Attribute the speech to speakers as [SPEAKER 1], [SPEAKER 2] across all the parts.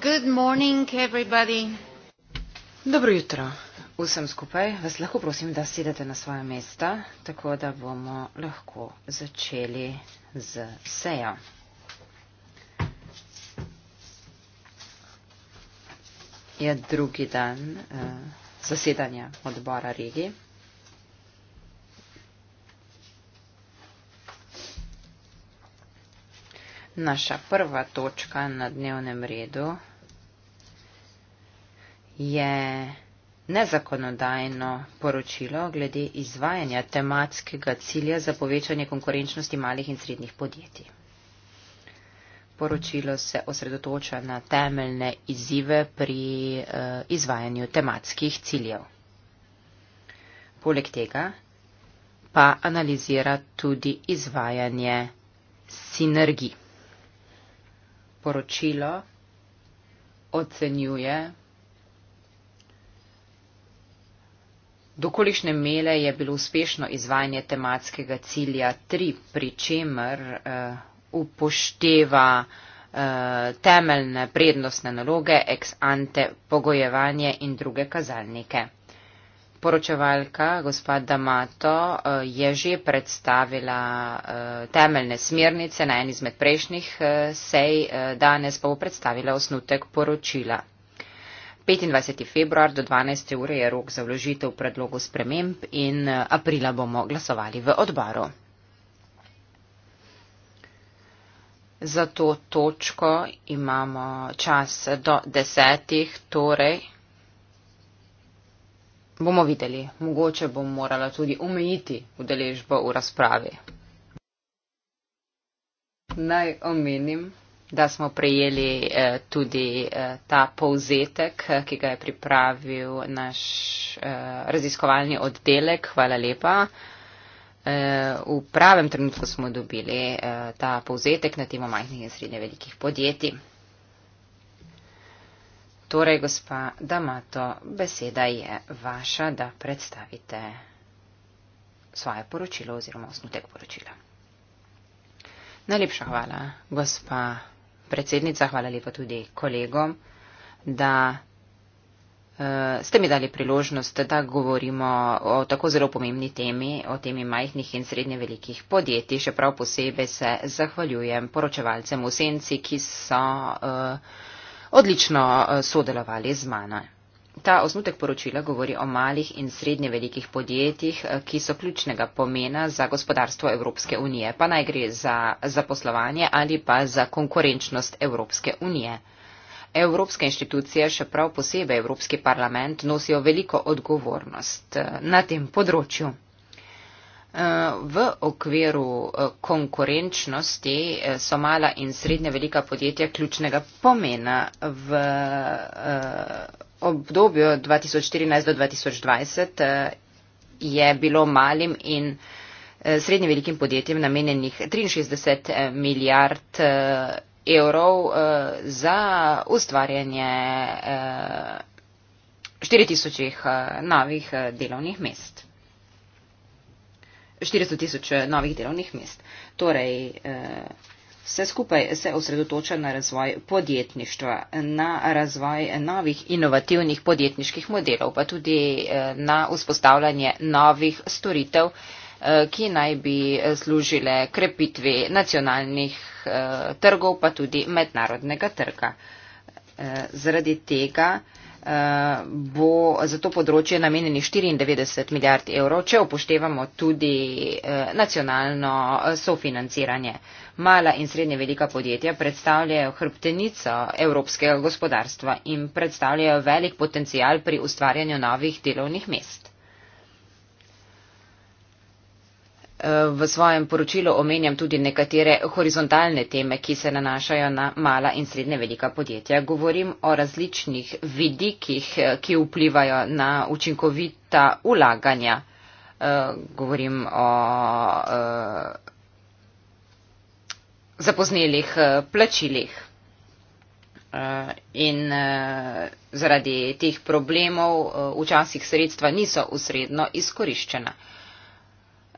[SPEAKER 1] Good morning, everybody. Dobro jutro vsem skupaj. Vas lahko prosim, da sedete na svoje mesta, tako da bomo lahko začeli z sejo. Je drugi dan eh, zasedanja odbora regije. Naša prva točka na dnevnem redu je nezakonodajno poročilo glede izvajanja tematskega cilja za povečanje konkurenčnosti malih in srednjih podjetij. Poročilo se osredotoča na temeljne izzive pri eh, izvajanju tematskih ciljev. Poleg tega pa analizira tudi izvajanje sinergij poročilo ocenjuje, Dokolišne mele je bilo uspešno izvajanje tematskega cilja 3, pri čemer uh, upošteva uh, temeljne prednostne naloge ex ante pogojevanje in druge kazalnike poročevalka, gospa D'Amato, eh, je že predstavila eh, temeljne smernice na en izmed prejšnjih eh, sej, danes pa bo predstavila osnutek poročila. 25. februar do 12. ure je rok za vložitev predlogu sprememb in aprila bomo glasovali v odboru. Za to točko imamo čas do desetih, torej. Bomo videli, mogoče bom morala tudi omejiti udeležbo v razpravi. Naj omenim, da smo prejeli eh, tudi eh, ta povzetek, eh, ki ga je pripravil naš eh, raziskovalni oddelek. Hvala lepa. Eh, v pravem trenutku smo dobili eh, ta povzetek na temo majhnih in srednje velikih podjetij. Torej, gospa Damato, beseda je vaša, da predstavite svoje poročilo oziroma osnutek poročila. Najlepša hvala, gospa predsednica, hvala lepa tudi kolegom, da uh, ste mi dali priložnost, da govorimo o tako zelo pomembni temi, o temi majhnih in srednje velikih podjetij. Še prav posebej se zahvaljujem poročevalcem v Senci, ki so. Uh, odlično eh, sodelovali z mano. Ta osnutek poročila govori o malih in srednje velikih podjetjih, eh, ki so ključnega pomena za gospodarstvo Evropske unije, pa naj gre za zaposlovanje ali pa za konkurenčnost Evropske unije. Evropske inštitucije, še prav posebej Evropski parlament, nosijo veliko odgovornost eh, na tem področju. V okviru eh, konkurenčnosti eh, so mala in srednja velika podjetja ključnega pomena. V eh, obdobju 2014 do 2020 je bilo malim in srednje velikim podjetjem namenjenih 63 milijard evrov za ustvarjanje 4000 novih delovnih mest. 400 tisoč eh, novih delovnih mest. Torej, eh, vse skupaj se osredotoča na razvoj podjetništva, na razvoj novih inovativnih podjetniških modelov, pa tudi eh, na vzpostavljanje novih storitev, ki naj bi služile krepitvi nacionalnih trgov, pa tudi mednarodnega trga. Zaradi tega bo za to področje namenjeni 94 milijard evrov, če upoštevamo tudi eh, nacionalno eh, sofinanciranje. Mala in srednje velika podjetja predstavljajo hrbtenico evropskega gospodarstva in predstavljajo velik potencial pri ustvarjanju novih delovnih mest. Eh, v svojem poročilu omenjam tudi nekatere horizontalne teme, ki se nanašajo na mala in srednje velika podjetja. Govorim o različnih vidikih, eh, ki vplivajo na učinkovita ulaganja. Eh, govorim o zapoznelih plačilih. In zaradi teh problemov včasih sredstva niso usredno izkoriščena.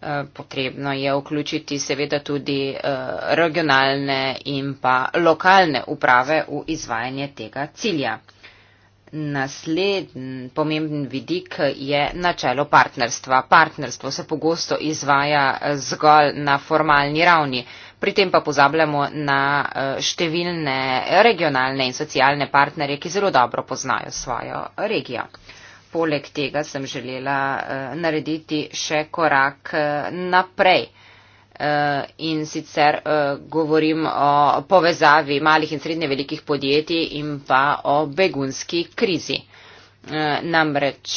[SPEAKER 1] Eh, potrebno je vključiti seveda tudi eh, regionalne in pa lokalne uprave v izvajanje tega cilja. Nasleden pomemben vidik je načelo partnerstva. Partnerstvo se pogosto izvaja eh, zgolj na formalni ravni, pri tem pa pozabljamo na številne regionalne in socialne partnerje, ki zelo dobro poznajo svojo regijo poleg tega sem želela uh, narediti še korak uh, naprej. Uh, in sicer uh, govorim o povezavi malih in srednje velikih podjetij in pa o begunski krizi. Namreč,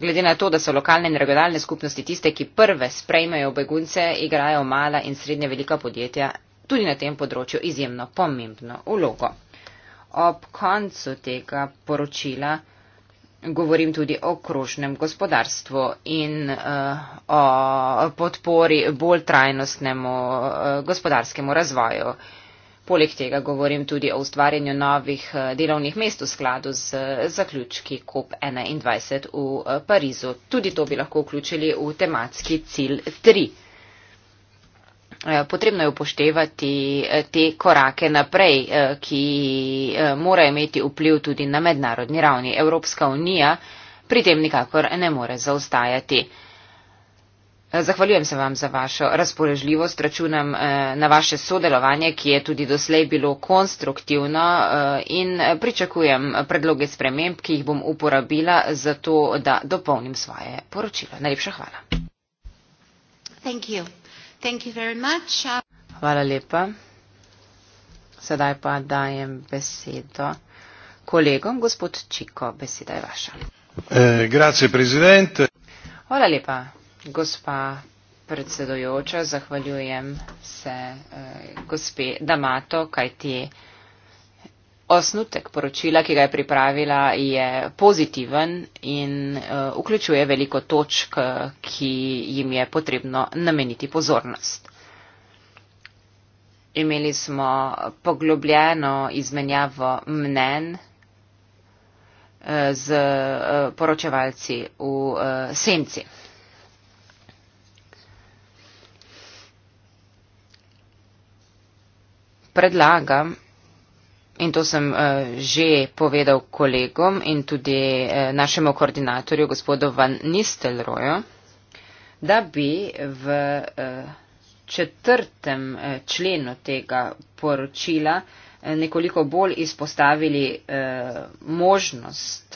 [SPEAKER 1] glede na to, da so lokalne in regionalne skupnosti tiste, ki prve sprejmejo begunce, igrajo mala in srednje velika podjetja tudi na tem področju izjemno pomembno vlogo. Ob koncu tega poročila Govorim tudi o krožnem gospodarstvu in uh, o podpori bolj trajnostnemu uh, gospodarskemu razvoju. Poleg tega govorim tudi o ustvarjanju novih uh, delovnih mest v skladu z uh, zaključki COP21 v uh, Parizu. Tudi to bi lahko vključili v tematski cilj 3. Eh, potrebno je upoštevati eh, te korake naprej, eh, ki morajo imeti vpliv tudi na mednarodni ravni. Evropska unija pri tem nikakor ne more zaostajati. Zahvaljujem se vam za vašo razpoložljivost, računam na vaše sodelovanje, ki je tudi doslej bilo konstruktivno in pričakujem predloge sprememb, ki jih bom uporabila za to, da dopolnim svoje poročilo. Najlepša hvala. Thank you. Hvala lepa. Sedaj pa dajem besedo kolegom. Gospod Čiko, beseda je vaša.
[SPEAKER 2] Eh,
[SPEAKER 1] Hvala lepa, gospa predsedojoča. Zahvaljujem se eh, gospe Damato, kaj ti je. Osnutek poročila, ki ga je pripravila, je pozitiven in uh, vključuje veliko točk, ki jim je potrebno nameniti pozornost. Imeli smo poglobljeno izmenjavo mnen eh, z eh, poročevalci v senci. Predlagam, in to sem eh, že povedal kolegom in tudi eh, našemu koordinatorju, gospodu Van Nistelrojo, da bi v eh, četrtem členu tega poročila nekoliko bolj izpostavili možnost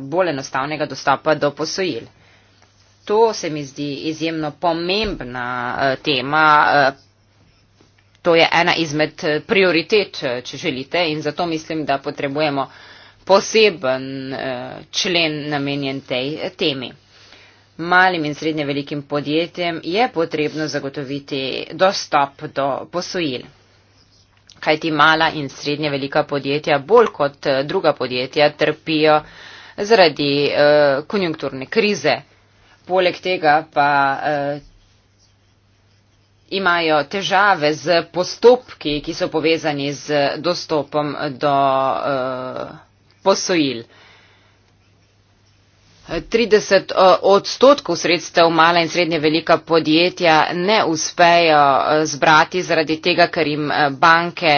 [SPEAKER 1] bolj enostavnega dostopa do posojil. To se mi zdi izjemno pomembna tema, to je ena izmed eh, prioritet, eh, če želite, in zato mislim, da potrebujemo poseben eh, člen namenjen tej temi. Malim in srednje velikim podjetjem je potrebno zagotoviti dostop do posojil. Kaj ti mala in srednje velika podjetja bolj kot druga podjetja trpijo zaradi eh, konjunkturne krize. Poleg tega pa eh, imajo težave z postopki, ki so povezani z dostopom do uh, posojil. 30 eh, odstotkov sredstev mala in srednje velika podjetja ne uspejo eh, zbrati zaradi tega, ker jim eh, banke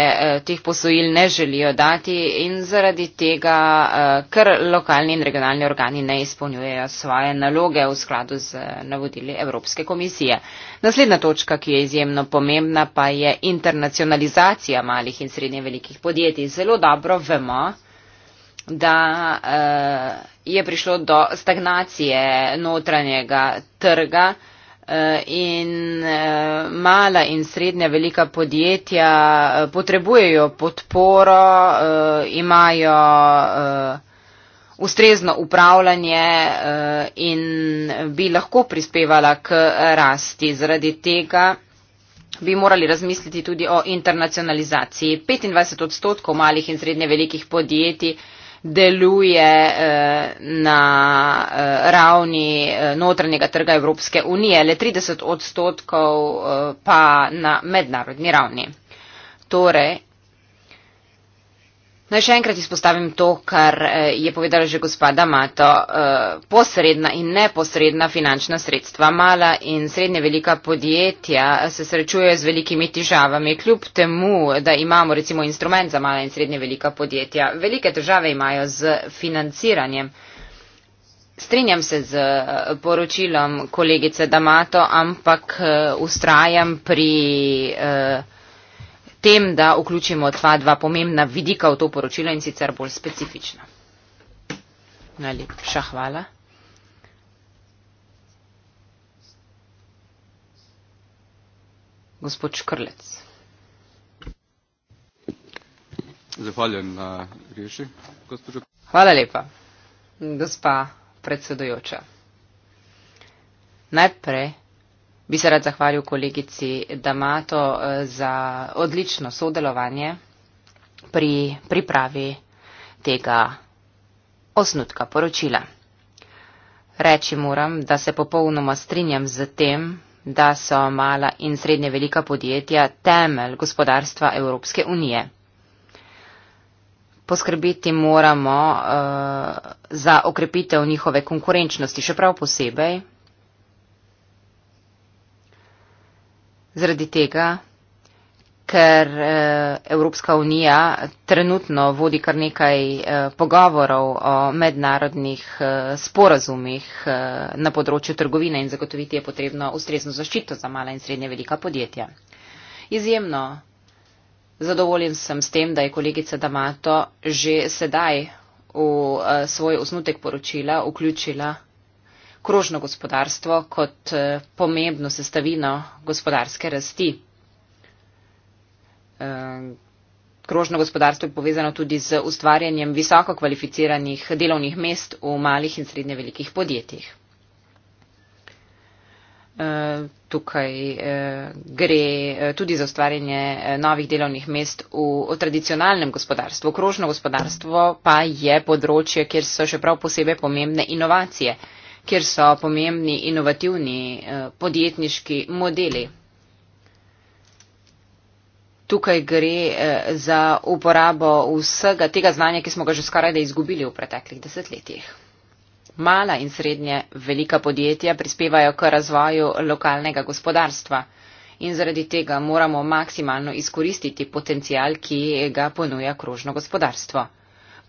[SPEAKER 1] teh posojil ne želijo dati in zaradi tega, ker lokalni in regionalni organi ne izpolnjujejo svoje naloge v skladu z navodili Evropske komisije. Naslednja točka, ki je izjemno pomembna, pa je internacionalizacija malih in srednje velikih podjetij. Zelo dobro vemo, da je prišlo do stagnacije notranjega trga eh, in eh, mala in srednja velika podjetja eh, potrebujejo podporo, imajo ustrezno upravljanje in bi lahko prispevala k rasti. Zaradi tega bi morali razmisliti tudi o internacionalizaciji. 25 odstotkov malih in srednje velikih podjetij deluje eh, na eh, ravni eh, notranjega trga Evropske unije, le 30 odstotkov pa na mednarodni ravni. Torej, Naj še enkrat izpostavim to, kar eh, je povedala že gospoda Mato. Eh, posredna in neposredna finančna sredstva. Mala in srednje velika podjetja eh, se srečujejo z velikimi težavami, kljub temu, da imamo recimo instrument za mala in srednje velika podjetja. Velike težave imajo z financiranjem. Strinjam se z poročilom kolegice Damato, ampak ustrajam pri. Uh, tem, da vključimo tva dva pomembna vidika v to poročilo in sicer bolj specifično. Najlepša hvala. Gospod Škrlec.
[SPEAKER 3] Zahvaljujem na riječi, gospođo.
[SPEAKER 1] Hvala lepa, gospa predsedujoča. Najprej bi se rad zahvalil kolegici Damato eh, za odlično sodelovanje pri pripravi tega osnutka poročila. Reči moram, da se popolnoma strinjam z tem, da so mala in srednje velika podjetja temelj gospodarstva Evropske unije. Poskrbiti moramo uh, za okrepitev njihove konkurenčnosti, še prav posebej Zaradi tega, ker eh, Evropska unija trenutno vodi kar nekaj eh, pogovorov o mednarodnih eh, sporazumih na področju trgovine in zagotoviti je potrebno ustrezno zaščito za mala in srednje velika podjetja. Izjemno zadovoljen sem s tem, da je kolegica Damato že sedaj v svoj osnutek poročila vključila krožno gospodarstvo kot eh, pomembno sestavino gospodarske rasti. Eh, krožno gospodarstvo je povezano tudi z ustvarjanjem visoko kvalificiranih delovnih mest v malih in srednje velikih podjetjih. Eh, tukaj gre tudi za ustvarjanje novih delovnih mest v tradicionalnem gospodarstvu. Krožno gospodarstvo pa je področje, kjer so še prav posebej pomembne inovacije kjer so pomembni inovativni eh, podjetniški modeli. Tukaj gre eh, za uporabo vsega tega znanja, ki smo ga že skoraj da izgubili v preteklih desetletjih. Mala in srednje velika podjetja prispevajo k razvoju lokalnega gospodarstva in zaradi tega moramo maksimalno izkoristiti potencial, ki ga ponuja krožno gospodarstvo.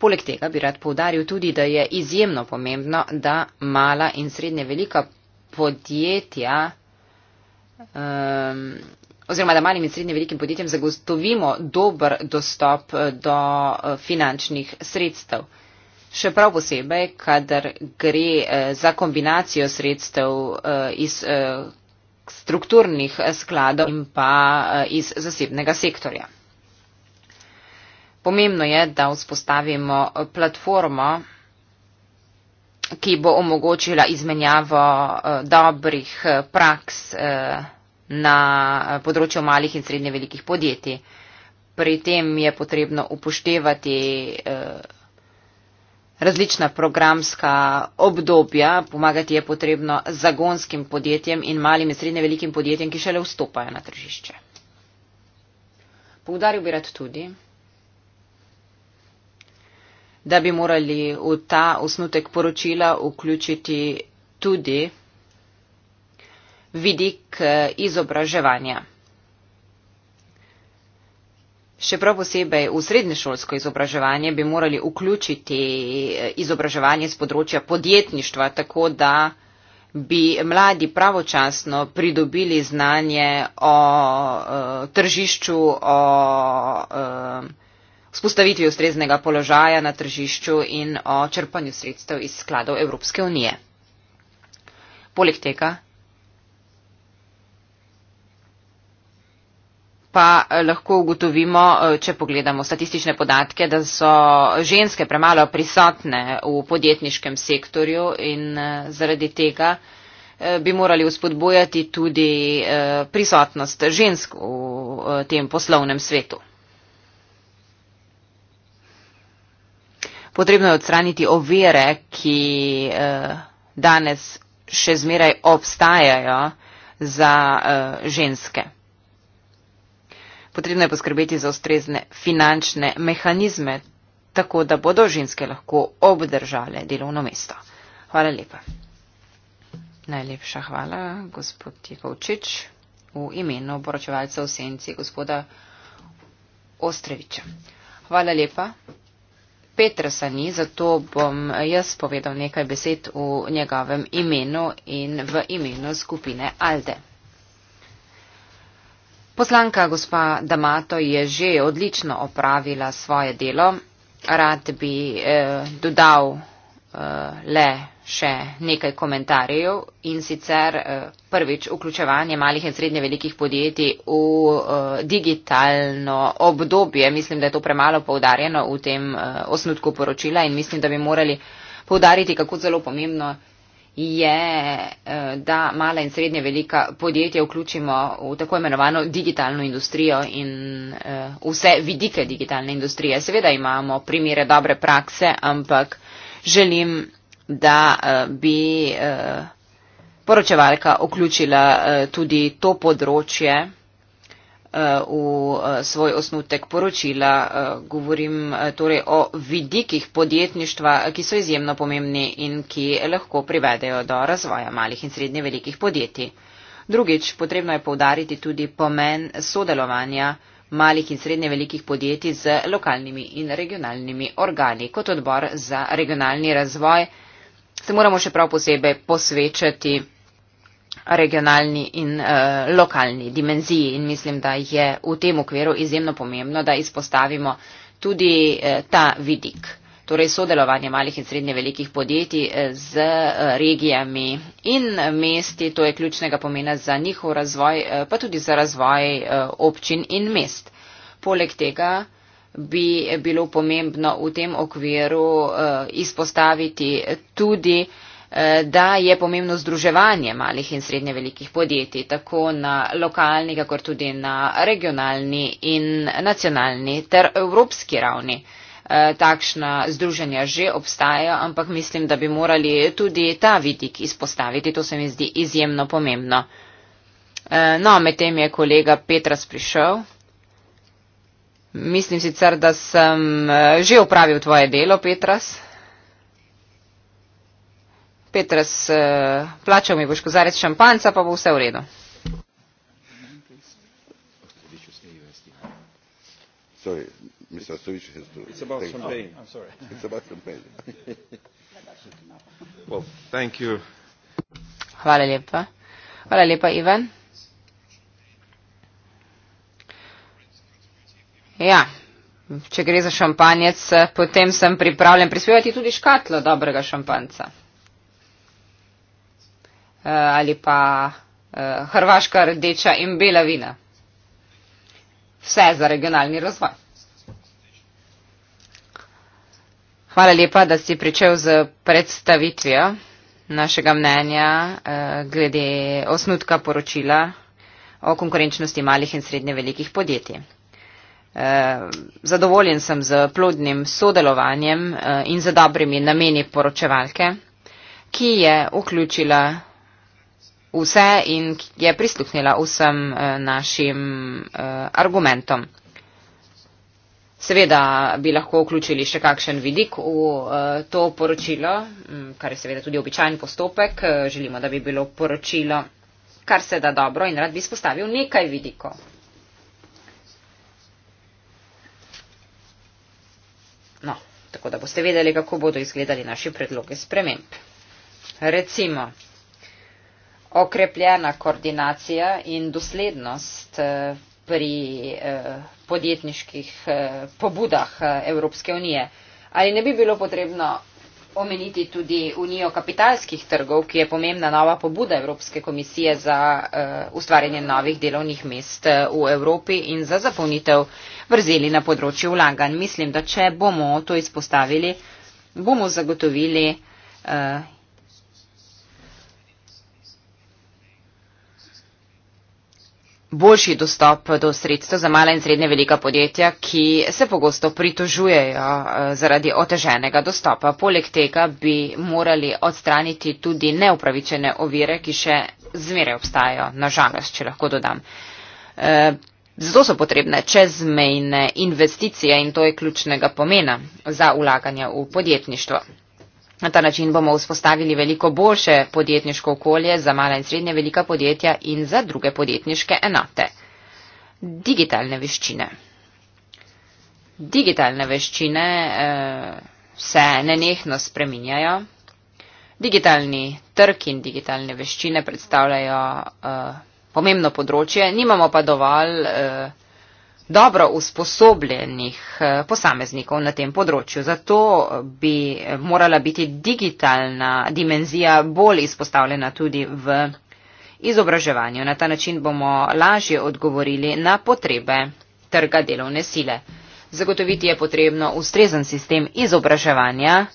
[SPEAKER 1] Poleg tega bi rad povdaril tudi, da je izjemno pomembno, da mala in srednje velika podjetja um, oziroma da malim in srednje velikim podjetjem zagotovimo dober dostop eh, do eh, finančnih sredstev. Še prav posebej, kadar gre eh, za kombinacijo sredstev iz strukturnih skladov in pa iz zasebnega sektorja. Pomembno je, da vzpostavimo platformo, ki bo omogočila izmenjavo eh, dobrih eh, praks eh, na področju malih in srednje velikih podjetij. Pri tem je potrebno upoštevati različna programska obdobja, pomagati je potrebno zagonskim podjetjem in malim in srednje velikim podjetjem, ki šele vstopajo na tržišče. Poudaril bi rad tudi, da bi morali v ta osnutek poročila vključiti tudi vidik eh, izobraževanja. Še prav posebej v srednješolsko izobraževanje bi morali vključiti eh, izobraževanje z področja podjetništva, tako da bi mladi pravočasno pridobili znanje o e, tržišču, o e, vzpostavitvi ustreznega položaja na tržišču in o črpanju sredstev iz skladov Evropske unije. Poleg tega pa eh, lahko ugotovimo, eh, če pogledamo statistične podatke, da so ženske premalo prisotne v podjetniškem sektorju in eh, zaradi tega bi morali uspodbojati tudi prisotnost žensk v tem poslovnem svetu. potrebno je odstraniti ovire, ki eh, danes še zmeraj obstajajo za eh, ženske. Potrebno je poskrbeti za ustrezne finančne mehanizme, tako da bodo ženske lahko obdržale delovno mesto. Hvala lepa. Najlepša hvala, gospod Jekovčič, v imenu poročevalca v senci gospoda Ostreviča. Hvala lepa. Petrsa ni, zato bom jaz povedal nekaj besed v njegovem imenu in v imenu skupine Alde. Poslanka gospa Damato je že odlično opravila svoje delo. Rad bi eh, dodal Eh, le še nekaj komentarjev in sicer eh, prvič vključevanje malih in srednje velikih podjetij v eh, digitalno obdobje. Mislim, da je to premalo poudarjeno v tem osnutku poročila in mislim, da bi morali poudariti, kako zelo pomembno je, da mala in srednje velika podjetja vključimo v tako imenovano digitalno industrijo in vse vidike digitalne industrije. Seveda imamo primere dobre prakse, ampak želim, da eh, bi eh, poročevalka vključila eh, tudi to področje v svoj osnutek poročila. Govorim torej o vidikih podjetništva, ki so izjemno pomembni in ki lahko privedejo do razvoja malih in srednje velikih podjetij. Drugič, potrebno je povdariti tudi pomen sodelovanja malih in srednje velikih podjetij z lokalnimi in regionalnimi organi. Kot odbor za regionalni razvoj se moramo še prav posebej posvečati regionalni in e, lokalni dimenziji in mislim, da je v tem okviru izjemno pomembno, da izpostavimo tudi e, ta vidik torej sodelovanje malih in srednje velikih podjetij eh, z eh, regijami in mesti. To je ključnega pomena za njihov razvoj, eh, pa tudi za razvoj občin in mest. Poleg tega bi bilo pomembno v tem okviru izpostaviti tudi da je pomembno združevanje malih in srednje velikih podjetij, tako na lokalni, kakor tudi na regionalni in nacionalni ter evropski ravni. Eh, takšna združenja že obstajajo, ampak mislim, da bi morali tudi ta vidik izpostaviti. To se mi zdi izjemno pomembno. Eh, no, medtem je kolega Petras prišel. Mislim sicer, da sem eh, že upravil tvoje delo, Petras. Petras, plačal mi boš kozarec šampanca, pa bo vse v redu.
[SPEAKER 2] Sorry mr savic has to it's about thank champagne you. i'm sorry it's about champagne well thank you
[SPEAKER 1] hvala lepa hvala lepa ivan ja Če gre za šampanjec, potem sem pripravljen prispevati tudi škatlo dobrega šampanca. E, eh, ali pa e, hrvaška rdeča in bela vina. Vse za regionalni razvoj. Hvala lepa, da si pričel z predstavitvijo našega mnenja eh, glede osnutka poročila o konkurenčnosti malih in srednje velikih podjetij. Eh, zadovoljen sem z plodnim sodelovanjem eh, in z dobrimi nameni poročevalke, ki je vključila vse in je prisluhnila vsem našim argumentom. Seveda bi lahko vključili še kakšen vidik v eh, to poročilo, kar je seveda tudi običajen postopek. Eh, želimo, da bi bilo poročilo kar se da dobro in rad bi spostavil nekaj vidikov. No, tako da boste vedeli, kako bodo izgledali naši predloge sprememb. Recimo, okrepljena koordinacija in doslednost eh, pri eh, podjetniških eh, pobudah eh, Evropske unije. Ali ne bi bilo potrebno omeniti tudi unijo kapitalskih trgov, ki je pomembna nova pobuda Evropske komisije za eh, ustvarjanje novih delovnih mest eh, v Evropi in za zapolnitev vrzeli na področju vlaganj. Mislim, da če bomo to izpostavili, bomo zagotovili eh, boljši dostop do sredstev za mala in srednje velika podjetja, ki se pogosto pritožujejo eh, zaradi oteženega dostopa. Poleg tega bi morali odstraniti tudi neupravičene ovire, ki še zmeraj obstajajo, nažalost, če lahko dodam. Eh, zato so potrebne čezmejne investicije in to je ključnega pomena za ulaganje v podjetništvo. Na ta način bomo vzpostavili veliko boljše podjetniško okolje za mala in srednja velika podjetja in za druge podjetniške enote. Digitalne veščine. Digitalne veščine eh, se nenehno spreminjajo. Digitalni trg in digitalne veščine predstavljajo eh, pomembno področje, nimamo pa dovolj. Eh, dobro usposobljenih eh, posameznikov na tem področju. Zato bi morala biti digitalna dimenzija bolj izpostavljena tudi v izobraževanju. Na ta način bomo lažje odgovorili na potrebe trga delovne sile. Zagotoviti je potrebno ustrezen sistem izobraževanja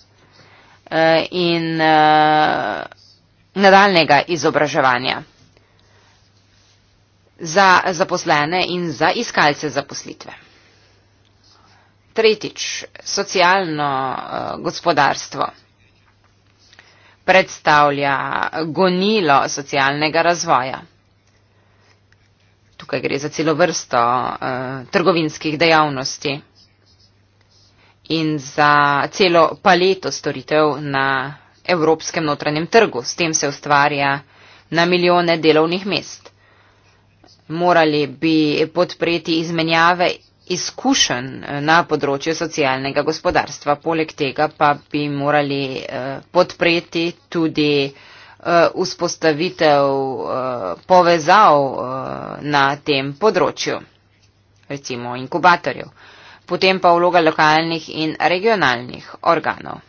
[SPEAKER 1] eh, in eh, nadaljnega izobraževanja za zaposlene in za iskalce zaposlitve. Tretjič, socialno eh, gospodarstvo predstavlja gonilo socialnega razvoja. Tukaj gre za celo vrsto uh, trgovinskih dejavnosti in za celo paleto storitev na evropskem notranjem trgu. S tem se ustvarja na milijone delovnih mest morali bi podpreti izmenjave izkušenj na področju socialnega gospodarstva. Poleg tega pa bi morali eh, podpreti tudi eh, vzpostavitev eh, povezav na tem področju, recimo inkubatorjev, potem pa vloga lokalnih in regionalnih organov.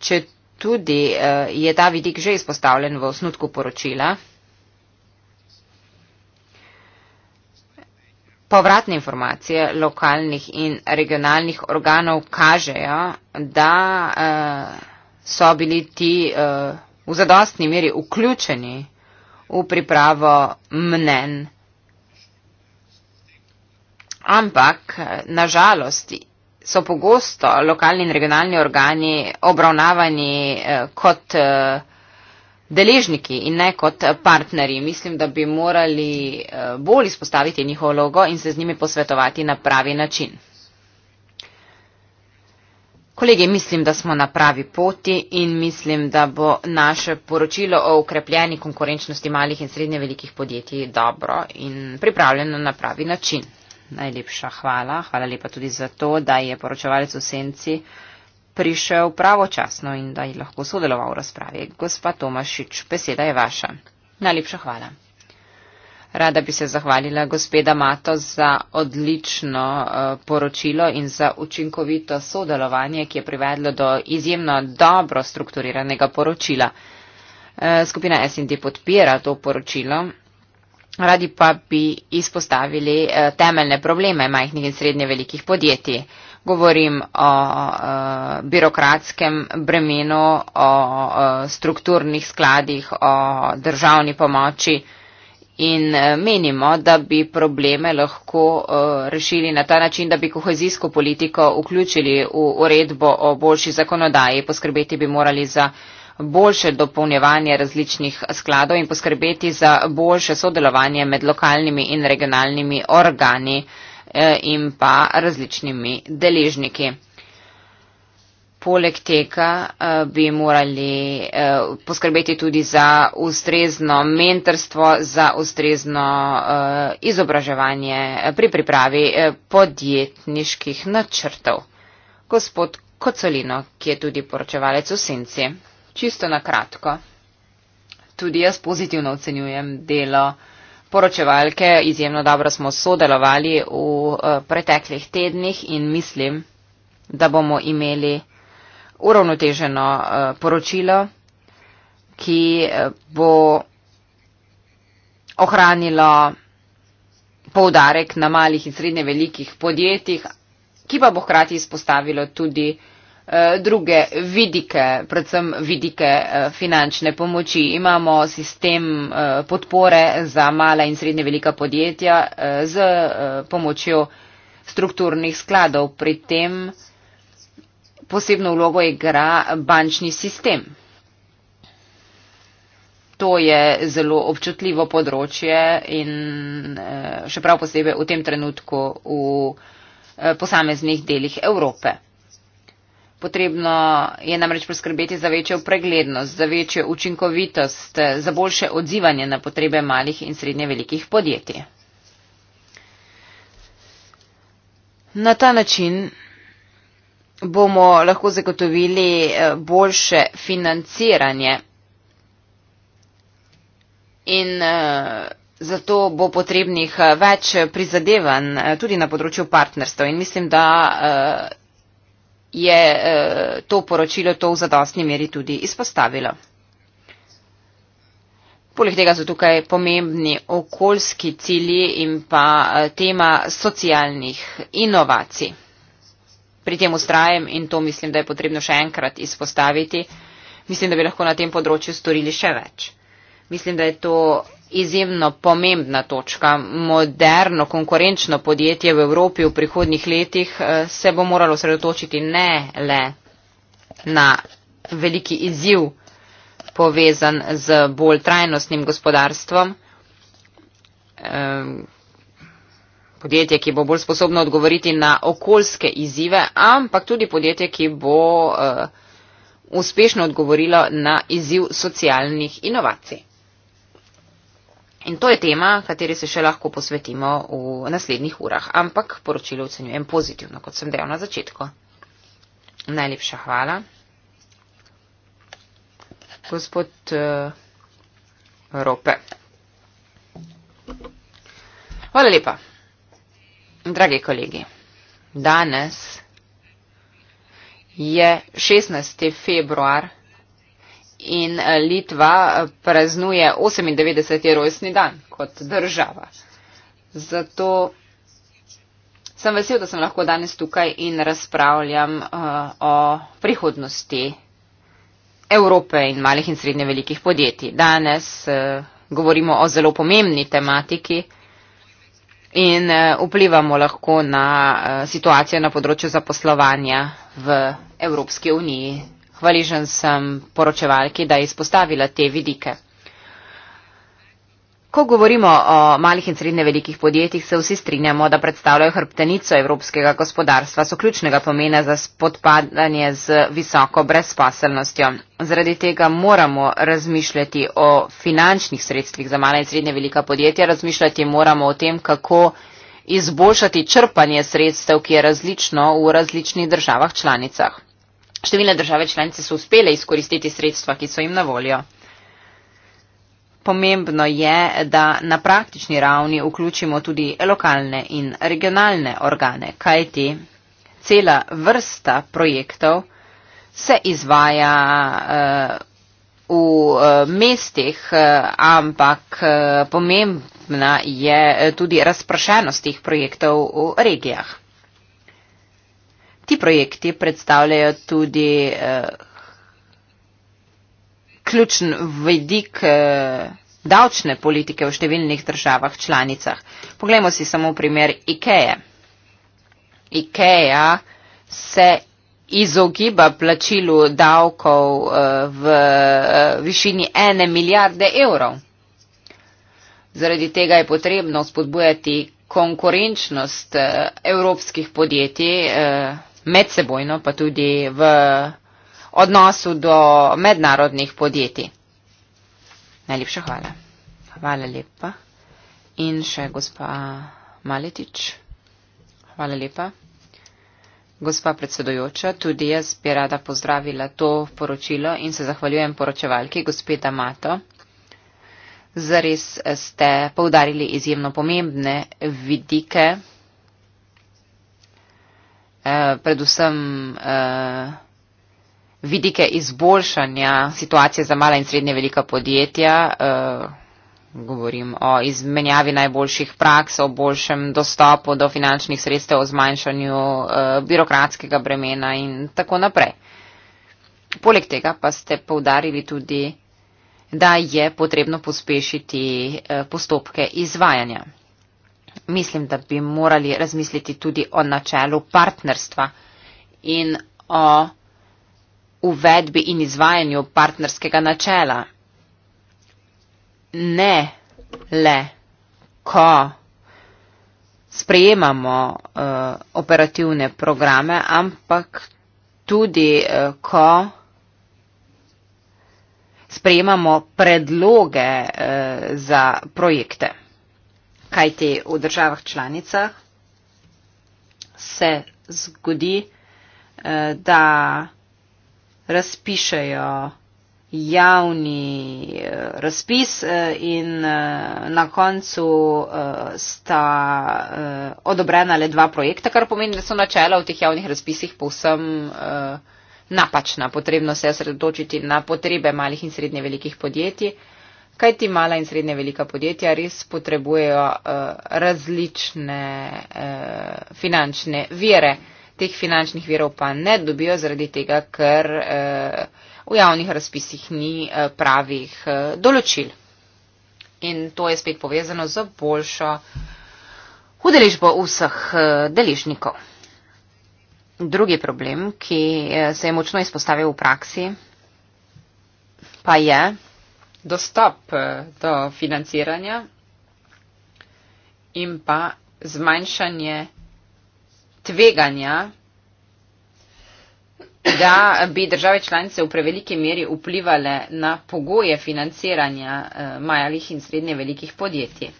[SPEAKER 1] Če tudi je ta vidik že izpostavljen v osnutku poročila, Povratne informacije lokalnih in regionalnih organov kažejo, da eh, so bili ti eh, v zadostni meri vključeni v pripravo mnen. Ampak, eh, nažalost, so pogosto lokalni in regionalni organi obravnavani eh, kot eh, deležniki in ne kot eh, partnerji. Mislim, da bi morali eh, bolj izpostaviti njihovo logo in se z njimi posvetovati na pravi način. Kolegi, mislim, da smo na pravi poti in mislim, da bo naše poročilo o ukrepljeni konkurenčnosti malih in srednje velikih podjetij dobro in pripravljeno na pravi način. Najlepša hvala. Hvala lepa tudi za to, da je poročevalec v senci prišel pravočasno in da je lahko sodeloval v razpravi. Gospa Tomašič, beseda je vaša. Najlepša hvala. Rada bi se zahvalila gospeda Mato za odlično eh, poročilo in za učinkovito sodelovanje, ki je privedlo do izjemno dobro strukturiranega poročila. Eh, skupina SND podpira to poročilo. Radi pa bi izpostavili eh, temeljne probleme majhnih in srednje velikih podjetij govorim o uh, birokratskem bremenu, o uh, strukturnih skladih, o državni pomoči in uh, menimo, da bi probleme lahko uh, rešili na ta način, da bi kohezijsko politiko vključili v uredbo o boljši zakonodaji, poskrbeti bi morali za boljše dopolnjevanje različnih skladov in poskrbeti za boljše sodelovanje med lokalnimi in regionalnimi organi. Uh, Eh, in pa različnimi deležniki. Poleg tega eh, bi morali eh, poskrbeti tudi za ustrezno mentorstvo, za ustrezno izobraževanje pri pripravi podjetniških načrtov. Gospod Kocolino, ki je tudi poročevalec v Senci, čisto na kratko. Tudi jaz pozitivno ocenjujem delo poročevalke, izjemno dobro smo sodelovali v eh, preteklih tednih in mislim, da bomo imeli uravnoteženo eh, poročilo, ki eh, bo ohranilo poudarek na malih in srednje velikih podjetjih, ki pa bo hkrati izpostavilo tudi Eh, druge vidike, predvsem vidike eh, finančne pomoči. Imamo sistem eh, podpore za mala in srednje velika podjetja z pomočjo strukturnih skladov. Pri tem posebno vlogo igra bančni sistem. To je zelo občutljivo področje in še prav posebej v tem trenutku v posameznih delih Evrope. Potrebno je namreč poskrbeti za večjo preglednost, za večjo učinkovitost, za boljše odzivanje na potrebe malih in srednje velikih podjetij. Na ta način bomo lahko zagotovili eh, boljše financiranje in eh, zato bo potrebnih eh, več prizadevanj tudi na področju partnerstva. In mislim, da je eh, to poročilo to v zadostni meri tudi izpostavilo. Poleg tega so tukaj pomembni okoljski cilji in pa eh, tema socialnih inovacij. Pri tem ustrajem in to mislim, da je potrebno še enkrat izpostaviti. Mislim, da bi lahko na tem področju storili še več. Mislim, da je to izjemno pomembna točka. Moderno, konkurenčno podjetje v Evropi v prihodnjih letih eh, se bo moralo sredotočiti ne le na veliki izziv povezan z bolj trajnostnim gospodarstvom, podjetje, ki bo bolj sposobno odgovoriti na okoljske izzive, ampak tudi podjetje, ki bo eh, uspešno odgovorilo na izziv socialnih inovacij. In to je tema, kateri se še lahko posvetimo v naslednjih urah, ampak poročilo ocenjujem pozitivno, kot sem dejal na začetku. Najlepša hvala. Gospod uh, Rope. Hvala lepa. Dragi kolegi, danes je 16. februar 2020 in eh, Litva eh, praznuje 98. rojstni dan kot država. Zato sem vesel, da sem lahko danes tukaj in razpravljam uh, o prihodnosti Evrope in malih in srednje velikih podjetij. Danes uh, govorimo o zelo pomembni tematiki in uh, vplivamo lahko na uh, situacijo na področju zaposlovanja v Evropski uniji Hvaležen sem poročevalki, da je izpostavila te vidike. Ko govorimo o malih in srednje velikih podjetjih, se vsi strinjamo, da predstavljajo hrbtenico evropskega gospodarstva, so ključnega pomena za spodpadanje z visoko brezposelnostjo. Zaradi tega moramo razmišljati o finančnih sredstvih za mala in srednje velika podjetja, razmišljati moramo o tem, kako izboljšati črpanje sredstev, ki je različno v različnih državah članicah. Številne države članice so uspele izkoristiti sredstva, ki so jim na voljo. Pomembno je, da na praktični ravni vključimo tudi lokalne in regionalne organe, kajti cela vrsta projektov se izvaja uh, v uh, mestih, uh, ampak uh, pomembna je tudi razprašenost teh projektov v regijah. Ti projekti predstavljajo tudi eh, ključen vedik eh, davčne politike v številnih državah članicah. Poglejmo si samo primer IKEA. IKEA se izogiba plačilu davkov eh, v eh, višini ene milijarde evrov. Zaradi tega je potrebno spodbujati konkurenčnost eh, evropskih podjetij. Eh, medsebojno, pa tudi v odnosu do mednarodnih podjetij. Najlepša hvala. Hvala lepa. In še gospa Maletič. Hvala lepa. Gospa predsedojoča, tudi jaz bi rada pozdravila to poročilo in se zahvaljujem poročevalki, gospeda Mato. Zares ste poudarili izjemno pomembne vidike Eh, predvsem eh, vidike izboljšanja situacije za mala in srednje velika podjetja, eh, govorim o izmenjavi najboljših praks, o boljšem dostopu do finančnih sredstev, o zmanjšanju birokratskega bremena in tako naprej. Poleg tega pa ste povdarili tudi, da je potrebno pospešiti postopke izvajanja mislim, da bi morali razmisliti tudi o načelu partnerstva in o uvedbi in izvajanju partnerskega načela. Ne le, ko sprejemamo uh, operativne programe, ampak tudi, uh, ko sprejemamo predloge uh, za projekte kajti v državah članicah se zgodi, eh, da razpišajo javni eh, razpis eh, in na koncu sta odobrena le dva projekta, kar pomeni, da so načela v teh javnih razpisih povsem napačna. Potrebno se je sredotočiti na potrebe malih in srednje velikih podjetij kaj ti mala in srednje velika podjetja res potrebujejo uh, različne uh, finančne vire. Teh finančnih virov pa ne dobijo zaradi tega, ker uh, v javnih razpisih ni uh, pravih uh, določil. In to je spet povezano z boljšo udeležbo vseh uh, deležnikov. Drugi problem, ki se je močno izpostavil v praksi, pa je, dostop eh, do financiranja in pa zmanjšanje tveganja, da bi države članice v preveliki meri vplivale na pogoje financiranja eh, majhnih in srednje velikih podjetij.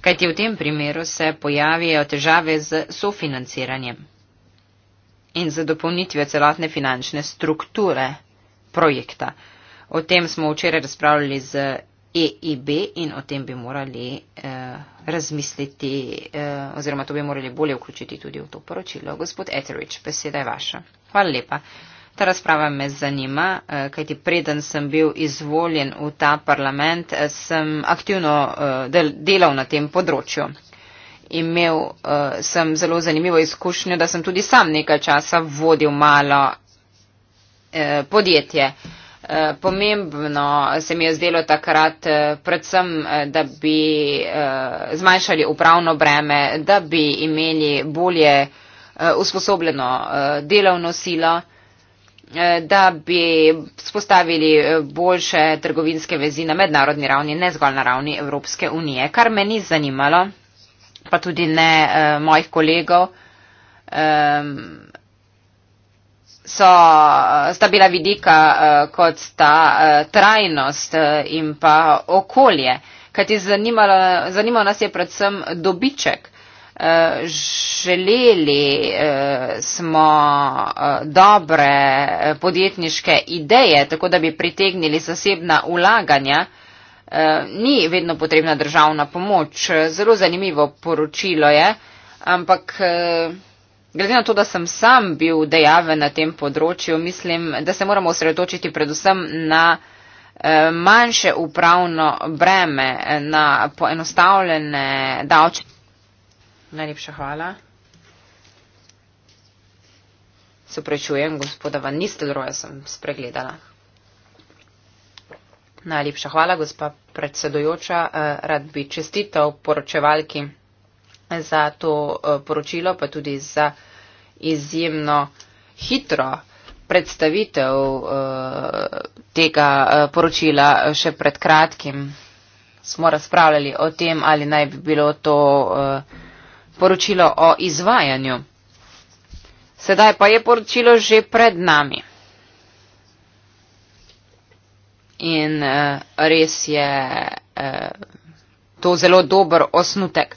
[SPEAKER 1] Kajti v tem primeru se pojavijo težave z sofinanciranjem in z dopolnitvijo celotne finančne strukture projekta. O tem smo včeraj razpravljali z EIB in o tem bi morali eh, razmisliti eh, oziroma to bi morali bolje vključiti tudi v to poročilo. Gospod Etherich, beseda je vaša. Hvala lepa. Ta razprava me zanima, eh, kajti preden sem bil izvoljen v ta parlament, eh, sem aktivno eh, del, delal na tem področju. Imel eh, sem zelo zanimivo izkušnjo, da sem tudi sam nekaj časa vodil malo eh, podjetje. Eh, pomembno se mi je zdelo takrat eh, predvsem, eh, da bi zmanjšali upravno breme, da bi imeli bolje usposobljeno delovno silo, da bi spostavili boljše trgovinske vezi na mednarodni ravni, ne zgolj na ravni Evropske unije, kar me ni zanimalo, pa tudi ne mojih kolegov so, eh, sta bila vidika, eh, kot sta eh, trajnost in pa okolje. Kajti zanimalo nas je predvsem dobiček. Želeli smo dobre podjetniške ideje, tako da bi pritegnili zasebna ulaganja. Ni vedno potrebna državna pomoč. Zelo zanimivo poročilo je, ampak. Glede na to, da sem sam bil dejaven na tem področju, mislim, da se moramo osredotočiti predvsem na eh, manjše upravno breme, eh, na poenostavljene davče. Najlepša hvala. Se prečujem, gospoda Van Nistelroja sem spregledala. Najlepša hvala, gospa predsedojoča. Eh, rad bi čestitev poročevalki za to eh, poročilo, pa tudi za izjemno hitro predstavitev eh, tega eh, poročila še pred kratkim. Smo razpravljali o tem, ali naj bi bilo to poročilo o izvajanju. Sedaj pa je poročilo že pred nami. In res je to zelo dober osnutek.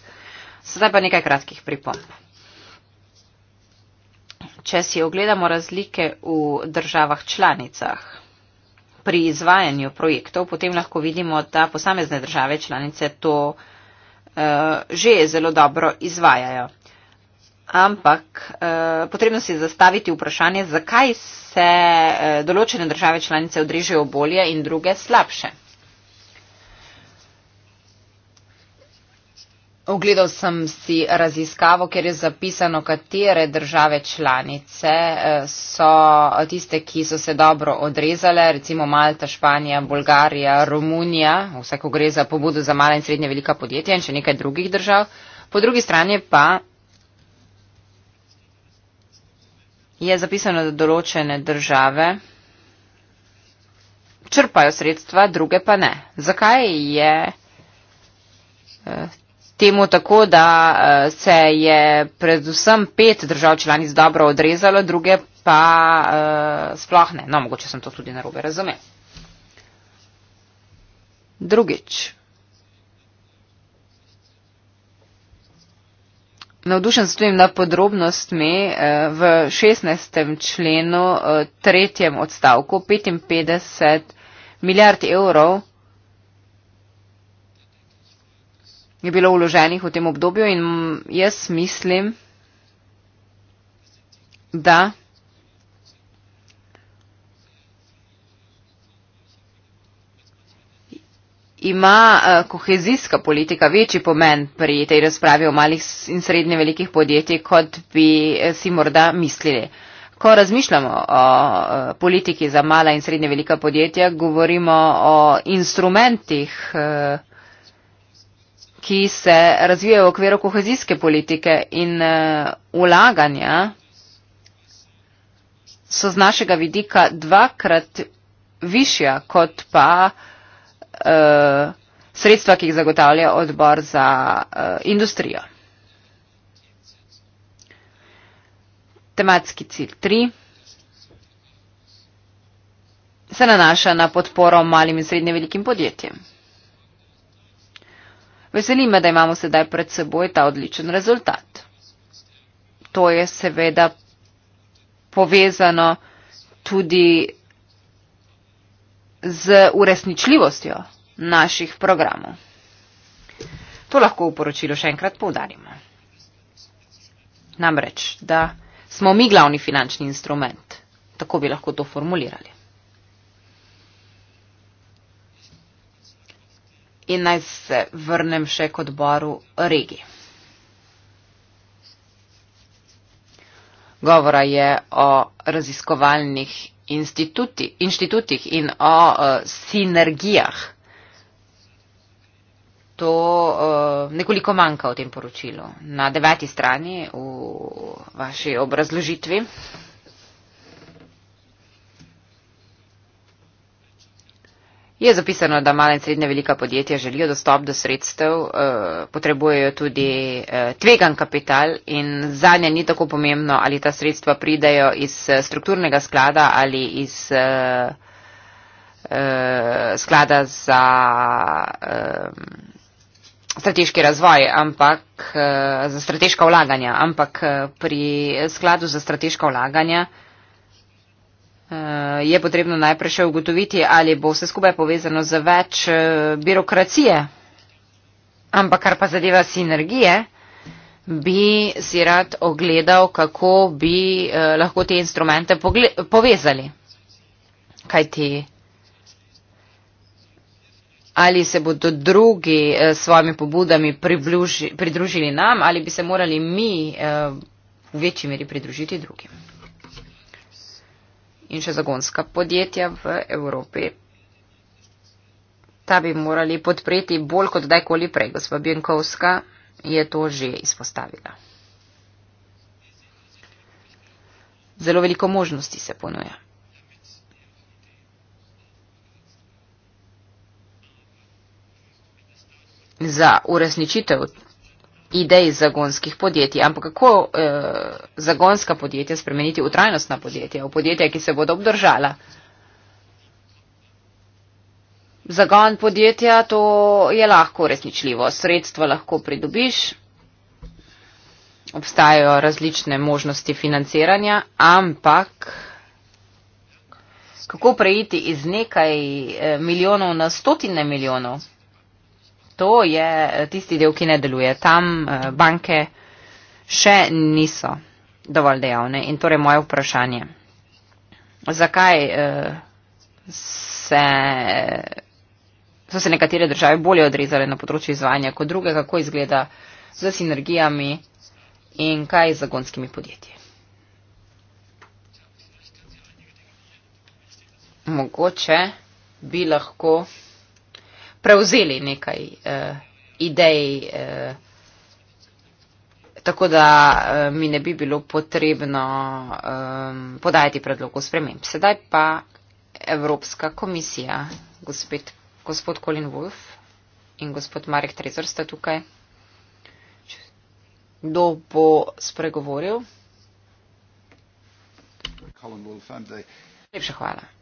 [SPEAKER 1] Sedaj pa nekaj kratkih pripomb. Če si ogledamo razlike v državah članicah pri izvajanju projektov, potem lahko vidimo, da posamezne države članice to uh, že zelo dobro izvajajo. Ampak uh, potrebno si zastaviti vprašanje, zakaj se uh, določene države članice odrežejo bolje in druge slabše. Ogledal sem si raziskavo, kjer je zapisano, katere države članice eh, so tiste, ki so se dobro odrezale, recimo Malta, Španija, Bolgarija, Romunija, vse, ko gre za pobudo za mala in srednje velika podjetja in še nekaj drugih držav. Po drugi strani pa je zapisano, da določene države črpajo sredstva, druge pa ne. Zakaj je? Eh, temu tako, da eh, se je predvsem pet držav članic dobro odrezalo, druge pa eh, sploh ne. No, mogoče sem to tudi narobe razumel. Drugič. Navdušen s tujim nad podrobnostmi eh, v 16. členu, tretjem odstavku, 55 milijard evrov je bilo vloženih v tem obdobju in jaz mislim, da ima eh, kohezijska politika večji pomen pri tej razpravi o malih in srednje velikih podjetjih, kot bi eh, si morda mislili. Ko razmišljamo o eh, politiki za mala in srednje velika podjetja, govorimo o instrumentih ki se razvijajo v okviru kohezijske politike in ulaganja, eh, so z našega vidika dvakrat višja kot pa uh, sredstva, ki jih zagotavlja odbor za uh, industrijo. Tematski cilj 3 se nanaša na podporo malim in srednje velikim podjetjem. Veselim me, da imamo sedaj pred seboj ta odličen rezultat. To je seveda povezano tudi z uresničljivostjo naših programov. To lahko v poročilu še enkrat poudarimo. Namreč, da smo mi glavni finančni instrument, tako bi lahko to formulirali. in naj se vrnem še k odboru regij. Govora je o raziskovalnih inštitutih in o uh, sinergijah. To uh, nekoliko manjka v tem poročilu. Na deveti strani v vaši obrazložitvi Je zapisano, da male in srednje velika podjetja želijo dostop do sredstev, eh, potrebujejo tudi eh, tvegan kapital in zanje ni tako pomembno, ali ta sredstva pridejo iz eh, strukturnega sklada ali iz sklada za strateški razvoj, ampak za strateška vlaganja, ampak pri skladu za strateška vlaganja. Eh, je potrebno najprej še ugotoviti, ali bo vse skupaj povezano z več eh, birokracije. Ampak kar pa zadeva sinergije, bi si rad ogledal, kako bi eh, lahko te instrumente povezali. Kaj ti? Ali se bodo drugi s svojimi pobudami pridružili nam, ali bi se morali mi v večji meri pridružiti drugim in še zagonska podjetja v Evropi. Ta bi morali podpreti bolj kot dajkoli prej. Gospa Bjenkovska je to že izpostavila. Zelo veliko možnosti se ponuja. Za uresničitev idej zagonskih podjetij. Ampak kako eh, zagonska podjetja spremeniti v trajnostna podjetja, v podjetja, ki se bodo obdržala? Zagon podjetja, to je lahko resničljivo. Sredstva lahko pridobiš, obstajajo različne možnosti financiranja, ampak kako preiti iz nekaj eh, milijonov na stotine milijonov? to je eh, tisti del, ki ne deluje. Tam eh, banke še niso dovolj dejavne. In torej moje vprašanje. Zakaj eh, se, so se nekatere države bolje odrezale na področju izvajanja kot druge, kako izgleda z sinergijami in kaj z zagonskimi podjetji? Mogoče bi lahko prevzeli nekaj eh, idej, eh, tako da eh, mi ne bi bilo potrebno eh, podajati predlogov sprememb. Sedaj pa Evropska komisija, gospod, gospod Colin Wolf in gospod Marek Trezor sta tukaj. Kdo bo spregovoril? Najlepša hvala.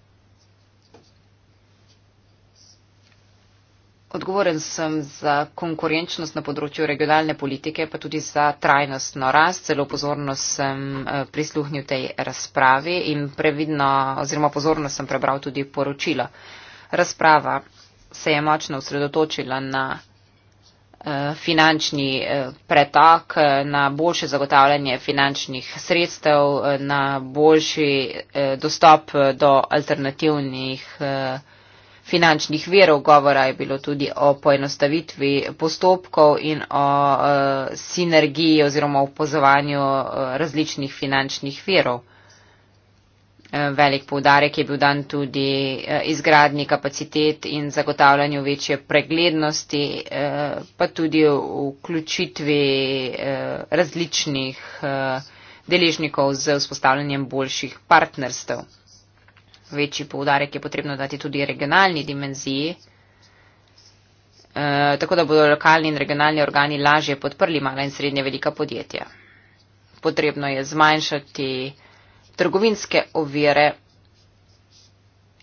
[SPEAKER 1] Odgovoren sem za konkurenčnost na področju regionalne politike, pa tudi za trajnostno rast. Celo pozorno sem eh, prisluhnil tej razpravi in previdno oziroma pozorno sem prebral tudi poročilo. Razprava se je močno usredotočila na eh, finančni eh, pretok, na boljše zagotavljanje finančnih sredstev, na boljši dostop do alternativnih finančnih verov. Govora je bilo tudi o poenostavitvi postopkov in o uh, sinergiji oziroma upozovanju uh, e, različnih finančnih verov. E, velik poudarek je bil dan tudi izgradni kapacitet in zagotavljanju večje preglednosti, pa tudi vključitvi različnih deležnikov z vzpostavljanjem boljših partnerstv večji povdarek je potrebno dati tudi regionalni dimenziji, eh, tako da bodo lokalni in regionalni organi lažje podprli mala in srednje velika podjetja. Potrebno je zmanjšati trgovinske ovire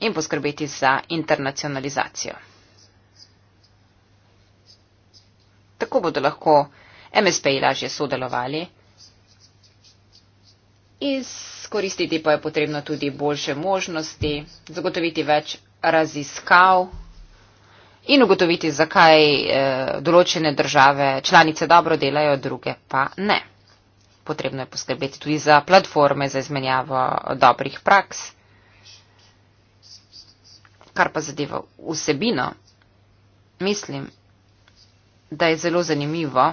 [SPEAKER 1] in poskrbeti za internacionalizacijo. Tako bodo lahko MSP-ji lažje sodelovali izkoristiti pa je potrebno tudi boljše možnosti, zagotoviti več raziskav in ugotoviti, zakaj eh, določene države članice dobro delajo, druge pa ne. Potrebno je poskrbeti tudi za platforme za izmenjavo dobrih praks. Kar pa zadeva vsebino, mislim, da je zelo zanimivo,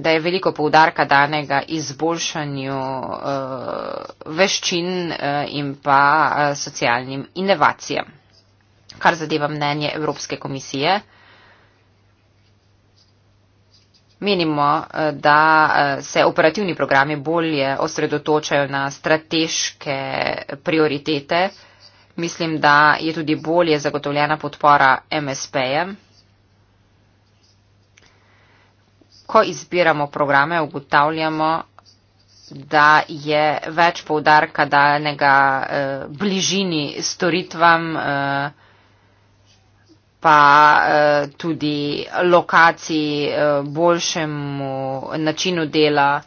[SPEAKER 1] da je veliko poudarka danega izboljšanju uh, veščin uh, in pa uh, socialnim inovacijam, kar zadeva mnenje Evropske komisije. Menimo, da se operativni programi bolje osredotočajo na strateške prioritete. Mislim, da je tudi bolje zagotovljena podpora MSP-jem. ko izbiramo programe, ugotavljamo, da je več poudarka danega eh, bližini storitvam, eh, pa eh, tudi lokaciji, eh, boljšemu načinu dela, eh,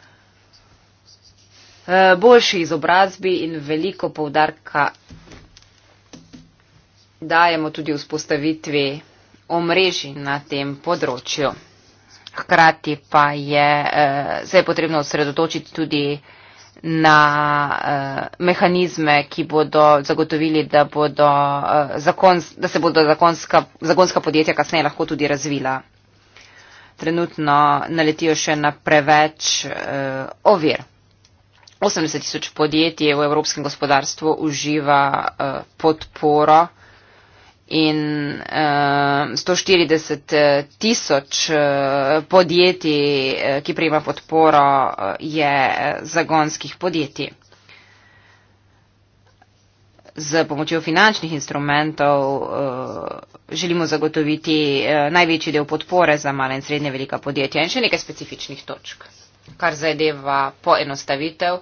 [SPEAKER 1] boljši izobrazbi in veliko poudarka dajemo tudi vzpostavitvi omrežji na tem področju hkrati pa je, eh, se je potrebno osredotočiti tudi na eh, mehanizme, ki bodo zagotovili, da, bodo, eh, zakons, da se bodo zakonska, zakonska podjetja kasneje lahko tudi razvila. Trenutno naletijo še na preveč eh, ovir. 80 tisoč podjetij v evropskem gospodarstvu uživa eh, podporo in uh, eh, 140 eh, tisoč uh, podjetij, ki prejema podporo, uh, je zagonskih podjetij. Z pomočjo finančnih instrumentov uh, želimo zagotoviti uh, največji del podpore za male in srednje velika podjetja in še nekaj specifičnih točk, kar zadeva poenostavitev.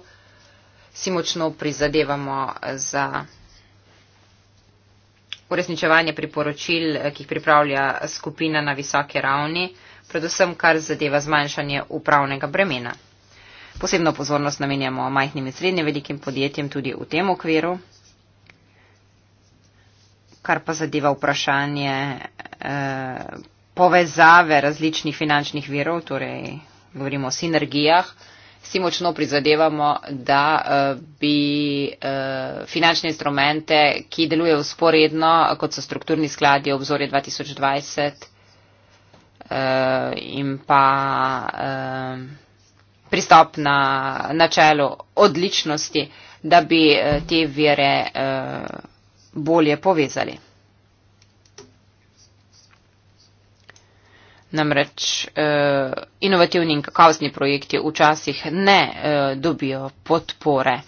[SPEAKER 1] Si močno prizadevamo za uresničevanje priporočil, eh, ki jih pripravlja skupina na visoke ravni, predvsem kar zadeva zmanjšanje upravnega bremena. Posebno pozornost namenjamo majhnim in srednje velikim podjetjem tudi v tem okviru, kar pa zadeva vprašanje eh, povezave različnih finančnih virov, torej govorimo o sinergijah si močno prizadevamo, da eh, bi eh, finančne instrumente, ki delujejo usporedno, kot so strukturni skladi obzorje 2020 eh, in pa pristop na načelo odličnosti, da bi te vire bolje povezali. Namreč eh, inovativni in kakovostni projekti včasih ne eh, dobijo podpore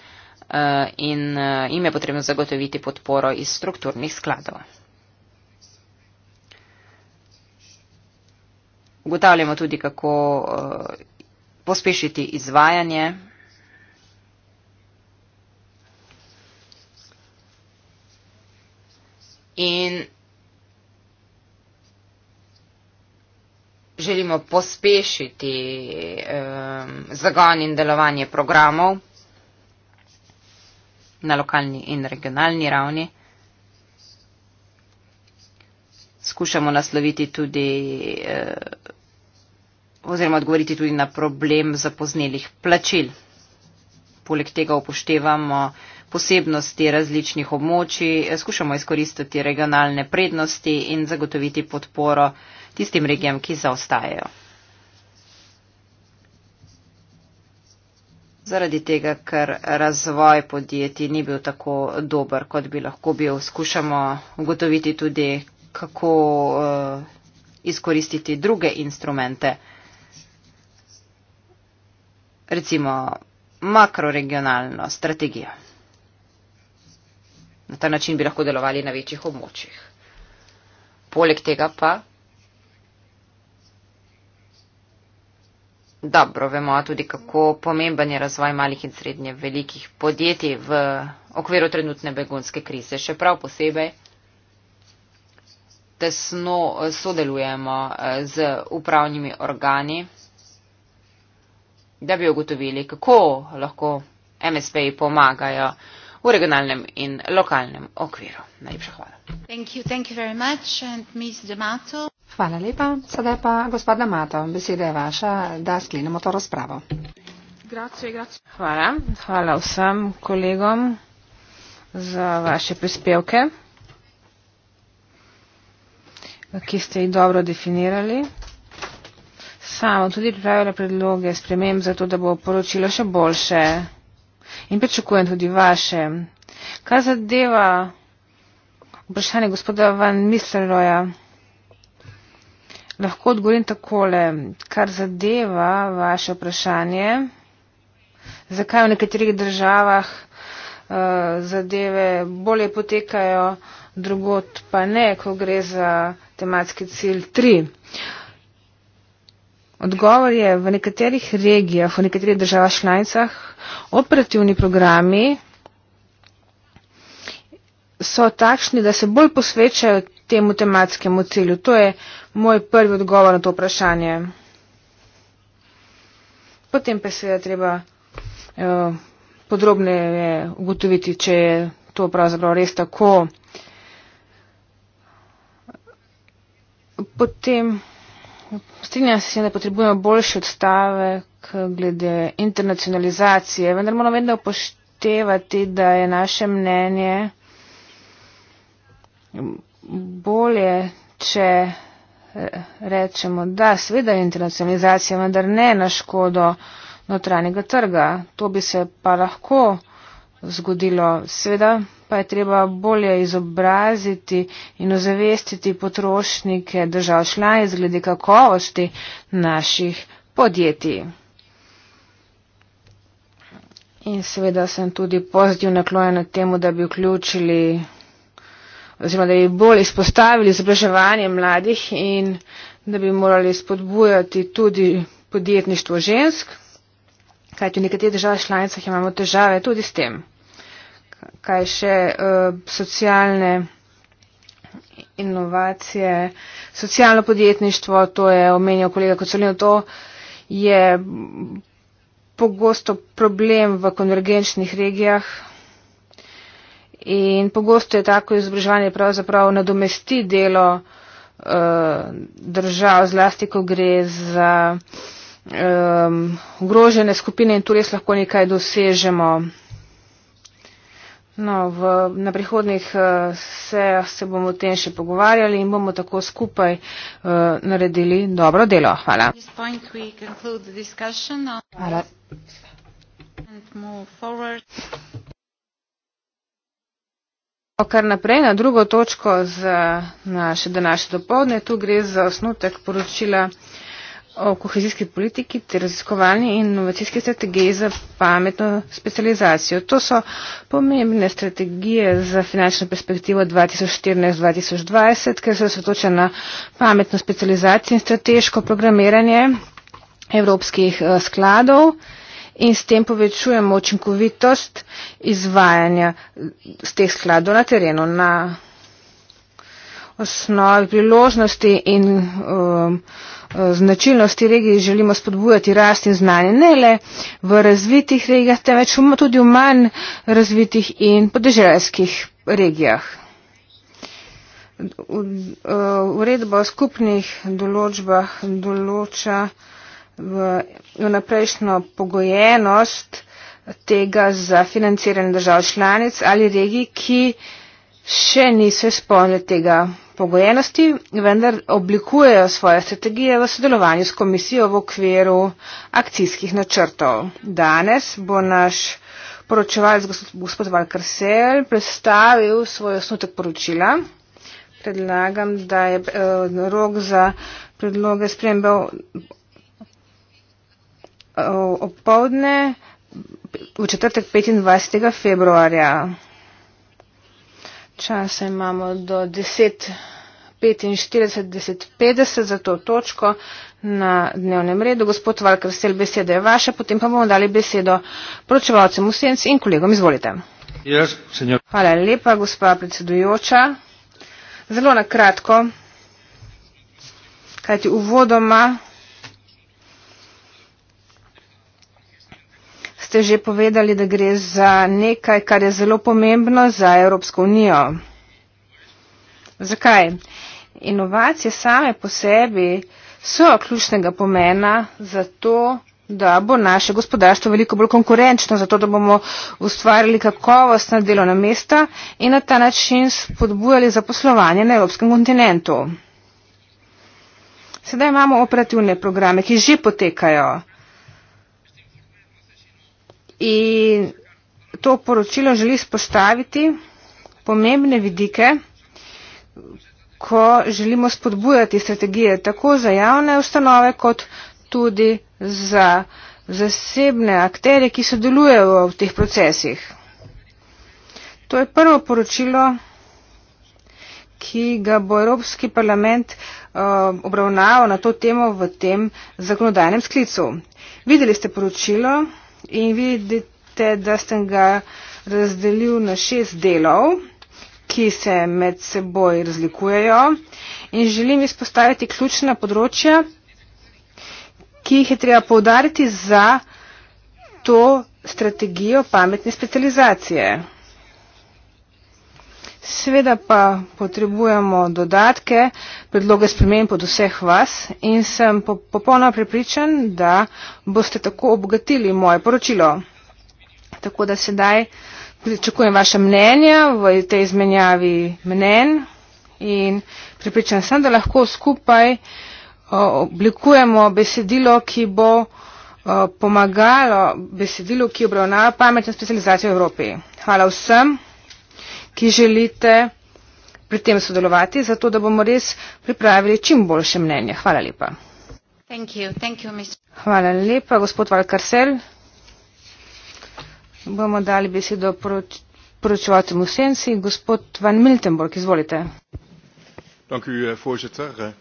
[SPEAKER 1] eh, in eh, jim je potrebno zagotoviti podporo iz strukturnih skladov. Ugotavljamo tudi, kako eh, pospešiti izvajanje. In želimo pospešiti eh, zagon in delovanje programov na lokalni in regionalni ravni. Skušamo nasloviti tudi eh, oziroma odgovoriti tudi na problem zapoznelih plačil. Poleg tega upoštevamo posebnosti različnih območij, eh, skušamo izkoristiti regionalne prednosti in zagotoviti podporo eh, tistim regijam, ki zaostajajo. Zaradi tega, ker razvoj podjetij ni bil tako dober, kot bi lahko bil, skušamo ugotoviti tudi, kako uh, izkoristiti druge instrumente, recimo makroregionalno strategijo. Na ta način bi lahko delovali na večjih območjih. Poleg tega pa dobro vemo tudi, kako pomemben je razvoj malih in srednje velikih podjetij v okviru trenutne begunske krize. Še prav posebej tesno eh, sodelujemo eh, z upravnimi organi, da bi ugotovili, kako lahko MSP-ji pomagajo v regionalnem in lokalnem okviru. Najlepša hvala. Thank you, thank you Hvala
[SPEAKER 3] lepa. Sedaj pa gospod Damato, beseda je vaša, da sklenemo to razpravo.
[SPEAKER 2] Grazie, grazie. Hvala. Hvala vsem kolegom za vaše prispevke, ki ste jih dobro definirali. Samo tudi pripravila predloge sprememb za to, da bo poročilo še boljše in pričakujem tudi vaše. Kar zadeva vprašanje gospoda Van Misleroja lahko odgovorim takole, kar zadeva vaše vprašanje, zakaj v nekaterih državah uh, zadeve bolje potekajo, drugot pa ne, ko gre za tematski cilj 3. Odgovor je, v nekaterih regijah, v nekaterih državah šlanicah, operativni programi so takšni, da se bolj posvečajo temu tematskemu cilju. To je moj prvi odgovor na to vprašanje. Potem pa se je treba eh, podrobneje ugotoviti, če je to pravzaprav res tako. Potem strinjam se, da potrebujemo boljši odstavek glede internacionalizacije, vendar moramo vedno upoštevati, da je naše mnenje bolje, če rečemo, da seveda je internacionalizacija, vendar ne na škodo notranjega trga. To bi se pa lahko zgodilo. Seveda pa je treba bolje izobraziti in ozavestiti potrošnike držav članic glede kakovosti naših podjetij. In seveda sem tudi pozitivno naklonjen na temu, da bi vključili oziroma da bi bolj izpostavili izobraževanje mladih in da bi morali spodbujati tudi podjetništvo žensk, kajti v nekaterih državah članicah imamo težave tudi s tem, kaj še eh, socialne inovacije, socialno podjetništvo, to je omenjal kolega Kocolino, to je pogosto problem v konvergenčnih regijah. In pogosto je tako izobraževanje pravzaprav nadomesti delo eh, držav, zlasti ko gre za um, ogrožene skupine in tu res lahko nekaj dosežemo. No, v, na prihodnih uh, eh, sejah se bomo o tem še pogovarjali in bomo tako skupaj uh, naredili dobro delo. Hvala. Hvala kar naprej na drugo točko z naše današnje dopovdne. Tu gre za osnutek poročila o kohezijski politiki ter raziskovalni in inovacijski strategiji za pametno specializacijo. To so pomembne strategije za finančno perspektivo 2014-2020, ker se osredotoča na pametno specializacijo in strateško programiranje evropskih eh, skladov in s tem povečujemo učinkovitost izvajanja z teh skladov na terenu. Na osnovi priložnosti in um, značilnosti regije želimo spodbujati rast in znanje ne le v razvitih regijah, temveč tudi v manj razvitih in podeželjskih regijah. Uh, uredba o skupnih določbah določa vnaprejšnjo pogojenost tega za financiranje držav članic ali regij, ki še niso izpolnili tega pogojenosti, vendar oblikujejo svoje strategije v sodelovanju s komisijo v okviru akcijskih načrtov. Danes bo naš poročevalec gospod Valkar Sel predstavil svoj osnutek poročila. Predlagam, da je eh, rok za predloge spremembe opovdne v četrtek 25. februarja. Časa imamo do 10.45-10.50 za to točko na dnevnem redu. Gospod Valkar, vse besede je vaše, potem pa bomo dali besedo pročevalcem v senci in kolegom. Izvolite. Yes, Hvala lepa, gospa predsedujoča. Zelo na kratko, kajti uvodoma ste že povedali, da gre za nekaj, kar je zelo pomembno za Evropsko unijo. Zakaj? Inovacije same po sebi so ključnega pomena za to, da bo naše gospodarstvo veliko bolj konkurenčno, zato da bomo ustvarili kakovostna delovna mesta in na ta način spodbujali zaposlovanje na evropskem kontinentu. Sedaj imamo operativne programe, ki že potekajo. In to poročilo želi spostaviti pomembne vidike, ko želimo spodbujati strategije tako za javne ustanove, kot tudi za zasebne akterje, ki sodelujejo v teh procesih. To je prvo poročilo, ki ga bo Evropski parlament um, obravnaval na to temo v tem zakonodajnem sklicu. Videli ste poročilo in vidite, da sem ga razdelil na šest delov, ki se med seboj razlikujejo in želim izpostaviti ključna področja, ki jih je treba povdariti za to strategijo pametne specializacije. Seveda pa potrebujemo dodatke, predloge spremen pod vseh vas in sem popolnoma prepričan, da boste tako obogatili moje poročilo. Tako da sedaj pričakujem vaše mnenja v tej izmenjavi mnen in pripričan sem, da lahko skupaj oblikujemo besedilo, ki bo pomagalo besedilu, ki obravnava pametno specializacijo v Evropi. Hvala vsem ki želite pri tem sodelovati, zato da bomo res pripravili čim boljše mnenje. Hvala lepa.
[SPEAKER 1] Thank you. Thank you,
[SPEAKER 2] Hvala lepa, gospod Valkarsel. Bomo dali besedo poročevalcem v senci. Gospod Van Miltenborg, izvolite.
[SPEAKER 3] Dank u, eh, voorzitter. Eh,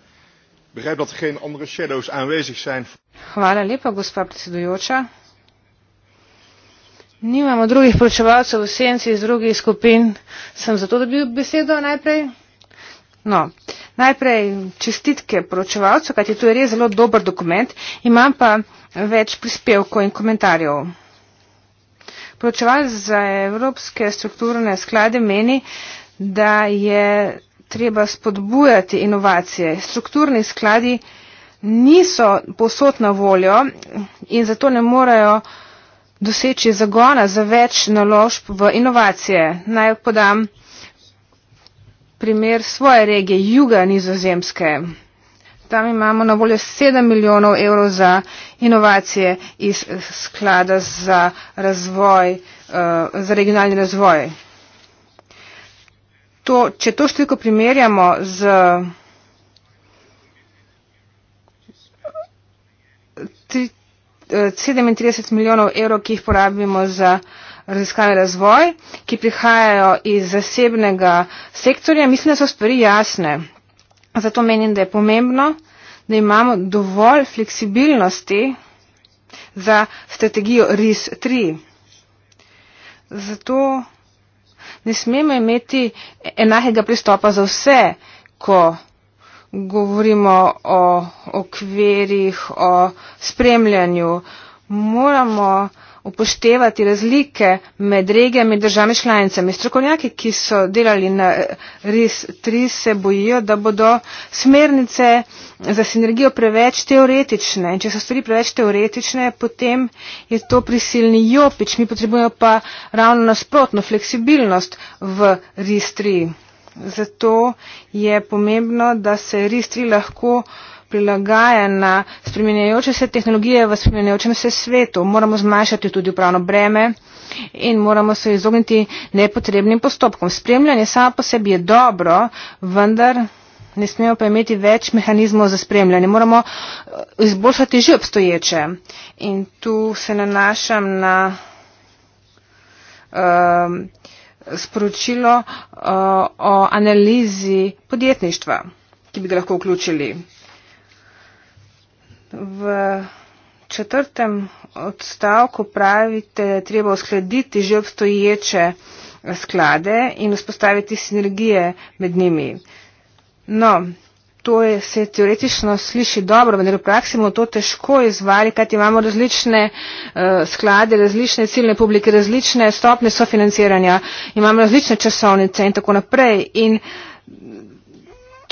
[SPEAKER 3] begrijp
[SPEAKER 2] dat er geen andere shadows aanwezig zijn. Hvala lepa, gospa predsedujoča. Nimamo drugih poročevalcev v senci iz drugih skupin. Sem zato dobil besedo najprej. No, najprej čestitke poročevalcu, kaj je to res zelo dober dokument. Imam pa več prispevkov in komentarjev. Poročevalc za evropske strukturne sklade meni, da je treba spodbujati inovacije. Strukturni skladi niso posod na voljo in zato ne morejo doseči zagona za več naložb v inovacije. Naj podam primer svoje regije, juga nizozemske. Tam imamo na voljo 7 milijonov evrov za inovacije iz eh, sklada za, razvoj, eh, za regionalni razvoj. To, če to številko primerjamo z eh, tri, sedemintrideset eh, milijonov evrov ki jih porabimo za raziskave razvoj ki prihajajo iz zasebnega sektorja mislim da so stvari jasne zato menim da je pomembno da imamo dovolj fleksibilnosti za strategijo RIS-3. Zato ne smemo imeti enakega pristopa za vse, ko govorimo o okvirih, o spremljanju. Moramo upoštevati razlike med regijami in državami članicami. Strokovnjaki, ki so delali na RIS-3, se bojijo, da bodo smernice za sinergijo preveč teoretične. In če so stvari preveč teoretične, potem je to prisilni jopič. Mi potrebujemo pa ravno nasprotno fleksibilnost v RIS-3. Zato je pomembno, da se RIS-3 lahko prilagaja na spremenjajoče se tehnologije v spremenjajočem se svetu. Moramo zmanjšati tudi upravno breme in moramo se izogniti nepotrebnim postopkom. Spremljanje samo po sebi je dobro, vendar ne smemo pa imeti več mehanizmov za spremljanje. Moramo eh, izboljšati že obstoječe. In tu se nanašam na. Um, sporočilo eh, o analizi podjetništva, ki bi ga lahko vključili. V četrtem odstavku pravite, da je treba uskladiti že obstoječe sklade in vzpostaviti sinergije med njimi. No, To je, se teoretično sliši dobro, vendar v praksi bomo to težko izvali, kajti imamo različne uh, sklade, različne ciljne publike, različne stopne sofinanciranja, imamo različne časovnice in tako naprej. In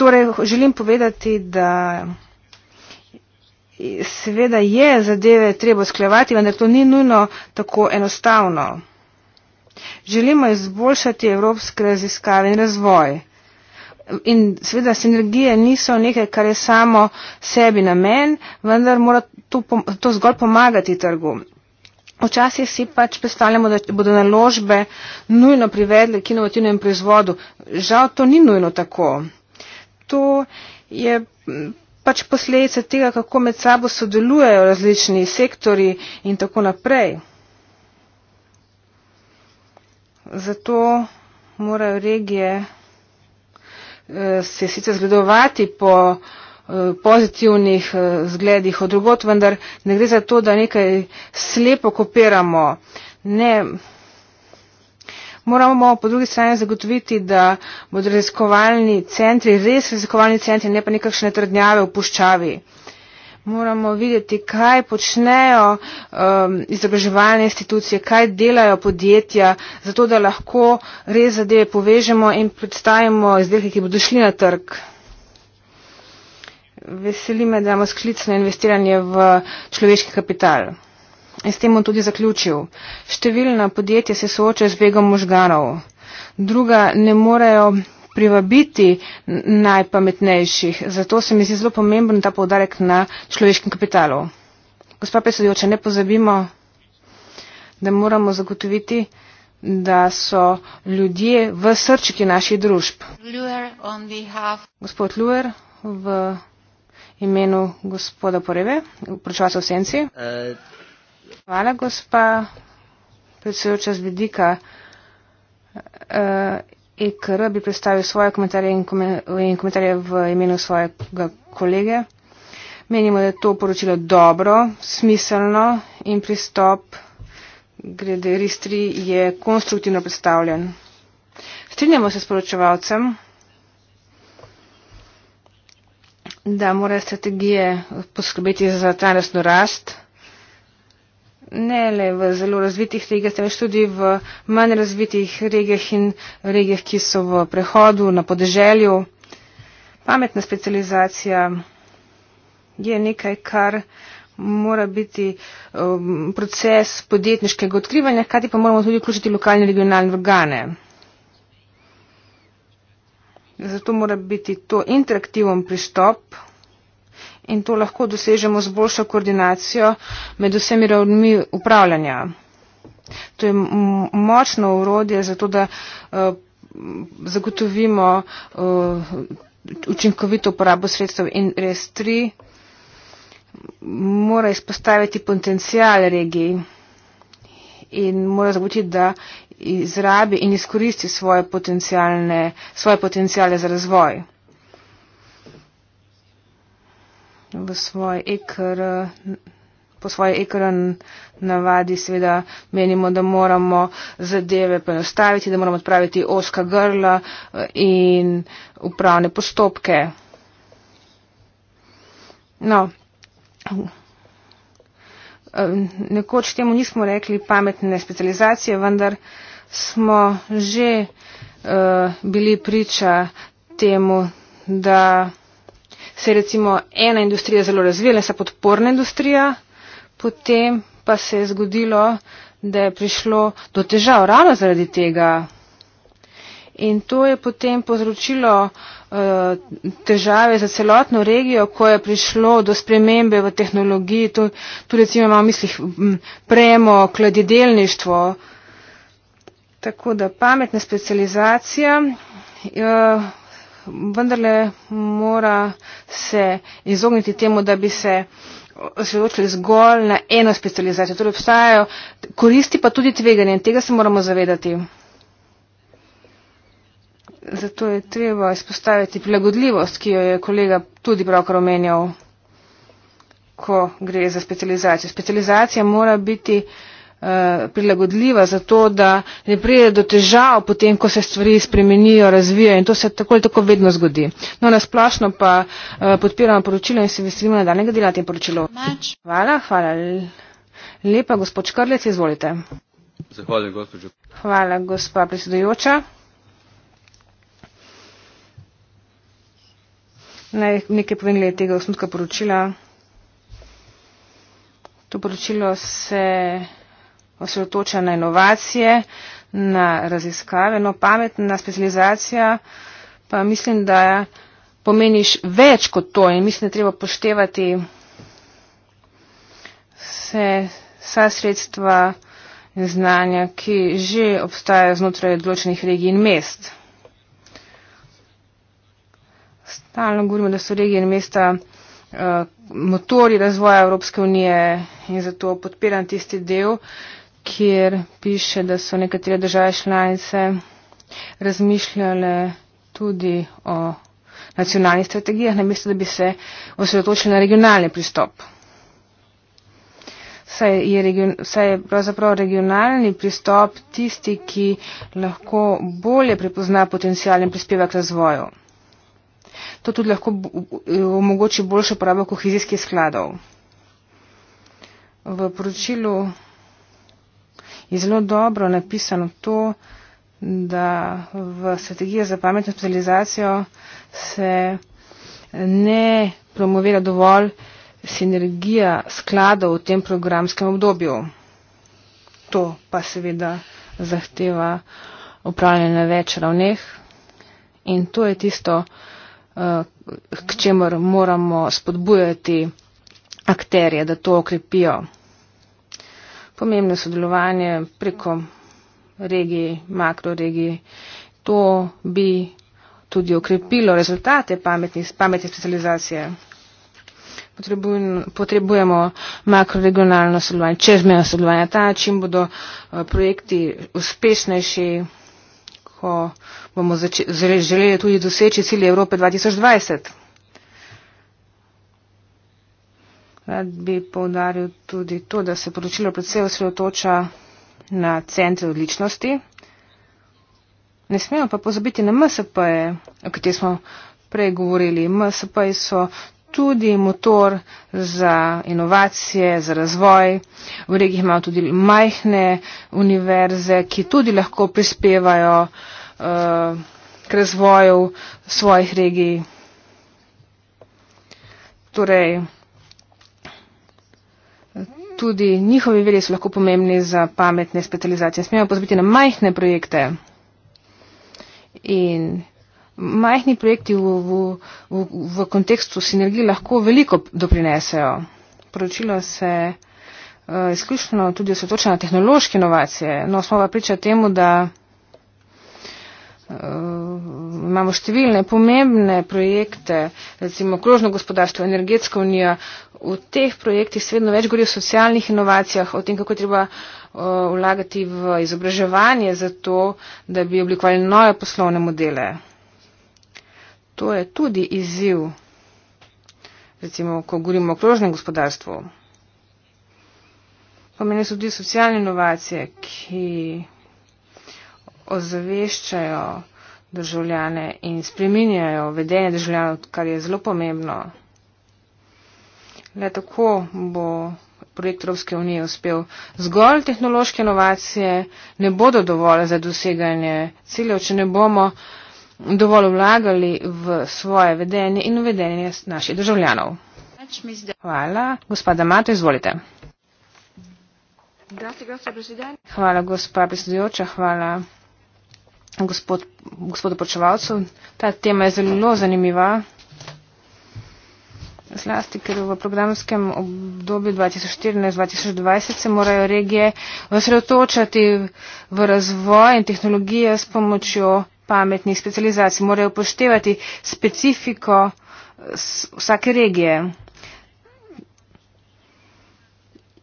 [SPEAKER 2] torej želim povedati, da seveda je zadeve treba sklevati, vendar to ni nujno tako enostavno. Želimo izboljšati evropske raziskave in razvoj. In seveda sinergije niso nekaj, kar je samo sebi namen, vendar mora to, to zgolj pomagati trgu. Včasih si pač predstavljamo, da bodo naložbe nujno privedle k inovativnem proizvodu. Žal to ni nujno tako. To je pač posledica tega, kako med sabo sodelujejo različni sektori in tako naprej. Zato morajo regije. Eh, se sicer zgledovati po eh, pozitivnih eh, zgledih od drugot, vendar ne gre za to, da nekaj slepo kopiramo. Ne. Moramo po drugi strani zagotoviti, da bodo raziskovalni centri res raziskovalni centri, ne pa nekakšne trdnjave v puščavi moramo videti, kaj počnejo um, izobraževalne institucije, kaj delajo podjetja, zato da lahko res zadeve povežemo in predstavimo izdelke, ki bodo šli na trg. Veseli me, da imamo sklic na investiranje v človeški kapital. In s tem bom tudi zaključil. Številna podjetja se soočajo z begom možganov. Druga ne morejo privabiti najpametnejših. Zato se mi zdi zelo pomemben ta povdarek na človeškem kapitalu. Gospa predsedujoča, ne pozabimo, da moramo zagotoviti, da so ljudje v srčiki naših družb. Gospod Luer, v imenu gospoda Poreve, vprašalca v senci. Eh. Hvala, gospa predsedujoča, z vidika. Eh, IKR e bi predstavil svoje komentarje in komentarje v imenu svojega kolege. Menimo, da je to poročilo dobro, smiselno in pristop glede RIS-3 je konstruktivno predstavljen. Strinjamo se s poročevalcem, da morajo strategije poskrbeti za trajnostno rast ne le v zelo razvitih regijah, temveč tudi v manj razvitih regijah in regijah, ki so v prehodu na podeželju. Pametna specializacija je nekaj, kar mora biti um, proces podjetniškega odkrivanja, kajti pa moramo tudi vključiti lokalne regionalne organe. Zato mora biti to interaktiven pristop in to lahko dosežemo z boljšo koordinacijo med vsemi ravnmi upravljanja. To je močno urodje za to, da eh, zagotovimo eh, učinkovito uporabo sredstev in res tri mora izpostaviti potencijal regij in mora zagotoviti, da izrabi in izkoristi svoje, svoje potencijale za razvoj. v svoj ekr, po svoji ekran navadi seveda menimo, da moramo zadeve poenostaviti, da moramo odpraviti oska grla eh, in upravne postopke. No. Eh, nekoč temu nismo rekli pametne specializacije, vendar smo že uh, bili priča temu, da se je recimo ena industrija zelo razvijala, se podporna industrija, potem pa se je zgodilo, da je prišlo do težav ravno zaradi tega. In to je potem povzročilo uh, težave za celotno regijo, ko je prišlo do spremembe v tehnologiji, tu, tu recimo imamo v mislih premo, kladidelništvo. Tako da pametna specializacija. Uh, vendarle mora se izogniti temu, da bi se osredotočili zgolj na eno specializacijo. Torej obstajajo koristi pa tudi tveganje in tega se moramo zavedati. Zato je treba izpostaviti prilagodljivost, ki jo je kolega tudi pravkar omenjal, ko gre za specializacijo. Specializacija mora biti uh, Eh, prilagodljiva za to, da ne pride do težav potem, ko se stvari spremenijo, razvijajo in to se tako ali tako vedno zgodi. No, nasplošno pa eh, podpiramo poročilo in se veselimo nadaljnega dela tem poročilom. Hvala, hvala. Lepa, gospod Škrlec, izvolite.
[SPEAKER 3] Zahvaljujem, gospođo.
[SPEAKER 2] Hvala, gospa predsedujoča. Naj nekaj povem glede tega osnutka poročila. To poročilo se osredotoča na inovacije, na raziskave, no pametna specializacija pa mislim, da pomeniš več kot to in mislim, da treba poštevati vse vsa sredstva in znanja, ki že obstajajo znotraj odločenih regij in mest. Stalno govorimo, da so regije in mesta uh, eh, motori razvoja Evropske unije in zato podpiram tisti del, uh, kjer piše, da so nekatere države članice razmišljale tudi o nacionalnih strategijah, namesto da bi se osredotočili na regionalni pristop. Saj je, saj je pravzaprav regionalni pristop tisti, ki lahko bolje prepozna potencijal in prispeva k razvoju. To tudi lahko omogoči boljšo porabo kohezijskih skladov. V poročilu je zelo dobro napisano to, da v strategiji za pametno specializacijo se ne promovira dovolj sinergija skladov v tem programskem obdobju. To pa seveda zahteva upravljanje na več ravneh in to je tisto, eh, k čemer moramo spodbujati akterje, da to okrepijo pomembno sodelovanje preko regij, makroregij. To bi tudi okrepilo rezultate pametne specializacije. Potrebujemo makroregionalno sodelovanje, čezmejno sodelovanje. Ta način bodo eh, projekti uspešnejši, ko bomo želeli tudi doseči cilje Evrope 2020. Rad bi povdaril tudi to, da se poročilo predvsej osredotoča na centre odličnosti. Ne smemo pa pozabiti na MSP-je, o katerih smo prej govorili. MSP-ji so tudi motor za inovacije, za razvoj. V regiji imamo tudi majhne univerze, ki tudi lahko prispevajo uh, k razvoju svojih regij. Torej, tudi njihovi viri so lahko pomembni za pametne specializacije. Smejo pozbiti na majhne projekte. In majhni projekti v, v, v, v kontekstu sinergij lahko veliko doprinesejo. Poročilo se uh, izključno tudi osvetoča na tehnološke inovacije. No, smo pa priča temu, da uh, imamo številne pomembne projekte, recimo krožno gospodarstvo, energetska unija. V teh projektih se vedno več govori o socialnih inovacijah, o tem, kako je treba uh, vlagati v izobraževanje za to, da bi oblikovali nove poslovne modele. To je tudi izziv, recimo, ko govorimo o krožnem gospodarstvu. Pa meni so tudi socialne inovacije, ki ozaveščajo državljane in spreminjajo vedenje državljanov, kar je zelo pomembno. Le tako bo projekt Evropske unije uspel. Zgolj tehnološke inovacije ne bodo dovolj za doseganje ciljev, če ne bomo dovolj vlagali v svoje vedenje in vedenje naših državljanov. Hvala. Gospoda Mato, izvolite. Hvala, gospa predsedujoča. Hvala gospod, gospodu počevalcu. Ta tema je zelo zanimiva. Zlasti, ker v programskem obdobju 2014-2020 se morajo regije osredotočati v razvoj in tehnologije s pomočjo pametnih specializacij. Morajo upoštevati specifiko vsake regije.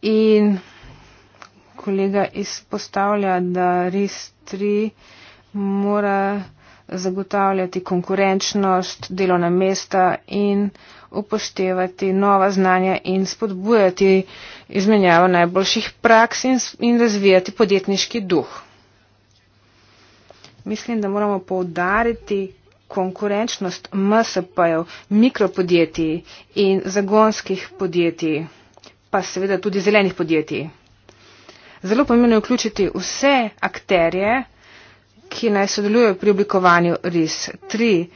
[SPEAKER 2] In kolega izpostavlja, da RIS 3 mora zagotavljati konkurenčnost, delovna mesta in upoštevati nova znanja in spodbujati izmenjavo najboljših praks in, in razvijati podjetniški duh. Mislim, da moramo poudariti konkurenčnost MSP-jev, mikropodjetij in zagonskih podjetij, pa seveda tudi zelenih podjetij. Zelo pomembno je vključiti vse akterje, ki naj sodelujo pri oblikovanju RIS. Tri,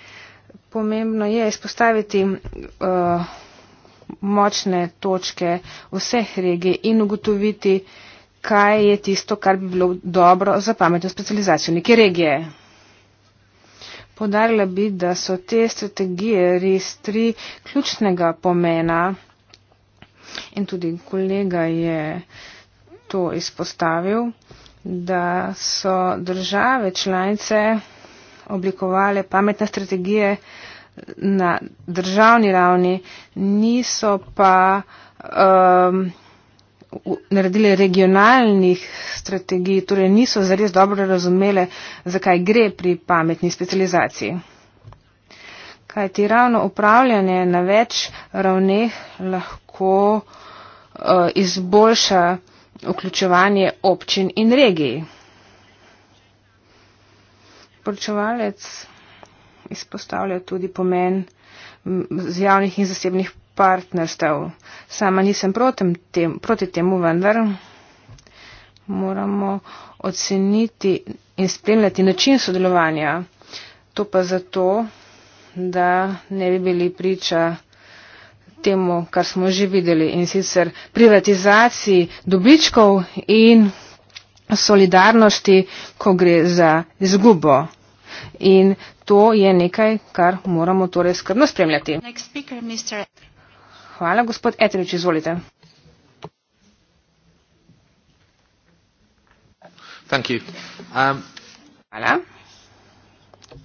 [SPEAKER 2] pomembno je izpostaviti uh, močne točke vseh regij in ugotoviti, kaj je tisto, kar bi bilo dobro za pametno specializacijo neke regije. Podarila bi, da so te strategije RIS 3 ključnega pomena in tudi kolega je to izpostavil. Uh, da so države članice oblikovale pametne strategije na državni ravni, niso pa um, naredili regionalnih strategij, torej niso zares dobro razumele, zakaj gre pri pametni specializaciji. Kaj ti ravno upravljanje na več ravneh lahko uh, izboljša vključevanje občin in regij. Poročevalec izpostavlja tudi pomen z javnih in zasebnih partnerstev. Sama nisem tem, proti temu, vendar moramo oceniti in spremljati način sodelovanja. To pa zato, da ne bi bili priča temu, kar smo že videli in sicer privatizaciji dobičkov in solidarnosti, ko gre za izgubo. In to je nekaj, kar moramo torej skrbno spremljati. Speaker, Hvala, gospod Etrič, izvolite. Um, Hvala.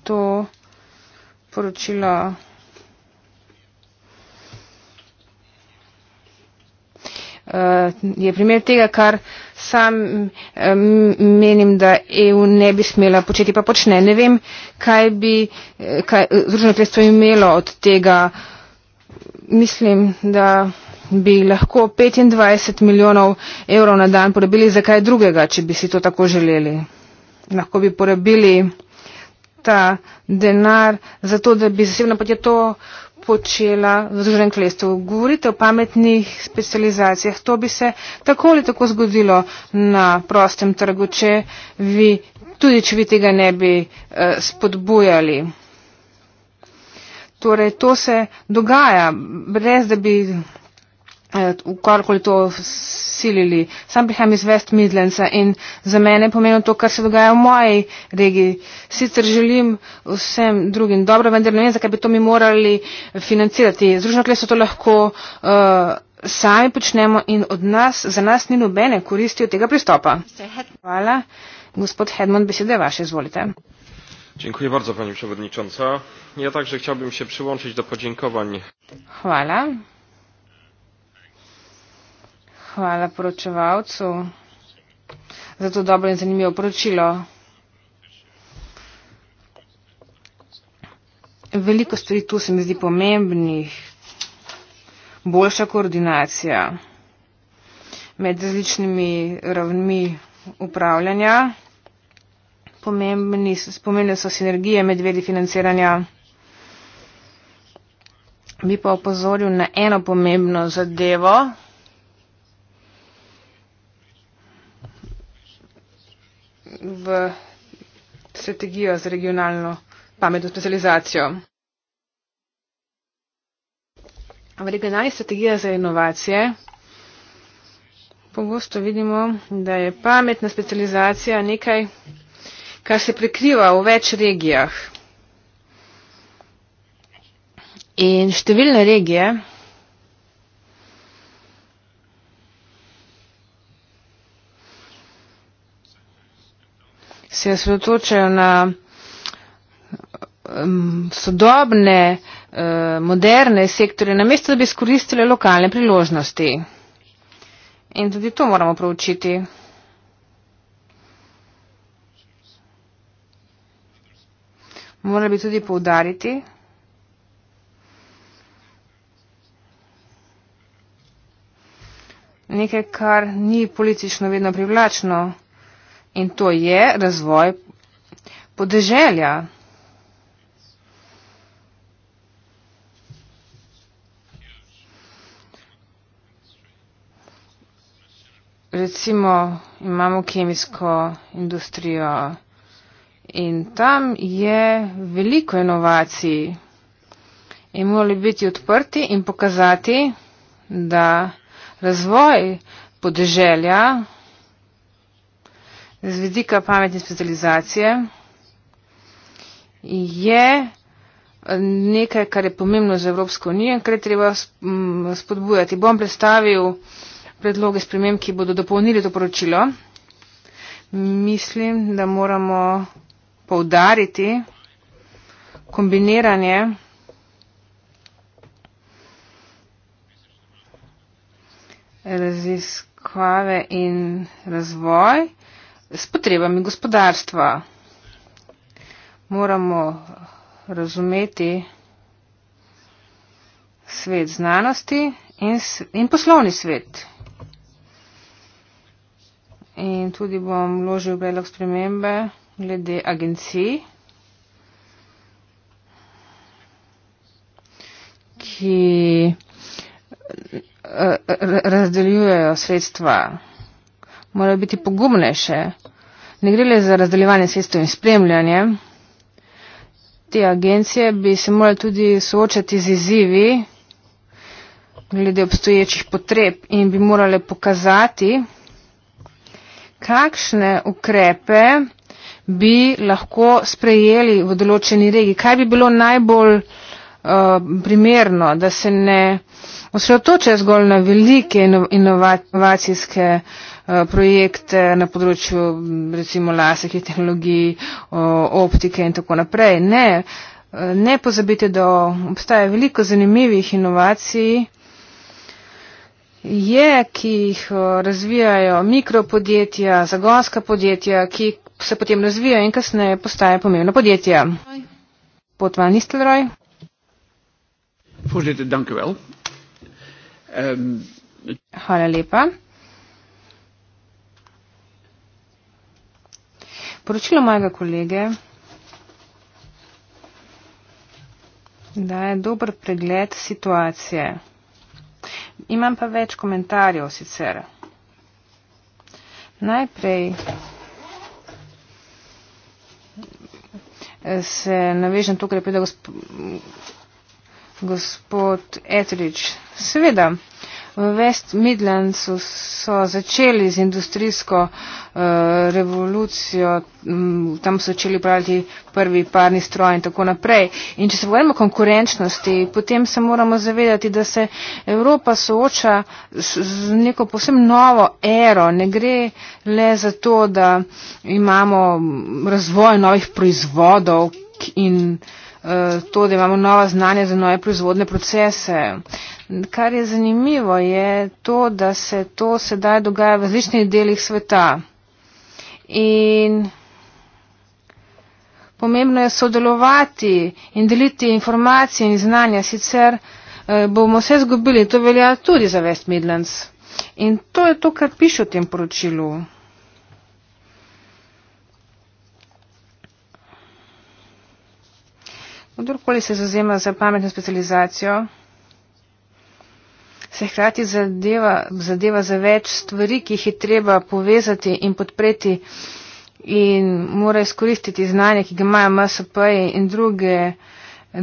[SPEAKER 2] To poročilo uh, je primer tega, kar sam um, menim, da EU ne bi smela početi, pa počne. Ne vem, kaj bi eh, kaj, Združeno kraljestvo imelo od tega. Mislim, da bi lahko 25 milijonov evrov na dan porabili za kaj drugega, če bi si to tako želeli. Lahko bi porabili ta denar za to, da bi zasebno podjetje to počela v Združenem kraljestvu. Govorite o pametnih specializacijah. To bi se tako ali tako zgodilo na prostem trgu, če vi, tudi če vi tega ne bi eh, spodbujali. Torej, to se dogaja, brez da bi v eh, karkoli to silili. Sam prihajam iz West Midlandsa in za mene pomeni to, kar se dogaja v moji regiji. Sicer želim vsem drugim dobro, vendar ne vem, zakaj bi to mi morali financirati. Združeno kle so to lahko uh, sami počnemo in od nas, za nas ni nobene koristi od tega pristopa. Hvala. Gospod Hedman, besede vaše, izvolite. Dziękuję bardzo Pani Przewodnicząca. Ja także chciałbym się przyłączyć do podziękowań. Chwala. Hvala poročevalcu za to dobro in zanimivo poročilo. Veliko stvari tu se mi zdi pomembnih. Boljša koordinacija med različnimi ravnmi upravljanja. Pomembni, spomenili so sinergije med vedi financiranja. Bi pa opozoril na eno pomembno zadevo, v strategijo za regionalno pametno specializacijo. V regionalni strategiji za inovacije pogosto vidimo, da je pametna specializacija nekaj, kar se prekriva v več regijah. In številne regije se osredotočajo na sodobne, eh, moderne sektorje, namesto da bi izkoristile lokalne priložnosti. In tudi to moramo proučiti. Morali bi tudi poudariti, nekaj, kar ni politično vedno privlačno in to je razvoj podeželja. Recimo imamo kemijsko industrijo in tam je veliko inovacij in morali biti odprti in pokazati, da razvoj podeželja z vidika pametne specializacije je nekaj, kar je pomembno za Evropsko unijo in kar je treba spodbujati. Bom predstavil predloge spremem, ki bodo dopolnili to poročilo. Mislim, da moramo poudariti kombiniranje raziskave in razvoj s potrebami gospodarstva. Moramo razumeti svet znanosti in, in poslovni svet. In tudi bom vložil predlog spremembe glede agencij, ki eh, eh, razdeljujejo sredstva morajo biti pogumnejše. Ne gre le za razdeljevanje sredstev in spremljanje. Te agencije bi se morali tudi soočati z izzivi glede obstoječih potreb in bi morali pokazati, kakšne ukrepe bi lahko sprejeli v določeni regiji. Kaj bi bilo najbolj uh, primerno, da se ne osredotoče zgolj na velike inovacijske. Inov inov inov inov inov inov inov inov Eh, projekte na področju mm, recimo lasih tehnologij, optike in tako naprej. Ne, eh, ne pozabite, da obstaja veliko zanimivih inovacij, je, ki jih eh, razvijajo mikropodjetja, zagonska podjetja, ki se potem razvijajo in kasneje postajajo pomembna podjetja. Pot van Nistelroj. Voorzitter, dank u wel. Um, Hvala lepa. Poročilo mojega kolege daje dober pregled situacije. Imam pa več komentarjev sicer. Najprej se navežem to, kar je povedal gospod Etrič. Seveda. V West Midlandsu so začeli z industrijsko uh, revolucijo, um, tam so začeli upravljati prvi parni stroj in tako naprej. In če se bojimo konkurenčnosti, potem se moramo zavedati, da se Evropa sooča z neko posebno novo ero. Ne gre le za to, da imamo razvoj novih proizvodov in uh, to, da imamo nova znanja za nove proizvodne procese. Kar je zanimivo, je to, da se to sedaj dogaja v različnih delih sveta. In pomembno je sodelovati in deliti informacije in znanja, sicer eh, bomo vse zgubili. To velja tudi za West Midlands. In to je to, kar piše v tem poročilu. Kdorkoli se zazema za pametno specializacijo se hkrati zadeva, zadeva za več stvari, ki jih je treba povezati in podpreti in mora izkoristiti znanje, ki ga imajo MSP in druge,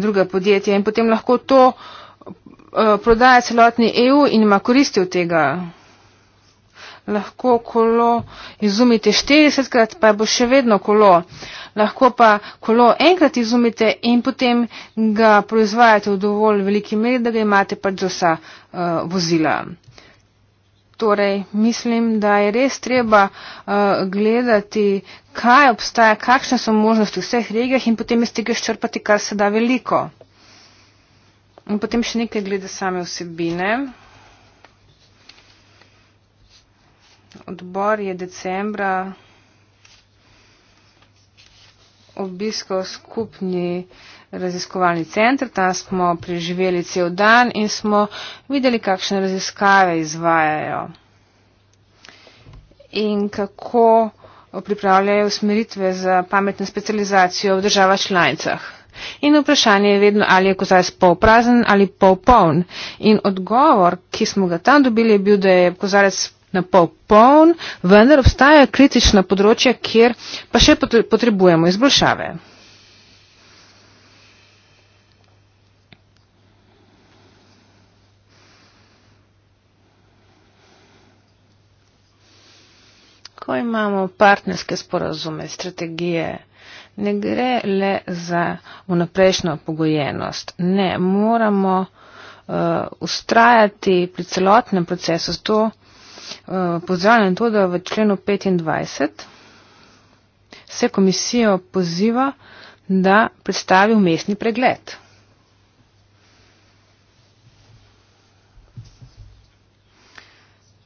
[SPEAKER 2] druga podjetja in potem lahko to uh, prodaja celotni EU in ima koristi od tega lahko kolo izumite 40krat, pa bo še vedno kolo. Lahko pa kolo enkrat izumite in potem ga proizvajate v dovolj veliki meri, da ga imate pač za vsa uh, vozila. Torej, mislim, da je res treba uh, gledati, kaj obstaja, kakšne so možnosti v vseh regijah in potem iz tega ščrpati, kar se da veliko. In potem še nekaj glede same vsebine. Odbor je decembra obiskal skupni raziskovalni center, tam smo preživeli cel dan in smo videli, kakšne raziskave izvajajo in kako pripravljajo usmeritve za pametno specializacijo v državah članicah. In vprašanje je vedno, ali je kozarec polprazen ali polpoln. In odgovor, ki smo ga tam dobili, je bil, da je kozarec na pol poln, vendar obstaja kritična področja, kjer pa še potrebujemo izboljšave. Ko imamo partnerske sporazume, strategije, ne gre le za vnaprejšnjo pogojenost. Ne, moramo uh, ustrajati pri celotnem procesu, zato Eh, pozdravljam to, da v členu 25 se komisijo poziva, da predstavi umestni pregled.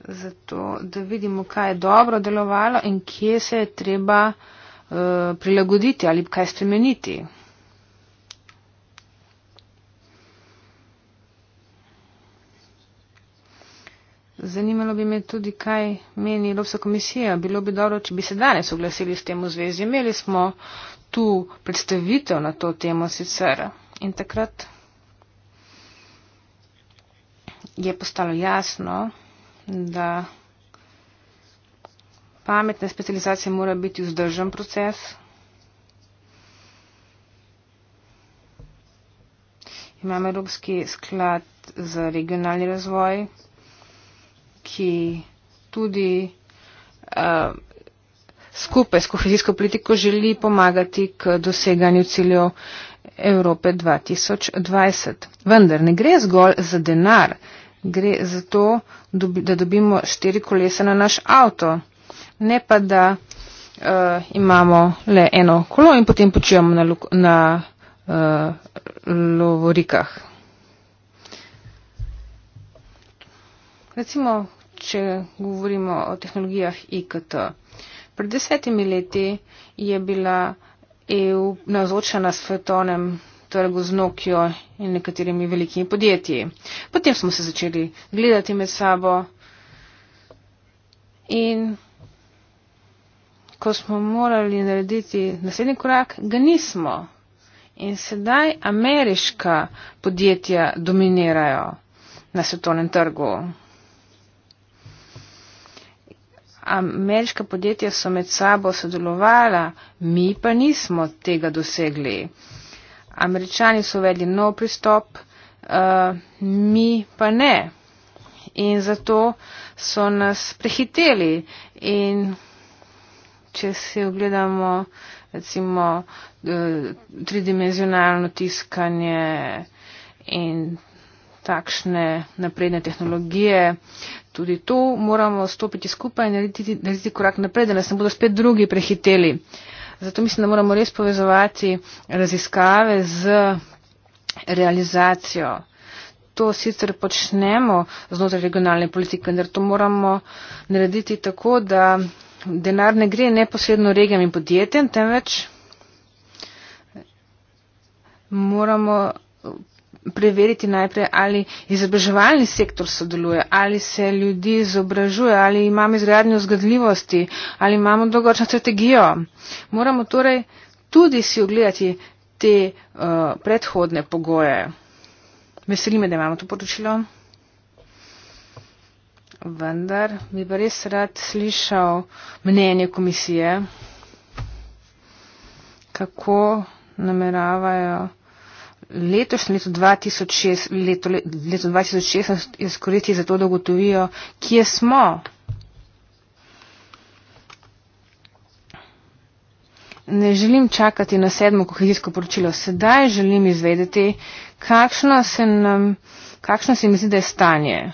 [SPEAKER 2] Zato, da vidimo, kaj je dobro delovalo in kje se je treba uh, prilagoditi ali kaj spremeniti. Zanimalo bi me tudi, kaj meni Evropska komisija. Bilo bi dobro, če bi se danes oglasili s tem v zvezi. Imeli smo tu predstavitev na to temo sicer in takrat je postalo jasno, da pametne specializacije mora biti vzdržen proces. Imamo Evropski sklad za regionalni razvoj, ki tudi uh, skupaj s kohezijsko politiko želi pomagati k doseganju ciljev Evrope 2020. Vendar ne gre zgolj za denar, gre za to, da dobimo štiri kolesa na naš avto, ne pa da uh, imamo le eno kolo in potem počivamo na, na uh, lovorikah. Recimo, če govorimo o tehnologijah IKT. Pred desetimi leti je bila EU navzoča na svetovnem trgu z Nokio in nekaterimi velikimi podjetji. Potem smo se začeli gledati med sabo in ko smo morali narediti naslednji korak, ga nismo. In sedaj ameriška podjetja dominirajo na svetovnem trgu ameriška podjetja so med sabo sodelovala, mi pa nismo tega dosegli. Američani so uvedli nov pristop, uh, mi pa ne. In zato so nas prehiteli. In če si ogledamo recimo eh, tridimenzionalno tiskanje in takšne napredne tehnologije. Tudi tu moramo stopiti skupaj in narediti, narediti korak naprej, da nas ne bodo spet drugi prehiteli. Zato mislim, da moramo res povezovati raziskave z realizacijo. To sicer počnemo znotraj regionalne politike, vendar to moramo narediti tako, da denar ne gre neposredno regijam in podjetjem, temveč moramo preveriti najprej, ali izobraževalni sektor sodeluje, ali se ljudi izobražuje, ali imamo izradnjo zgodljivosti, ali imamo dolgočno strategijo. Moramo torej tudi si ogledati te uh, predhodne pogoje. Veselime, da imamo to poročilo. Vendar bi pa res rad slišal mnenje komisije, kako nameravajo letošnje leto 2006, leto, leto 2016 izkoristi za to, da ugotovijo, kje smo. Ne želim čakati na sedmo kohezijsko poročilo. Sedaj želim izvedeti, kakšno se, nam, kakšno se mi zdi, da je stanje.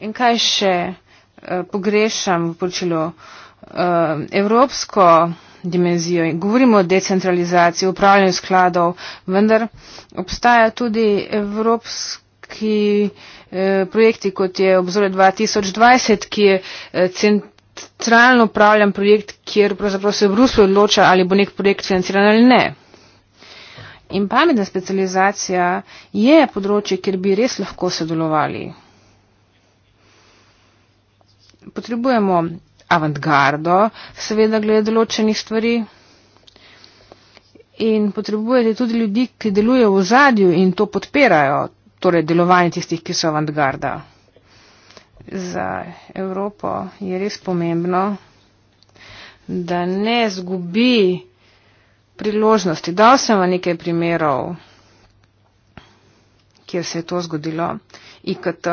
[SPEAKER 2] In kaj še uh, pogrešam v poročilu. Uh, evropsko dimenzijo. Govorimo o decentralizaciji, upravljanju skladov, vendar obstaja tudi evropski eh, projekti, kot je obzore 2020, ki je eh, centralno upravljan projekt, kjer pravzaprav se v Bruslu odloča, ali bo nek projekt financiran ali ne. In pametna specializacija je področje, kjer bi res lahko sodelovali. Potrebujemo avantgardo, seveda glede določenih stvari. In potrebujete tudi ljudi, ki delujejo v zadju in to podpirajo, torej delovanje tistih, ki so avantgarda. Za Evropo je res pomembno, da ne zgubi priložnosti. Dal sem vam nekaj primerov, kjer se je to zgodilo. IKT.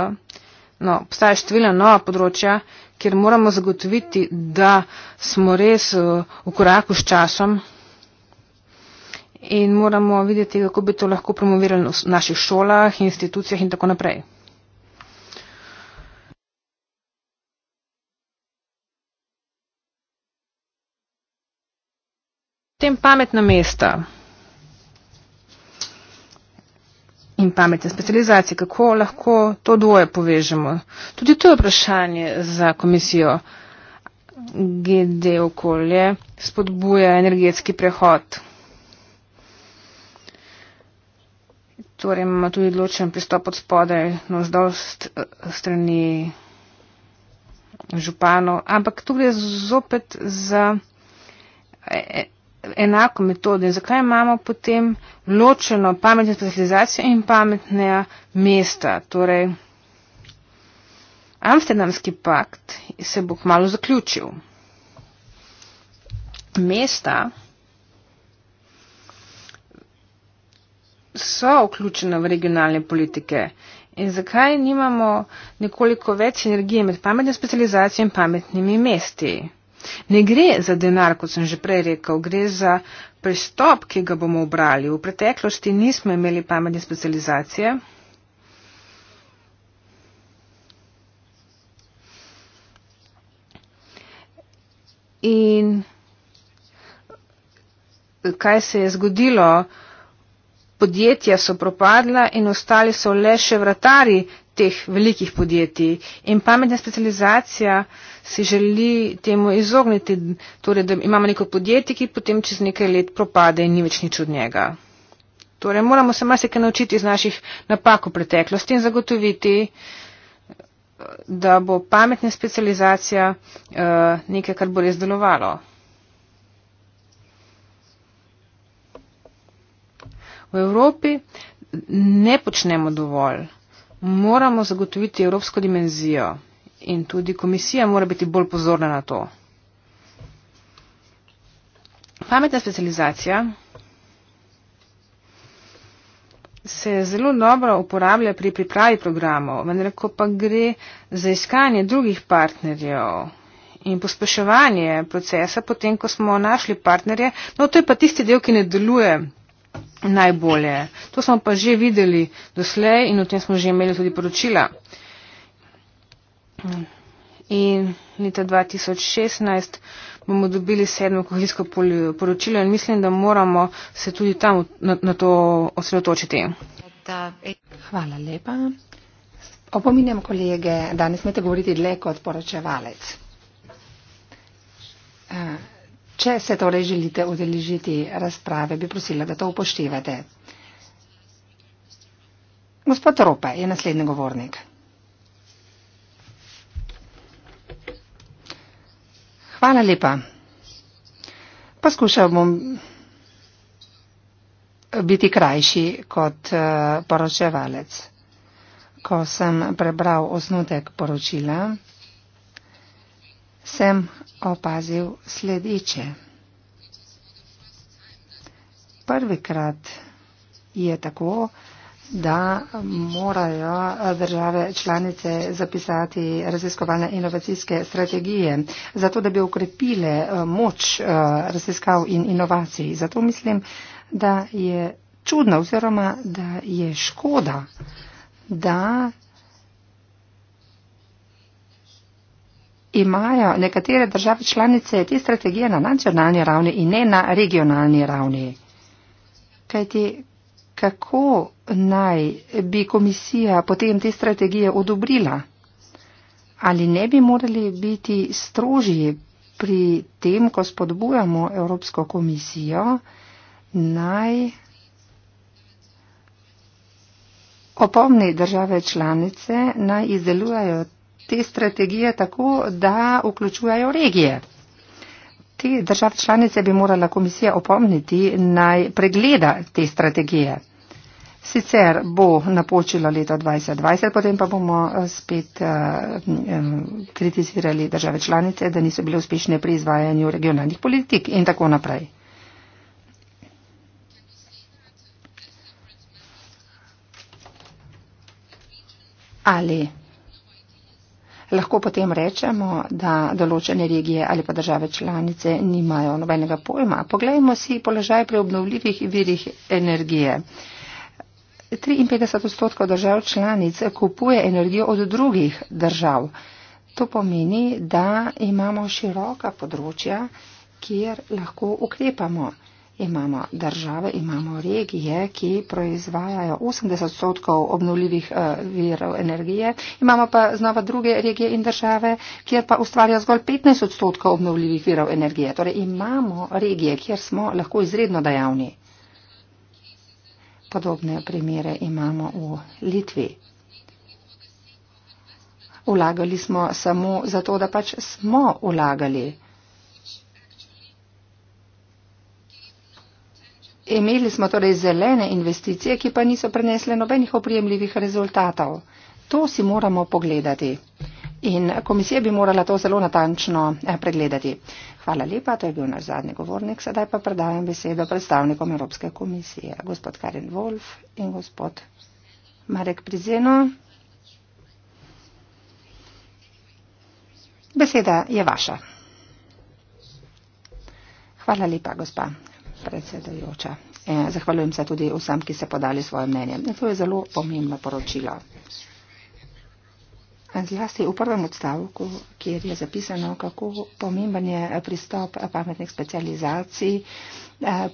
[SPEAKER 2] No, obstaja številna nova področja, kjer moramo zagotoviti, da smo res eh, v koraku s časom in moramo videti, kako bi to lahko promovirali v naših šolah, institucijah in tako naprej. Tem pametna mesta. in pametne specializacije. Kako lahko to dvoje povežemo? Tudi to je vprašanje za komisijo. GD okolje spodbuja energetski prehod. Torej imamo tudi odločen pristop od spodaj, no zdolj st strani županov, ampak tu gre zopet za e, e, enako metode, zakaj imamo potem ločeno pametno specializacijo in pametne mesta. Torej, Amsterdamski pakt se bo kmalo zaključil. Mesta so vključena v regionalne politike. In zakaj nimamo nekoliko več energije med pametno specializacijo in pametnimi mesti? Ne gre za denar, kot sem že prej rekel, gre za pristop, ki ga bomo obrali. V preteklosti nismo imeli pametne specializacije. In kaj se je zgodilo? podjetja so propadla in ostali so le še vratari teh velikih podjetij. In pametna specializacija si želi temu izogniti, torej, da imamo neko podjetje, ki potem čez nekaj let propade in ni več nič od njega. Torej, moramo se marsikaj naučiti iz naših napak v preteklosti in zagotoviti, da bo pametna specializacija uh, nekaj, kar bo res delovalo. v Evropi ne počnemo dovolj. Moramo zagotoviti evropsko dimenzijo in tudi komisija mora biti bolj pozorna na to. Pametna specializacija se zelo dobro uporablja pri pripravi programov, vendar ko pa gre za iskanje drugih partnerjev in pospeševanje procesa, potem ko smo našli partnerje, no to je pa tisti del, ki ne deluje najbolje. To smo pa že videli doslej in o tem smo že imeli tudi poročila. In leta 2016 bomo dobili sedmo kohezijsko poročilo in mislim, da moramo se tudi tam na, na to osredotočiti. Hvala lepa.
[SPEAKER 3] Opominjam kolege, da ne smete govoriti dlje kot poročevalec. Uh. Če se torej želite udeležiti razprave, bi prosila, da to upoštevate. Gospod Rope je naslednji govornik. Hvala lepa. Poskušal bom biti krajši kot eh, poročevalec. Ko sem prebral osnutek poročila, sem opazil sledeče. Prvikrat je tako, da morajo države članice zapisati raziskovalne inovacijske strategije, zato da bi ukrepile eh, moč eh, raziskav in inovacij. Zato mislim, da je čudno oziroma da je škoda, da imajo nekatere države članice te strategije na nacionalni ravni in ne na regionalni ravni. Kajti kako naj bi komisija potem te strategije odobrila? Ali ne bi morali biti strožji pri tem, ko spodbujamo Evropsko komisijo, naj opomni države članice, naj izdelujajo te strategije tako, da vključujajo regije. Te države članice bi morala komisija opomniti naj pregleda te strategije. Sicer bo napočilo leto 2020, potem pa bomo eh, spet eh, kritizirali države članice, da niso bile uspešne pri izvajanju regionalnih politik in tako naprej. Ali lahko potem rečemo, da določene regije ali pa države članice nimajo nobenega pojma. Poglejmo si položaj pri obnovljivih virih energije. 53 odstotkov držav članic kupuje energijo od drugih držav. To pomeni, da imamo široka področja, kjer lahko ukrepamo imamo države, imamo regije, ki proizvajajo 80 odstotkov obnovljivih eh, virov energije, imamo pa znova druge regije in države, kjer pa ustvarjajo zgolj 15 odstotkov obnovljivih virov energije. Torej imamo regije, kjer smo lahko izredno dejavni. Podobne primere imamo v Litvi. Vlagali smo samo zato, da pač smo vlagali. Imeli smo torej zelene investicije, ki pa niso prenesle nobenih oprijemljivih rezultatov. To si moramo pogledati. In komisija bi morala to zelo natančno eh, pregledati. Hvala lepa, to je bil naš zadnji govornik. Sedaj pa predajam besedo predstavnikom Evropske komisije. Gospod Karin Wolf in gospod Marek Prizeno. Beseda je vaša. Hvala lepa, gospa predsedajoča. E, zahvaljujem se tudi vsem, ki ste podali svoje mnenje. E, to je zelo pomembno poročilo. E, zlasti v prvem odstavku, kjer je zapisano, kako pomemben je pristop pametnih specializacij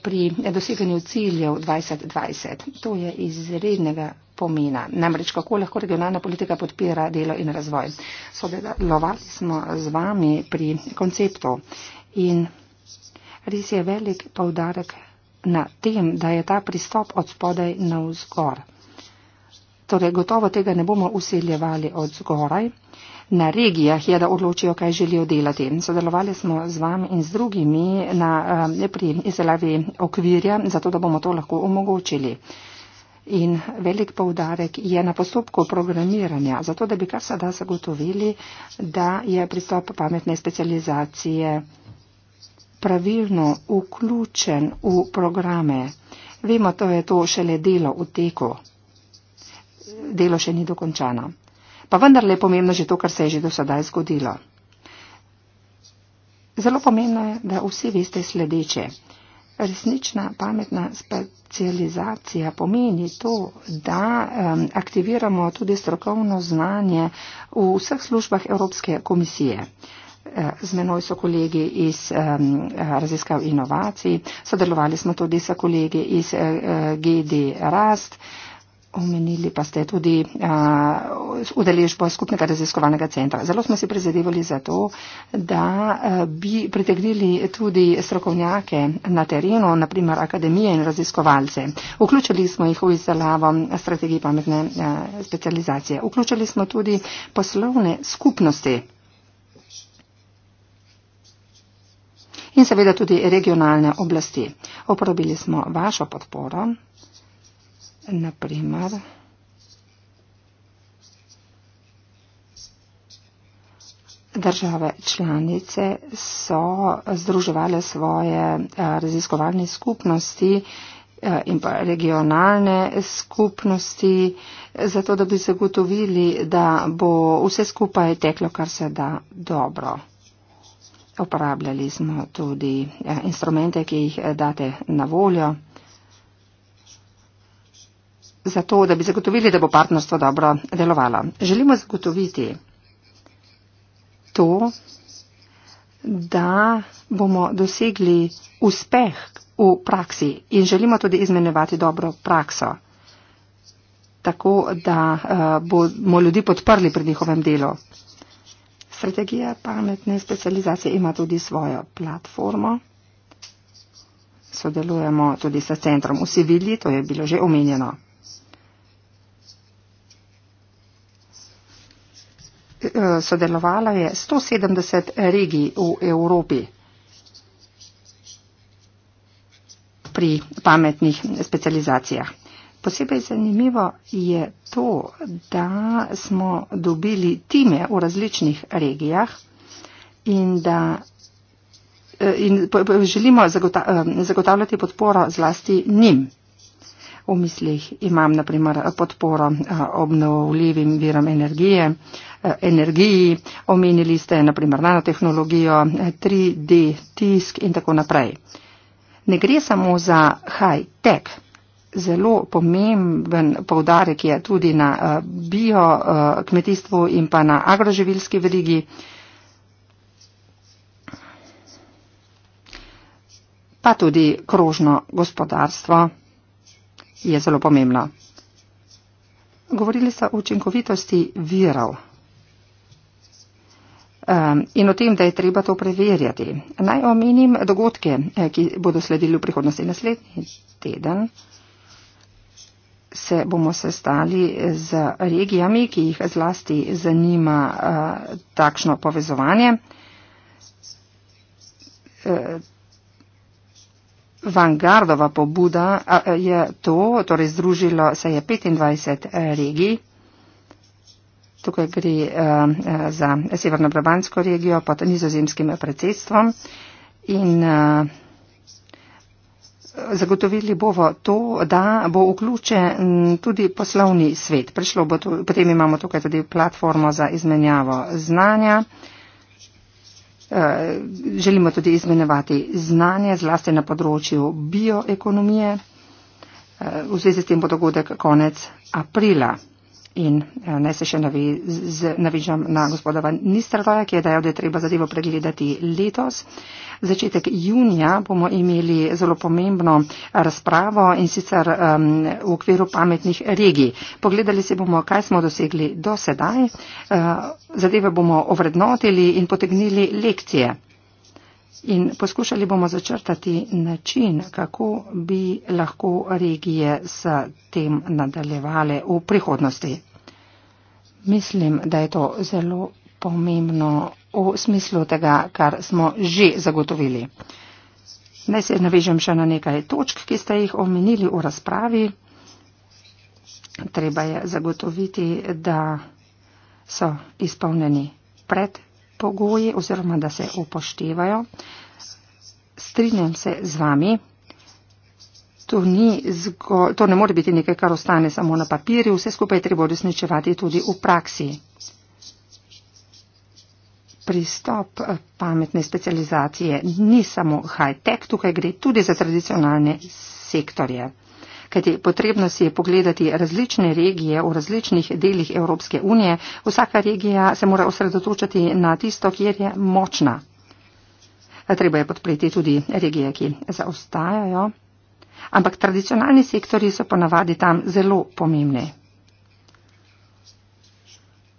[SPEAKER 3] pri doseganju ciljev 2020. To je izrednega pomena. Namreč, kako lahko regionalna politika podpira delo in razvoj. Sodelovali smo z vami pri konceptu in. Res je velik povdarek na tem, da je ta pristop od spodaj na vzgor. Torej, gotovo tega ne bomo usiljevali od zgoraj. Na regijah je, da odločijo, kaj želijo delati. Sodelovali smo z vami in z drugimi na, eh, pri izdelavi okvirja, zato da bomo to lahko omogočili. In velik povdarek je na postopku programiranja, zato da bi kar sada zagotovili, da je pristop pametne specializacije pravilno vključen v programe. Vemo, da je to šele delo v teku. Delo še ni dokončano. Pa vendar je pomembno že to, kar se je že do sedaj zgodilo. Zelo pomembno je, da vsi veste sledeče. Resnična pametna specializacija pomeni to, da um, aktiviramo tudi strokovno znanje v vseh službah Evropske komisije. Uh, Z menoj so kolegi iz um, raziskav inovacij, sodelovali smo tudi sa kolegi iz uh, eh, GD Rast, omenili pa ste tudi uh, udeležbo skupnega raziskovalnega centra. Zelo smo si prizadevali za to, da uh, bi pritegnili tudi strokovnjake na terenu, naprimer akademije in raziskovalce. Vključili smo jih v izdelavo strategije pametne uh, specializacije. Vključili smo tudi poslovne skupnosti. in seveda tudi regionalne oblasti. Oprobili smo vašo podporo, naprimer države članice so združevale svoje eh, raziskovalne skupnosti eh, in pa regionalne skupnosti, zato da bi zagotovili, da bo vse skupaj teklo kar se da dobro uporabljali smo tudi eh, instrumente, ki jih eh, date na voljo, zato da bi zagotovili, da bo partnerstvo dobro delovalo. Želimo zagotoviti to, da bomo dosegli uspeh v praksi in želimo tudi izmenjevati dobro prakso, tako da eh, bomo ljudi podprli pri njihovem delu strategije pametne specializacije ima tudi svojo platformo. Sodelujemo tudi s centrom v Sivilji, to je bilo že omenjeno. Sodelovalo je 170 regij v Evropi pri pametnih specializacijah. Posebej zanimivo je to, da smo dobili time v različnih regijah in da eh, in želimo eh, zagotavljati podporo zlasti njim. V mislih imam naprimer podporo eh, obnovljivim virom energije, energiji, omenili ste naprimer nanotehnologijo, 3D tisk in tako naprej. Ne gre samo za high tech zelo pomemben povdarek je tudi na eh, bio eh, kmetijstvu in pa na agroživilski verigi. Pa tudi krožno gospodarstvo je zelo pomembno. Govorili so o učinkovitosti virov ehm, in o tem, da je treba to preverjati. Naj omenim dogodke, eh, ki bodo sledili v prihodnosti naslednji teden se bomo sestali z regijami, ki jih zlasti zanima eh, takšno povezovanje. Eh, Vangardova pobuda eh, je to, torej združilo se je 25 regij. Tukaj gre za Severno-Brabansko regijo pod nizozemskim predsedstvom in uh, Zagotovili bomo to, da bo vključen tudi poslovni svet. Prišlo bo to, potem imamo tukaj tudi platformo za izmenjavo znanja. Eh, želimo tudi izmenjevati znanje, zlasti na področju bioekonomije. Eh, v zvezi s tem bo dogodek konec aprila. In eh, naj se še navežem na gospoda Van Nistelroja, ki je dejal, da je treba zadevo pregledati letos. Začetek junija bomo imeli zelo pomembno razpravo in sicer um, v okviru pametnih regij. Pogledali si bomo, kaj smo dosegli do sedaj. Uh, zadeve bomo ovrednotili in potegnili lekcije. In poskušali bomo začrtati način, kako bi lahko regije s tem nadaljevale v prihodnosti. Mislim, da je to zelo pomembno v smislu tega, kar smo že zagotovili. Naj se navežem še na nekaj točk, ki ste jih omenili v razpravi. Treba je zagotoviti, da so izpolneni pred pogoji oziroma da se upoštevajo. Strinjam se z vami. To, zgo, to ne more biti nekaj, kar ostane samo na papirju. Vse skupaj je treba uresničevati tudi v praksi. Pristop eh, pametne specializacije ni samo high-tech, tukaj gre tudi za tradicionalne sektorje kajti potrebno si je pogledati različne regije v različnih delih Evropske unije. Vsaka regija se mora osredotočiti na tisto, kjer je močna. Treba je podpreti tudi regije, ki zaostajajo, ampak tradicionalni sektori so ponavadi tam zelo pomembni.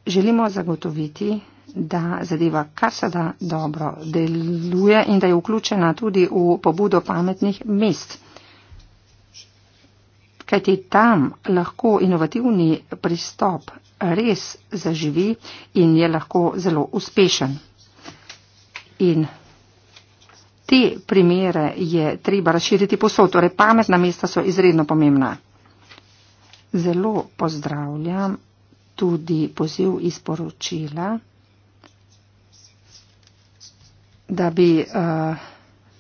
[SPEAKER 3] Želimo zagotoviti, da zadeva kar se da dobro deluje in da je vključena tudi v pobudo pametnih mest kajti tam lahko inovativni pristop res zaživi in je lahko zelo uspešen. In te primere je treba razširiti posod, torej pametna mesta so izredno pomembna. Zelo pozdravljam tudi poziv iz poročila, da bi uh,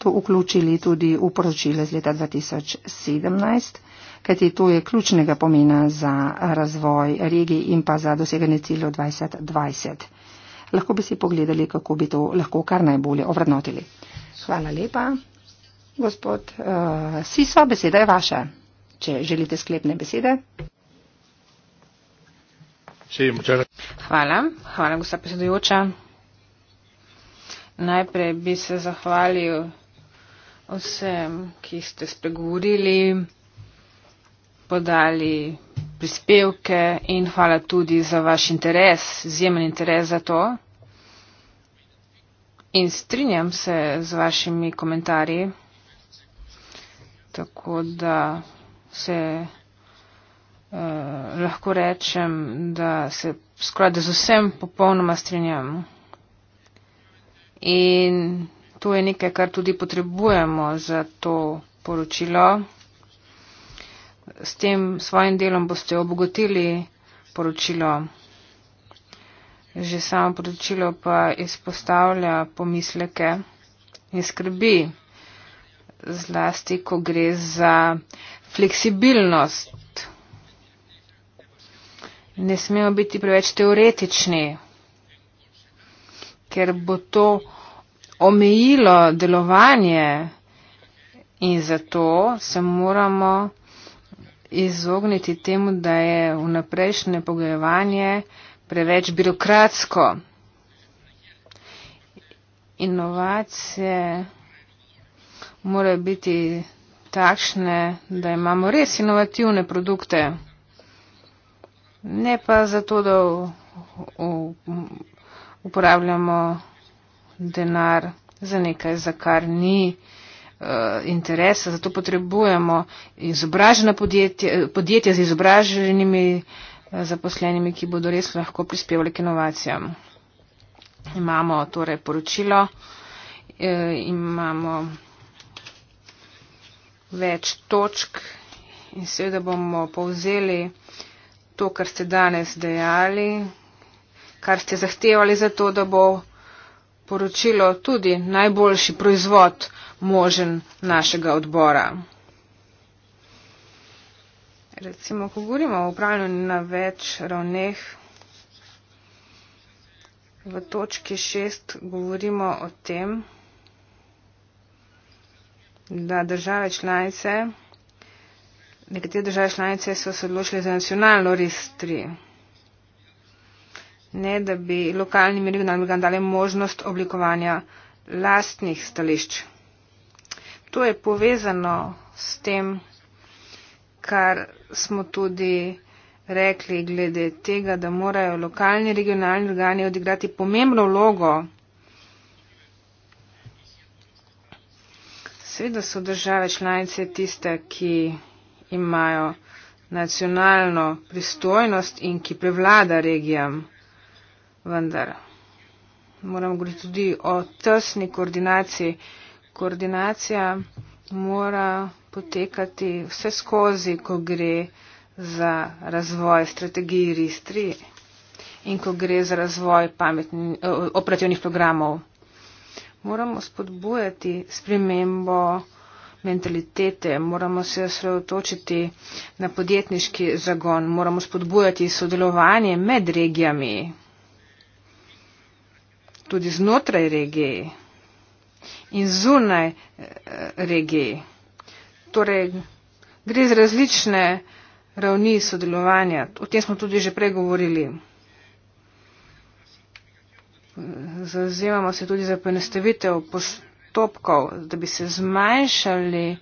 [SPEAKER 3] to vključili tudi v poročile z leta 2017 kajti to je ključnega pomena za razvoj regij in pa za doseganje ciljev 2020. Lahko bi si pogledali, kako bi to lahko kar najbolje ovrednotili. Hvala lepa. Gospod uh, eh, Siso, beseda je vaša. Če želite sklepne besede.
[SPEAKER 2] Hvala, hvala, gospod predsedujoča. Najprej bi se zahvalil vsem, ki ste spregovorili podali prispevke in hvala tudi za vaš interes, izjemen interes za to. In strinjam se z vašimi komentarji, tako da se eh, lahko rečem, da se skoraj z vsem popolnoma strinjam. In to je nekaj, kar tudi potrebujemo za to poročilo s tem svojim delom boste obogotili poročilo. Že samo poročilo pa izpostavlja pomisleke in skrbi, zlasti, ko gre za fleksibilnost. Ne smemo biti preveč teoretični, ker bo to omejilo delovanje in zato se moramo izogniti temu, da je vnaprejšnje pogojevanje preveč birokratsko. Inovacije morajo biti takšne, da imamo res inovativne produkte, ne pa zato, da uporabljamo denar za nekaj, za kar ni. Eh, interesa, zato potrebujemo izobražena podjetja, eh, podjetja z izobraženimi eh, zaposlenimi, ki bodo res lahko prispevali k inovacijam. Imamo torej poročilo, imamo več točk in seveda bomo povzeli to, kar ste danes dejali, kar ste zahtevali za to, da bo poročilo tudi najboljši proizvod, možen našega odbora. Recimo, ko govorimo o upravljanju na več ravneh, v točki šest govorimo o tem, da države članice, nekatere države članice so se odločile za nacionalno res tri. Ne, da bi lokalnim in regionalnim organom dali možnost oblikovanja lastnih stališč to je povezano s tem, kar smo tudi rekli glede tega, da morajo lokalni regionalni organi odigrati pomembno vlogo. Seveda so države članice tiste, ki imajo nacionalno pristojnost in ki prevlada regijam, vendar moramo govoriti tudi o tesni koordinaciji koordinacija mora potekati vse skozi, ko gre za razvoj strategiji RIS-3 in ko gre za razvoj pametni, eh, operativnih programov. Moramo spodbujati spremembo mentalitete, moramo se osredotočiti na podjetniški zagon, moramo spodbujati sodelovanje med regijami, tudi znotraj regije in zunaj eh, regij. Torej, gre za različne ravni sodelovanja. O tem smo tudi že prej govorili. Zazemamo se tudi za poenostavitev postopkov, da bi se zmanjšali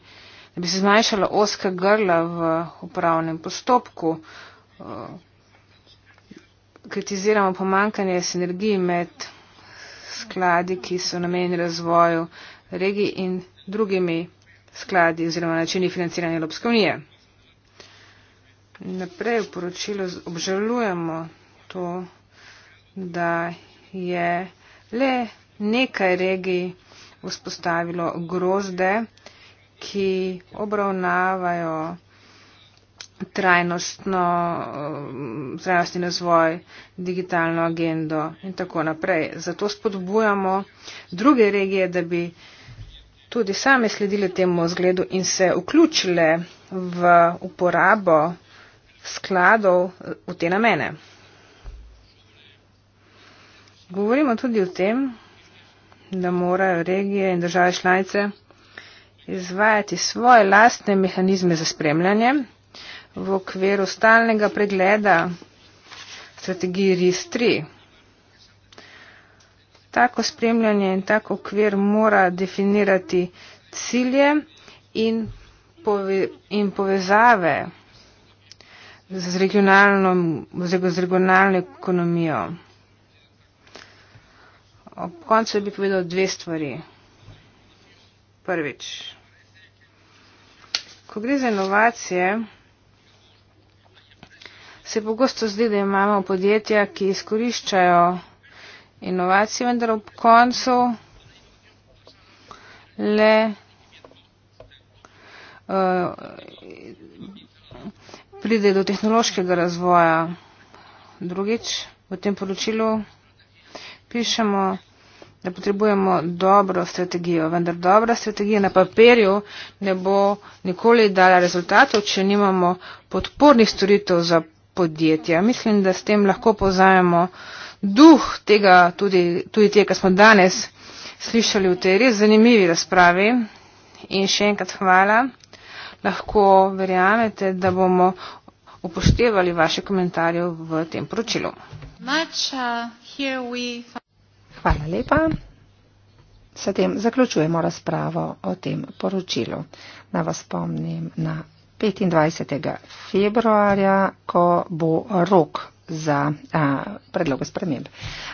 [SPEAKER 2] da bi se zmanjšala oska grla v upravnem postopku. Eh, kritiziramo pomankanje sinergiji med skladi, ki so namenjeni razvoju regij in drugimi skladi oziroma načini financiranja Evropske unije. Naprej v poročilu obžalujemo to, da je le nekaj regij vzpostavilo grozde, ki obravnavajo trajnostno, eh, trajnostni razvoj, digitalno agendo in tako naprej. Zato spodbujamo druge regije, da bi tudi same sledile temu zgledu in se vključile v uporabo skladov eh, v te namene. Govorimo tudi o tem, da morajo regije in države članice izvajati svoje lastne mehanizme za spremljanje v okviru stalnega pregleda strategiji RIS-3. Tako spremljanje in tako okvir mora definirati cilje in, pove, in povezave z, z regionalno ekonomijo. Ob koncu bi povedal dve stvari. Prvič, ko gre za inovacije, se pogosto zdi, da imamo podjetja, ki izkoriščajo inovacije, vendar ob koncu le uh, pride do tehnološkega razvoja. Drugič, v tem poročilu pišemo, da potrebujemo dobro strategijo, vendar dobra strategija na papirju ne bo nikoli dala rezultatov, če nimamo podpornih storitev za podjetja. Mislim, da s tem lahko povzajemo duh tega, tudi, tudi tega, kar smo danes slišali v tej res zanimivi razpravi. In še enkrat hvala. Lahko verjamete, da bomo upoštevali vaše komentarje v tem poročilu. Uh,
[SPEAKER 3] hvala lepa. S tem zaključujemo razpravo o tem poročilu. Na vas spomnim na 25. februarja, ko bo rok za a, predloge sprememb.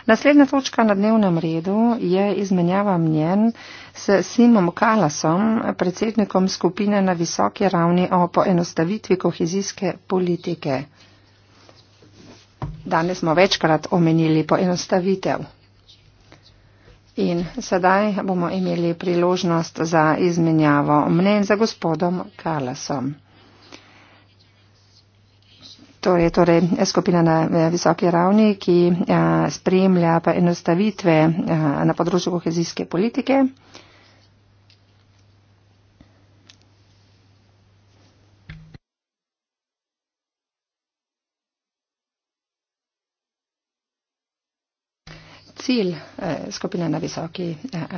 [SPEAKER 3] Naslednja točka na dnevnem redu je izmenjava mnen s Simom Kalasom, predsednikom skupine na visoki ravni o poenostavitvi kohezijske politike. Danes smo večkrat omenili poenostavitev. In sedaj bomo imeli priložnost za izmenjavo mnen za gospodom Kalasom. To je torej skupina na eh, visoki ravni, ki eh, spremlja pa enostavitve eh, na področju kohezijske politike. Cilj skupine na visoki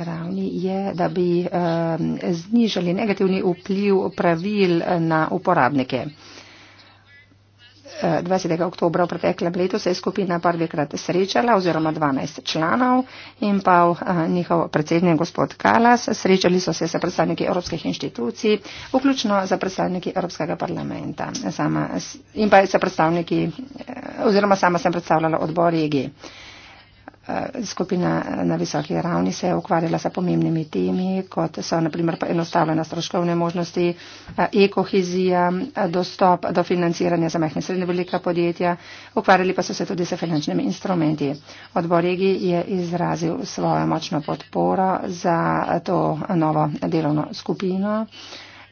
[SPEAKER 3] ravni je, da bi znižali negativni vpliv pravil na uporabnike. 20. oktober v preteklem letu se je skupina prvikrat srečala oziroma 12 članov in pa eh, njihov predsednik gospod Kalas. Srečali so se s predstavniki evropskih inštitucij, vključno s predstavniki Evropskega parlamenta sama, in pa s predstavniki eh, oziroma sama sem predstavljala odbor EG. Eh, skupina na visoki ravni se je ukvarjala sa pomembnimi temi, kot so naprimer enostavljena stroškovne možnosti, eh, ekohizija, eh, dostop do financiranja za mehne srednje velika podjetja, ukvarjali pa so se tudi sa finančnimi instrumenti. Odbor regij je izrazil svojo močno podporo za to novo delovno skupino.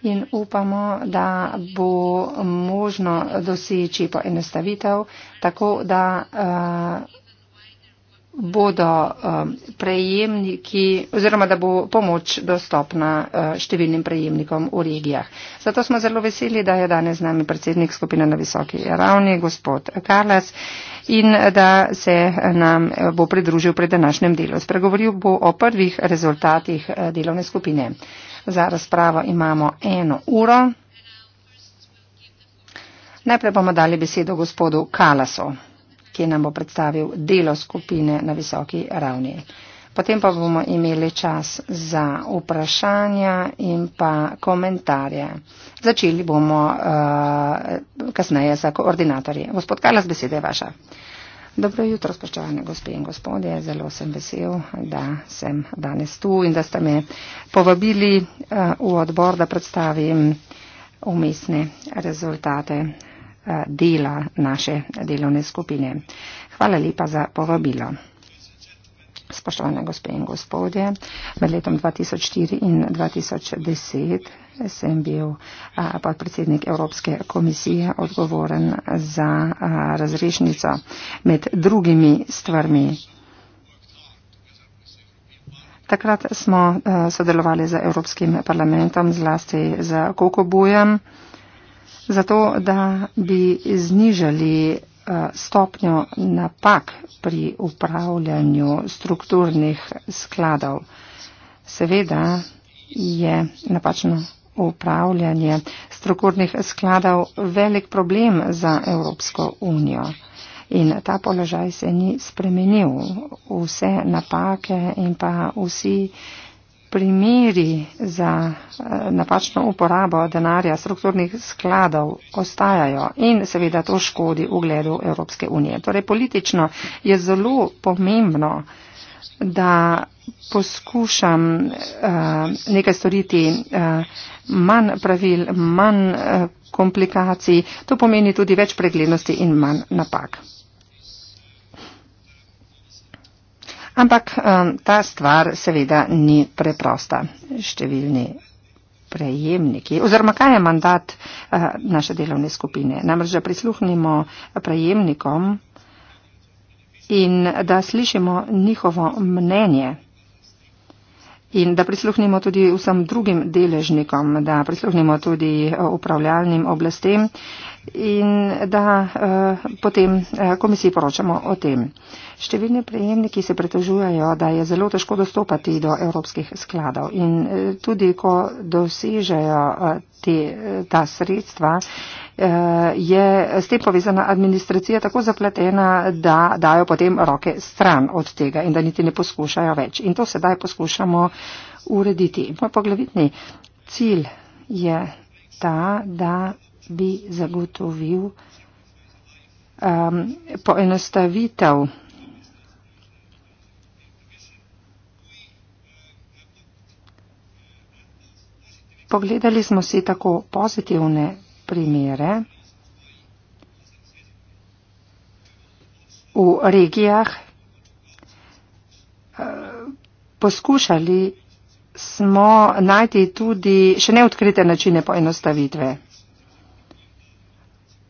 [SPEAKER 3] In upamo, da bo možno doseči poenostavitev, tako da uh, bodo um, prejemniki oziroma da bo pomoč dostopna uh, številnim prejemnikom v regijah. Zato smo zelo veseli, da je danes z nami predsednik skupine na visoki ravni, gospod Karlas, in da se uh, nam uh, bo pridružil pred današnjem delu. Spregovoril bo o prvih rezultatih delovne skupine. Za razpravo imamo eno uro. Najprej bomo dali besedo gospodu Kalasu ki nam bo predstavil delo skupine na visoki ravni. Potem pa bomo imeli čas za vprašanja in pa komentarje. Začeli bomo uh, kasneje za koordinatorje. Gospod Karlas, beseda je vaša. Dobro jutro, spoštovane gospe in gospodje. Zelo sem vesel, da sem danes tu in da ste me povabili uh, v odbor, da predstavim umestne rezultate Eh, dela naše delovne skupine. Hvala lepa za povabilo. Spoštovane gospe in gospodje, med letom 2004 in 2010 sem bil eh, podpredsednik Evropske komisije odgovoren za eh, razrešnico med drugimi stvarmi. Takrat smo sodelovali z Evropskim parlamentom, zlasti z Kokobujem zato da bi znižali eh, stopnjo napak pri upravljanju strukturnih skladov. Seveda je napačno upravljanje strukturnih skladov velik problem za Evropsko unijo. In ta položaj se ni spremenil. Vse napake in pa vsi primeri za eh, napačno uporabo denarja strukturnih skladov ostajajo in seveda to škodi v gledu Evropske unije. Torej politično je zelo pomembno, da poskušam eh, nekaj storiti eh, manj pravil, manj komplikacij. To pomeni tudi več preglednosti in manj napak. Ampak um, ta stvar seveda ni preprosta. Številni prejemniki, oziroma kaj je mandat uh, naše delovne skupine? Namreč, da prisluhnimo prejemnikom in da slišimo njihovo mnenje in da prisluhnimo tudi vsem drugim deležnikom, da prisluhnimo tudi eh, upravljalnim oblastem in da eh, potem eh, komisiji poročamo o tem. Številni prejemniki se pretožujejo, da je zelo težko dostopati do evropskih skladov in eh, tudi, ko dosežejo eh, te, eh, ta sredstva, eh, Eh, je s tem povezana administracija tako zapletena, da dajo potem roke stran od tega in da niti ne poskušajo več. In to sedaj poskušamo urediti. Moj poglavitni cilj je ta, da bi zagotovil um, poenostavitev Pogledali smo si tako pozitivne primere v regijah. Eh, poskušali smo najti tudi še neodkrite načine poenostavitve.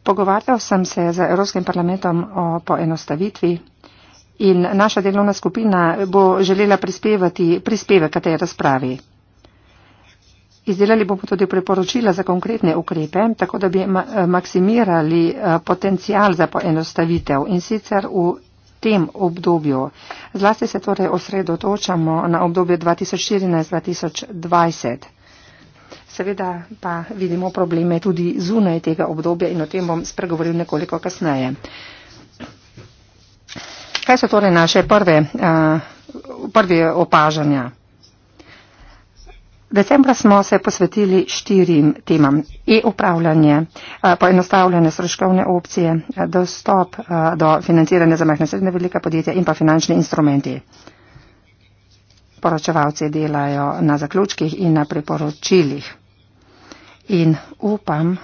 [SPEAKER 3] Pogovarjal sem se z Evropskim parlamentom o poenostavitvi in naša delovna skupina bo želela prispevati prispevek k tej razpravi. Izdelali bomo tudi priporočila za konkretne ukrepe, tako da bi eh, maksimirali eh, potencial za poenostavitev in sicer v tem obdobju. Zlasti se torej osredotočamo na obdobje 2014-2020. Seveda pa vidimo probleme tudi zunaj tega obdobja in o tem bom spregovoril nekoliko kasneje. Kaj so torej naše prve, eh, prve opažanja? Decembra smo se posvetili štirim temam. E-upravljanje, poenostavljene stroškovne opcije, dostop do financiranja za mehne srednje velike podjetja in pa finančni instrumenti. Poročevalci delajo na zaključkih in na priporočilih. In upam,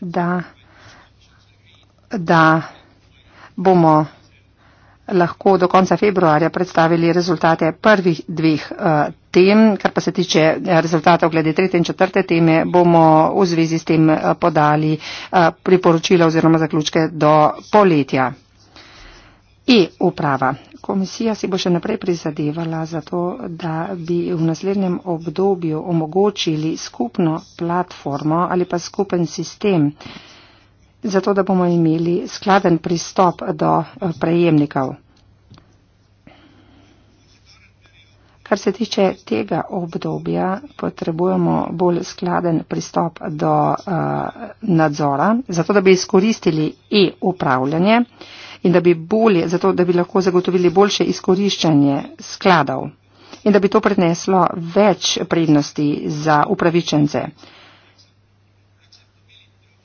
[SPEAKER 3] da, da bomo lahko do konca februarja predstavili rezultate prvih dveh eh, tem. Kar pa se tiče eh, rezultatov glede tretje in četrte teme, bomo v zvezi s tem eh, podali priporočila oziroma zaključke do poletja. E uprava. Komisija si bo še naprej prizadevala za to, da bi v naslednjem obdobju omogočili skupno platformo ali pa skupen sistem zato da bomo imeli skladen pristop do eh, prejemnikov. Kar se tiče tega obdobja, potrebujemo bolj skladen pristop do uh, nadzora, zato da bi izkoristili e-upravljanje in da bi, bolje, zato, da bi lahko zagotovili boljše izkoriščanje skladov in da bi to prineslo več prednosti za upravičence. Uh,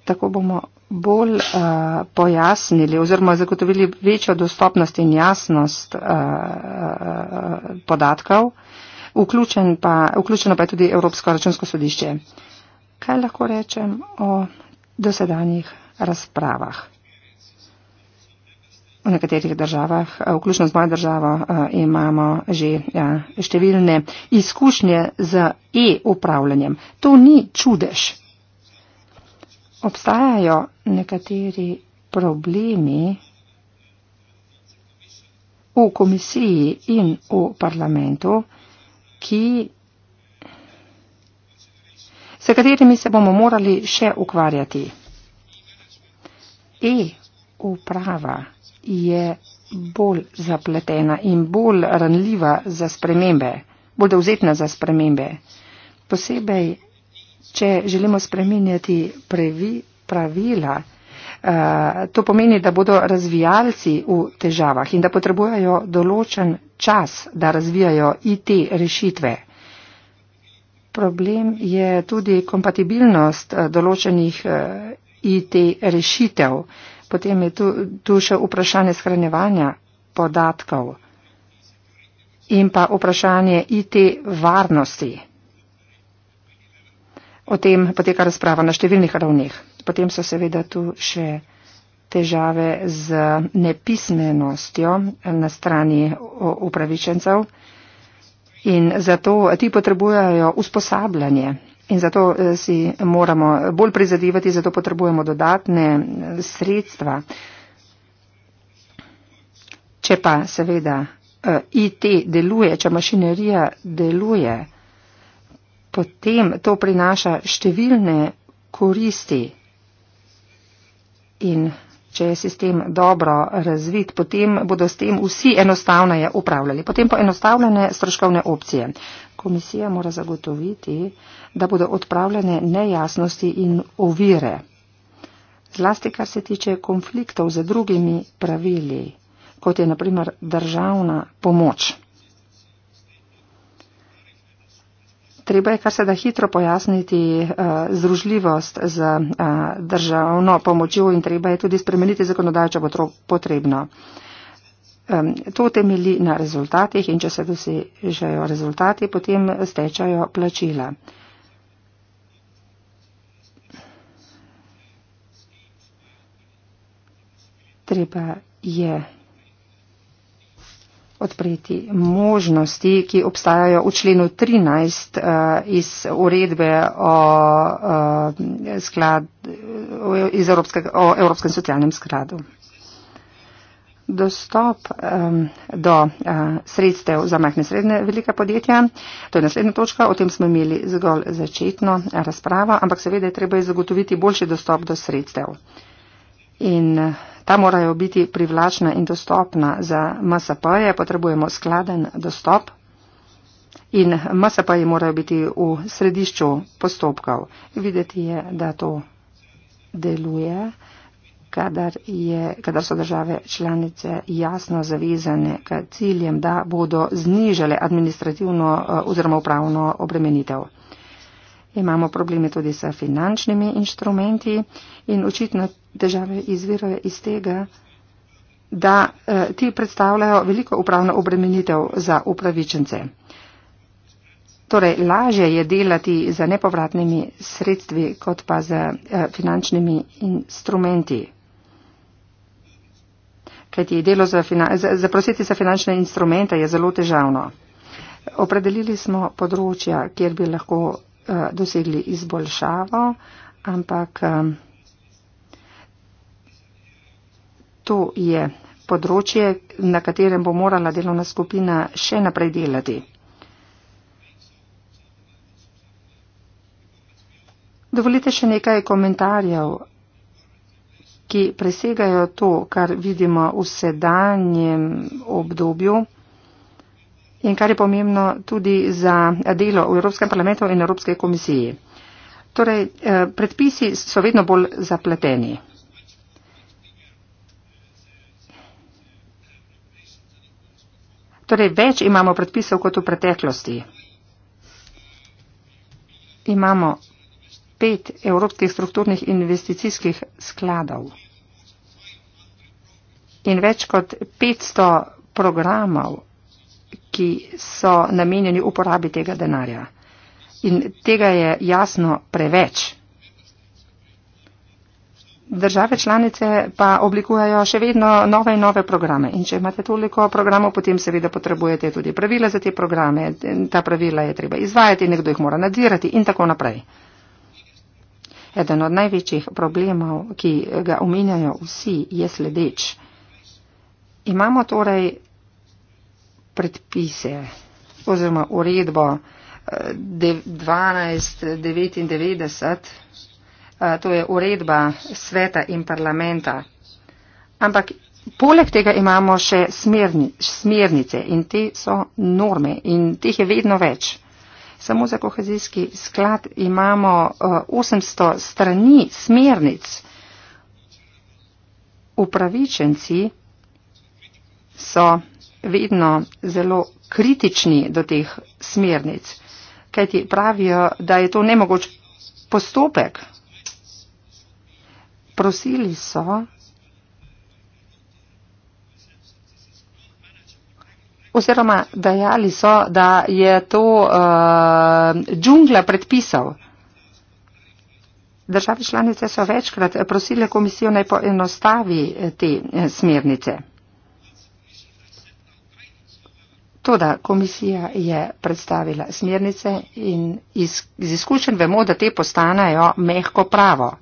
[SPEAKER 3] Tako bomo bolj uh, pojasnili oziroma zagotovili večjo dostopnost in jasnost uh, podatkov, vključen pa, vključeno pa je tudi Evropsko računsko sodišče. Kaj lahko rečem o dosedanjih razpravah v nekaterih državah? Vključno z mojo državo uh, imamo že ja, številne izkušnje z e-upravljanjem. To ni čudež obstajajo nekateri problemi v komisiji in v parlamentu, ki, s katerimi se bomo morali še ukvarjati. E-uprava je bolj zapletena in bolj ranljiva za spremembe, bolj dovzetna za spremembe. Posebej če želimo spreminjati previ, pravila. Uh, to pomeni, da bodo razvijalci v težavah in da potrebujejo določen čas, da razvijajo IT rešitve. Problem je tudi kompatibilnost eh, določenih uh, eh, IT rešitev. Potem je tu, tu še vprašanje shranjevanja podatkov in pa vprašanje IT varnosti. O tem poteka razprava na številnih ravneh. Potem so seveda tu še težave z nepismenostjo na strani upravičencev in zato ti potrebujejo usposabljanje in zato eh, si moramo bolj prizadevati, zato potrebujemo dodatne eh, sredstva. Če pa seveda eh, IT deluje, če mašinerija deluje, potem to prinaša številne koristi. In če je sistem dobro razvit, potem bodo s tem vsi enostavneje upravljali. Potem poenostavljene stroškovne opcije. Komisija mora zagotoviti, da bodo odpravljene nejasnosti in ovire. Zlasti, kar se tiče konfliktov z drugimi pravili, kot je naprimer državna pomoč. treba je kar se da hitro pojasniti uh, združljivost z uh, državno pomočjo in treba je tudi spremeniti zakonodajo, če bo to potrebno. Um, to temeli na rezultatih in če se dosežejo rezultati, potem stečajo plačila. Treba je odpreti možnosti, ki obstajajo v členu 13 uh, eh, iz uredbe o, uh, sklad, iz Evropske, o Evropskem socialnem skladu. Dostop um, do uh, sredstev za majhne srednje velika podjetja, to je naslednja točka, o tem smo imeli zgolj začetno razpravo, ampak seveda je treba zagotoviti boljši dostop do sredstev. In, uh, Ta morajo biti privlačna in dostopna za MSP-je, potrebujemo skladen dostop in MSP-ji morajo biti v središču postopkov. Videti je, da to deluje, kadar, je, kadar so države članice jasno zavezane k ciljem, da bodo znižale administrativno eh, oziroma upravno obremenitev. Imamo probleme tudi s finančnimi inštrumenti in očitno države izvirajo iz tega, da eh, ti predstavljajo veliko upravno obremenitev za upravičence. Torej, lažje je delati za nepovratnimi sredstvi, kot pa za eh, finančnimi instrumenti. Kajti delo za, finan za prositi za finančne instrumente je zelo težavno. Opredelili smo področja, kjer bi lahko eh, dosegli izboljšavo, ampak. to je področje, na katerem bo morala delovna skupina še naprej delati. Dovolite še nekaj komentarjev, ki presegajo to, kar vidimo v sedanjem obdobju in kar je pomembno tudi za delo v Evropskem parlamentu in Evropske komisiji. Torej, eh, predpisi so vedno bolj zapleteni. Torej, več imamo predpisov kot v preteklosti. Imamo pet evropskih strukturnih investicijskih skladov in več kot 500 programov, ki so namenjeni uporabi tega denarja. In tega je jasno preveč. Države članice pa oblikujejo še vedno nove in nove programe. In če imate toliko programov, potem seveda potrebujete tudi pravila za te programe. Ta pravila je treba izvajati, nekdo jih mora nadzirati in tako naprej. Eden od največjih problemov, ki ga omenjajo vsi, je sledeč. Imamo torej predpise oziroma uredbo 1299. Eh, Eh, to je uredba sveta in parlamenta. Ampak poleg tega imamo še smerni, smernice in te so norme in teh je vedno več. Samo za kohezijski sklad imamo 800 eh, strani smernic. Upravičenci so vedno zelo kritični do teh smernic, kajti pravijo, da je to nemogoč postopek prosili so, oziroma dajali so, da je to uh, džungla predpisov. Države članice so večkrat prosile komisijo naj poenostavi eh, te eh, smernice. Toda komisija je predstavila smernice in iz, iz izkušenj vemo, da te postanejo mehko pravo.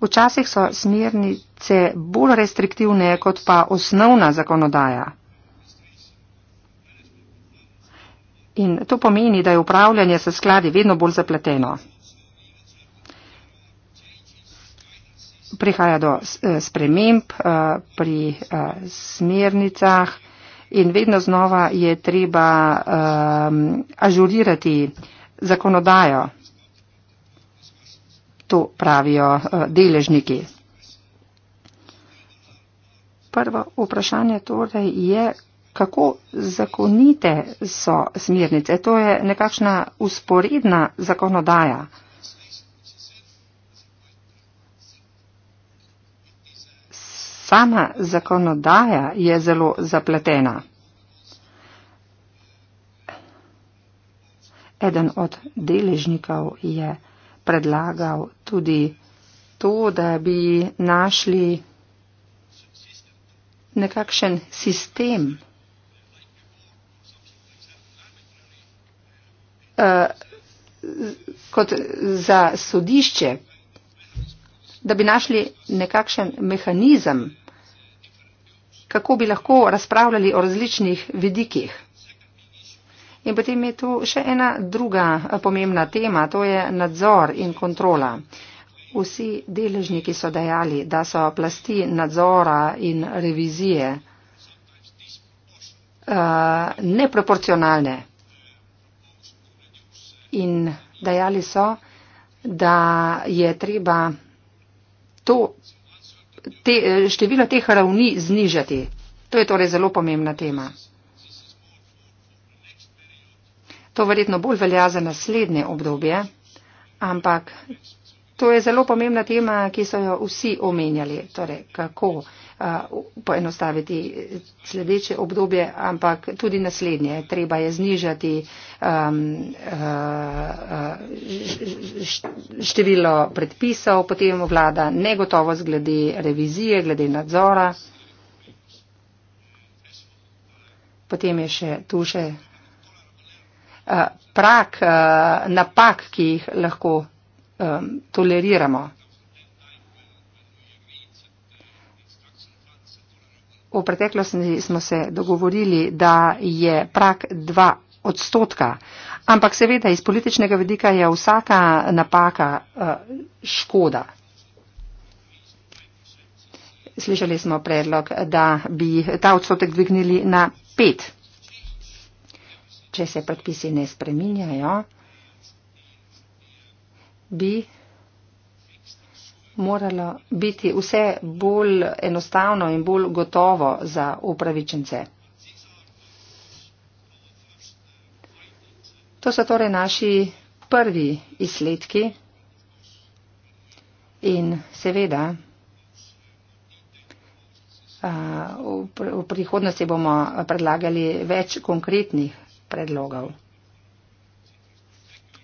[SPEAKER 3] Včasih so smernice bolj restriktivne kot pa osnovna zakonodaja. In to pomeni, da je upravljanje se skladi vedno bolj zapleteno. Prihaja do eh, sprememb eh, pri eh, smernicah in vedno znova je treba ehm, ažurirati zakonodajo. To pravijo eh, deležniki. Prvo vprašanje torej je, kako zakonite so smernice. To je nekakšna usporedna zakonodaja. Sama zakonodaja je zelo zapletena. Eden od deležnikov je predlagal tudi to, da bi našli nekakšen sistem, uh, kot za sodišče, da bi našli nekakšen mehanizem, kako bi lahko razpravljali o različnih vidikih. In potem je tu še ena druga eh, pomembna tema, to je nadzor in kontrola. Vsi deležniki so dejali, da so plasti nadzora in revizije uh, neproporcionalne. In dejali so, da je treba to, te, eh, število teh ravni znižati. To je torej zelo pomembna tema. To verjetno bolj velja za naslednje obdobje, ampak to je zelo pomembna tema, ki so jo vsi omenjali, torej kako uh, poenostaviti sledeče obdobje, ampak tudi naslednje. Treba je znižati um, uh, število predpisov, potem vlada negotovost glede revizije, glede nadzora. Potem je še tu še Eh, prak eh, napak, ki jih lahko toleriramo. V preteklosti smo se dogovorili, da je prak 2 odstotka, ampak seveda iz političnega vedika je vsaka napaka eh, škoda. Slišali smo predlog, da bi ta odstotek dvignili na 5 če se predpisi ne spreminjajo, bi moralo biti vse bolj enostavno in bolj gotovo za upravičence. To so torej naši prvi izsledki in seveda v prihodnosti bomo predlagali več konkretnih predlogov,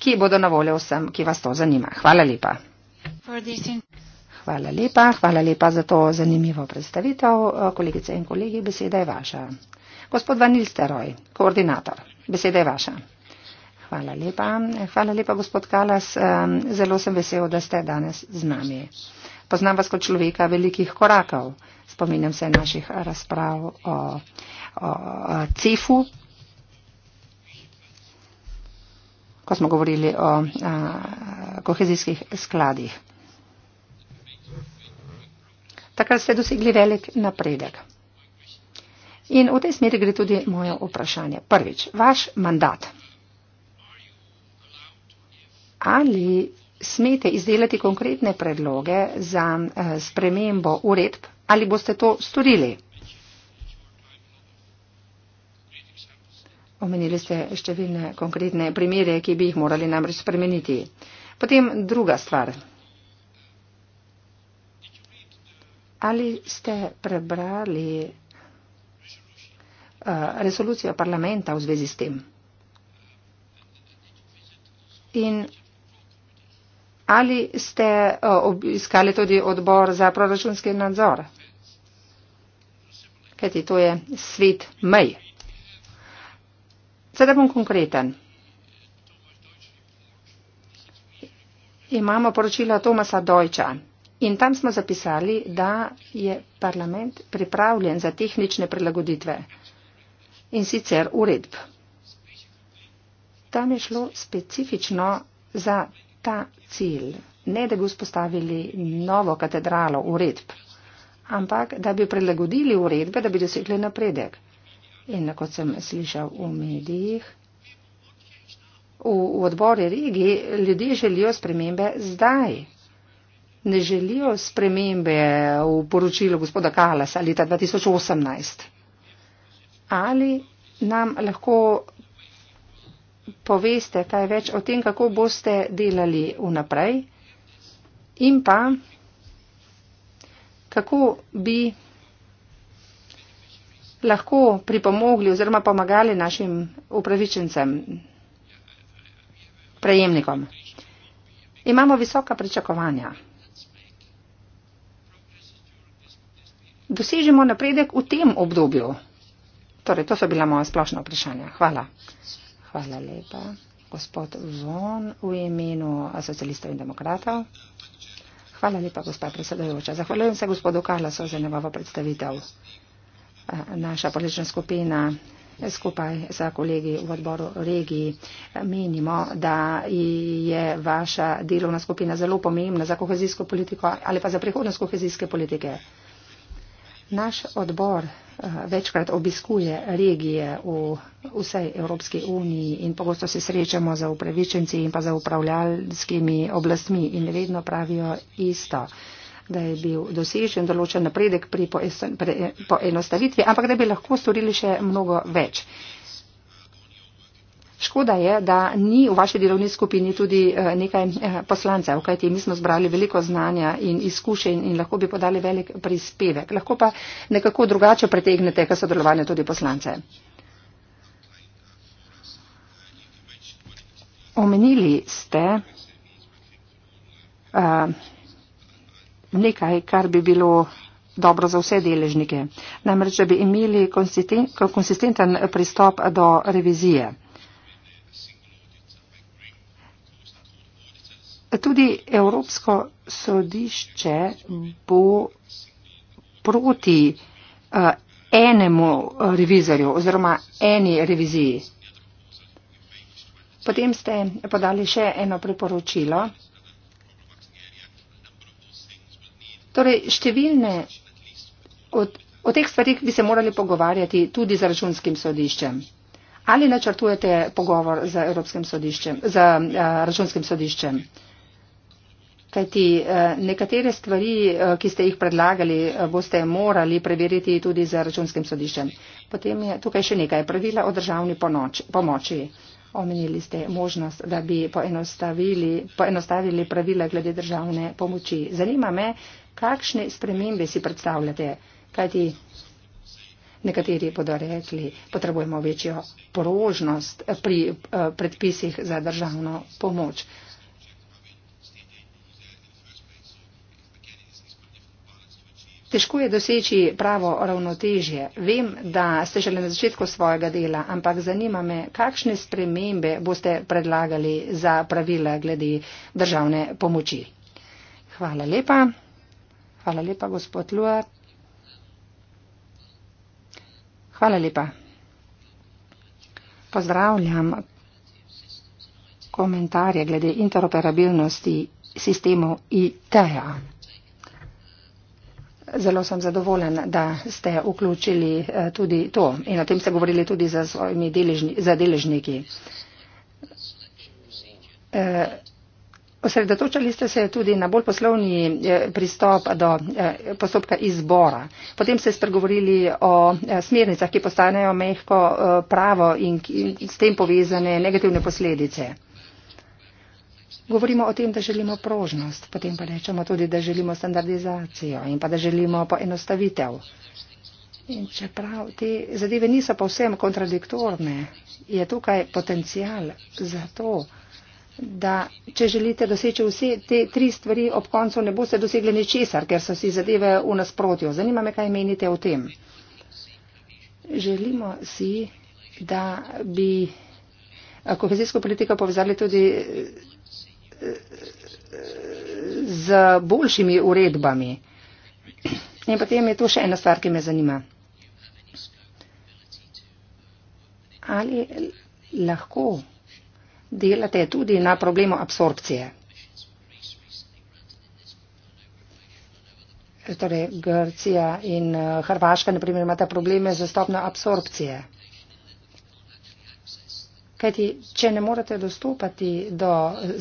[SPEAKER 3] ki bodo na voljo vsem, ki vas to zanima. Hvala lepa. Hvala lepa, hvala lepa za to zanimivo predstavitev. Kolegice in kolegi, beseda je vaša. Gospod Vanil Steroj, koordinator, beseda je vaša. Hvala lepa, hvala lepa, gospod Kalas. Zelo sem vesel, da ste danes z nami. Poznam vas kot človeka velikih korakov. Spominjam se naših razprav o, o, o CIF-u, ko smo govorili o a, kohezijskih skladih. Takrat ste dosegli velik napredek. In v tej smeri gre tudi moje vprašanje. Prvič, vaš mandat. Ali smete izdelati konkretne predloge za spremembo uredb ali boste to storili? Omenili ste številne konkretne primere, ki bi jih morali namreč spremeniti. Potem druga stvar. Ali ste prebrali uh, resolucijo parlamenta v zvezi s tem? In ali ste uh, eh, obiskali tudi odbor za proračunski nadzor? Kajti to je svet mej. Zdaj bom konkreten. Imamo poročilo Tomasa Dojča in tam smo zapisali, da je parlament pripravljen za tehnične prilagoditve in sicer uredb. Tam je šlo specifično za ta cilj, ne da bi vzpostavili novo katedralo uredb, ampak da bi prilagodili uredbe, da bi dosegli napredek. In kot sem slišal v medijih, v, v odbori regiji ljudje želijo spremembe zdaj. Ne želijo spremembe v poročilu gospoda Kalasa leta 2018. Ali nam lahko poveste kaj več o tem, kako boste delali vnaprej in pa kako bi lahko pripomogli oziroma pomagali našim upravičencem, prejemnikom. Imamo visoka pričakovanja. Dosežemo napredek v tem obdobju. Torej, to so bila moja splošna vprašanja. Hvala. Hvala lepa. Gospod Von v imenu socialistov in demokratov. Hvala lepa, gospod predsedojoča. Zahvaljujem se gospodu Karlasu za njegovo predstavitev naša politična skupina skupaj s kolegi v odboru regiji menimo, da je vaša delovna skupina zelo pomembna za kohezijsko politiko ali pa za prihodnost kohezijske politike. Naš odbor eh, večkrat obiskuje regije v vsej Evropski uniji in pogosto se srečamo za upravičenci in pa za upravljalskimi oblastmi in vedno pravijo isto da je bil dosežen določen napredek pri eh, poenostavitvi, ampak da bi lahko storili še mnogo več. Škoda je, da ni v vaši delovni skupini tudi eh, nekaj eh, poslancev, kajti mi smo zbrali veliko znanja in izkušenj in lahko bi podali velik prispevek. Lahko pa nekako drugače pretegnete, kar so delovanje tudi poslance. Omenili ste, uh, nekaj, kar bi bilo dobro za vse deležnike. Namreč, da bi imeli konsistenten pristop do revizije. Tudi Evropsko sodišče bo proti uh, enemu revizorju oziroma eni reviziji. Potem ste podali še eno priporočilo. Torej, številne od, od teh stvari bi se morali pogovarjati tudi z računskim sodiščem. Ali načrtujete pogovor z, sodiščem, z a, eh, računskim sodiščem? Kajti a, eh, nekatere stvari, a, eh, ki ste jih predlagali, a, boste morali preveriti tudi z računskim sodiščem. Potem je tukaj še nekaj pravila o državni ponoči, pomoči omenili ste možnost, da bi poenostavili, poenostavili pravila glede državne pomoči. Zanima me, kakšne spremembe si predstavljate, kajti nekateri bodo rekli, potrebujemo večjo porožnost pri eh, predpisih za državno pomoč. Težko je doseči pravo ravnotežje. Vem, da ste šele na začetku svojega dela, ampak zanima me, kakšne spremembe boste predlagali za pravila glede državne pomoči. Hvala lepa. Hvala lepa, gospod Luar. Hvala lepa. Pozdravljam komentarje glede interoperabilnosti sistemov ITEA. Zelo sem zadovoljen, da ste vključili eh, tudi to in o tem ste govorili tudi za svojimi deležni, za deležniki. Eh, osredotočali ste se tudi na bolj poslovni eh, pristop do postopka izbora. Potem ste spregovorili o smernicah, ki postanejo mehko pravo in s tem povezane negativne posledice. Govorimo o tem, da želimo prožnost, potem pa rečemo tudi, da želimo standardizacijo in pa da želimo poenostavitev. In čeprav te zadeve niso povsem kontradiktorne, je tukaj potencial za to, da če želite doseči vse te tri stvari, ob koncu ne boste dosegli ničesar, ker so si zadeve v nasprotju. Zanima me, kaj menite o tem. Želimo si, da bi eh, kohezijsko politiko povezali tudi eh, z boljšimi uredbami. In potem je to še ena stvar, ki me zanima. Ali lahko delate tudi na problemu absorpcije? Torej, Grcija in eh, Hrvaška, naprimer, imata probleme z stopno absorpcije. Kajti, če ne morete dostopati do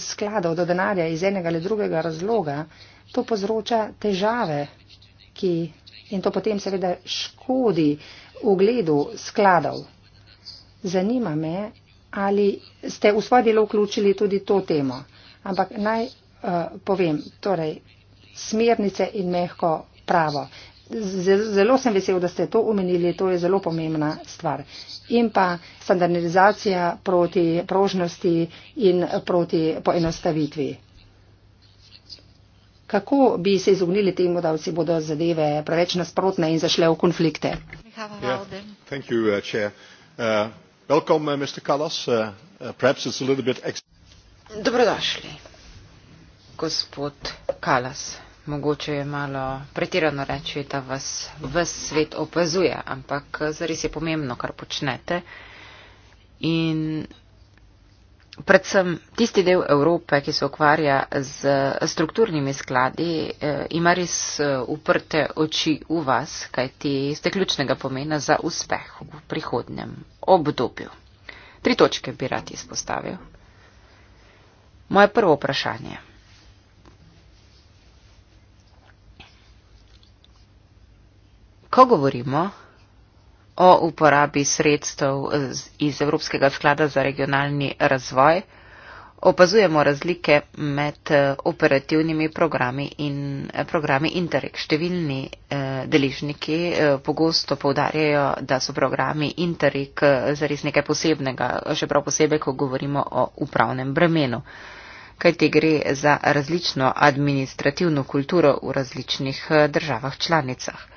[SPEAKER 3] skladov, do denarja iz enega ali drugega razloga, to povzroča težave ki, in to potem seveda škodi ugledu skladov. Zanima me, ali ste v svoje delo vključili tudi to temo. Ampak naj uh, povem, torej, smernice in mehko pravo zelo sem vesel, da ste to omenili, to je zelo pomembna stvar. In pa standardizacija proti prožnosti in proti poenostavitvi. Kako bi se izognili temu, da vsi bodo zadeve preveč nasprotne in zašle v konflikte? Ja, uh, uh, uh,
[SPEAKER 1] Dobrodošli, gospod Kalas mogoče je malo pretirano reči, da vas ves svet opazuje, ampak zares je pomembno, kar počnete. In predvsem tisti del Evrope, ki se ukvarja z strukturnimi skladi, eh, ima res eh, uprte oči v vas, kajti ste ključnega pomena za uspeh v prihodnem obdobju. Tri točke bi rad izpostavil. Moje prvo vprašanje. Ko govorimo o uporabi sredstev iz Evropskega sklada za regionalni razvoj, opazujemo razlike med eh, operativnimi programi in eh, programi Interreg. Številni eh, deležniki pogosto povdarjajo, da so programi Interreg zares nekaj posebnega, še prav posebej, ko govorimo o upravnem bremenu kajti gre za različno administrativno kulturo v različnih državah članicah.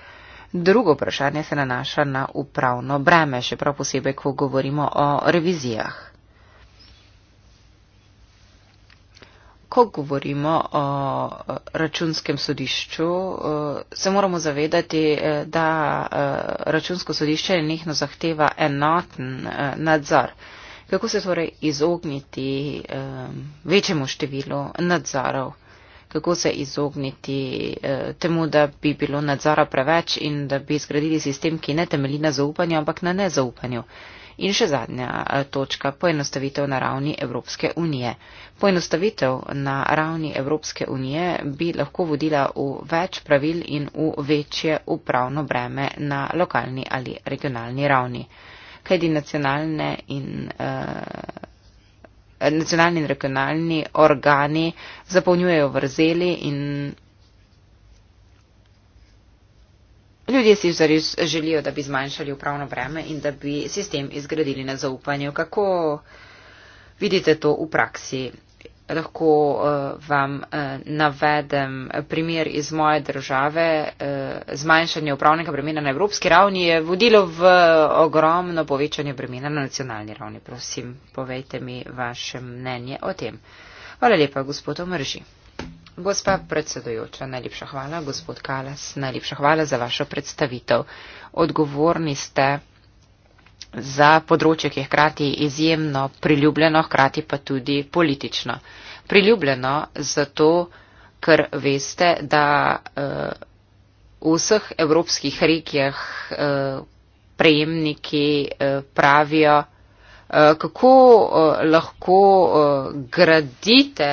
[SPEAKER 1] Drugo vprašanje se nanaša na upravno breme, še prav posebej, ko govorimo o revizijah. Ko govorimo o eh, računskem sodišču, eh, se moramo zavedati, eh, da računsko sodišče nehno zahteva enoten nadzor. Kako se torej izogniti večjemu številu nadzorov? kako se izogniti eh, temu, da bi bilo nadzora preveč in da bi zgradili sistem, ki ne temeli na zaupanju, ampak na nezaupanju. In še zadnja eh, točka, poenostavitev na ravni Evropske unije. Poenostavitev na ravni Evropske unije bi lahko vodila v več pravil in v večje upravno breme na lokalni ali regionalni ravni. Kajdi nacionalne in. Eh, nacionalni in regionalni organi zapolnjujejo vrzeli in ljudje si zares želijo, da bi zmanjšali upravno breme in da bi sistem izgradili na zaupanju. Kako vidite to v praksi? lahko uh, vam uh, navedem primer iz moje države. Uh, zmanjšanje upravnega bremena na evropski ravni je vodilo v ogromno povečanje bremena na nacionalni ravni. Prosim, povejte mi vaše mnenje o tem. Hvala lepa, gospod Omrži. Gospa predsedujoča, najlepša hvala, gospod Kalas, najlepša hvala za vašo predstavitev. Odgovorni ste za področje, ki je hkrati izjemno priljubljeno, hkrati pa tudi politično. Priljubljeno zato, ker veste, da eh, v vseh evropskih regijah eh, prejemniki eh, pravijo, kako lahko gradite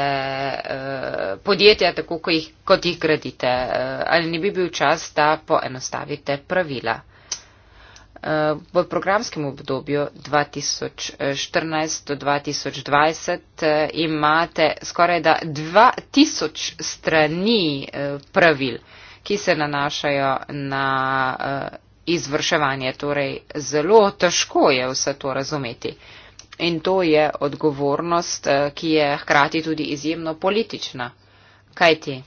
[SPEAKER 1] podjetja tako, kot jih gradite. Ali ne bi bil čas, da poenostavite pravila? v programskem obdobju 2014 do 2020 eh, imate skoraj da 2000 strani eh, pravil, ki se nanašajo na eh, izvrševanje. Torej, zelo težko je vse to razumeti. In to je odgovornost, ki je hkrati tudi izjemno politična. Kaj ti?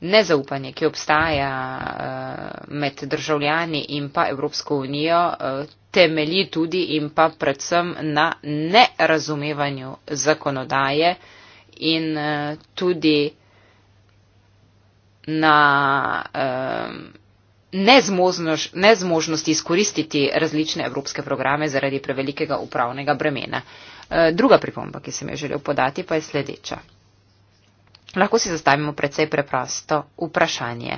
[SPEAKER 1] nezaupanje, ki obstaja eh, med državljani in pa Evropsko unijo, eh, temelji tudi in pa predvsem na nerazumevanju zakonodaje in eh, tudi na nezmožnosti izkoristiti različne evropske programe zaradi prevelikega upravnega bremena. Druga pripomba, ki sem jo želel podati, pa je sledeča lahko si zastavimo precej preprosto vprašanje.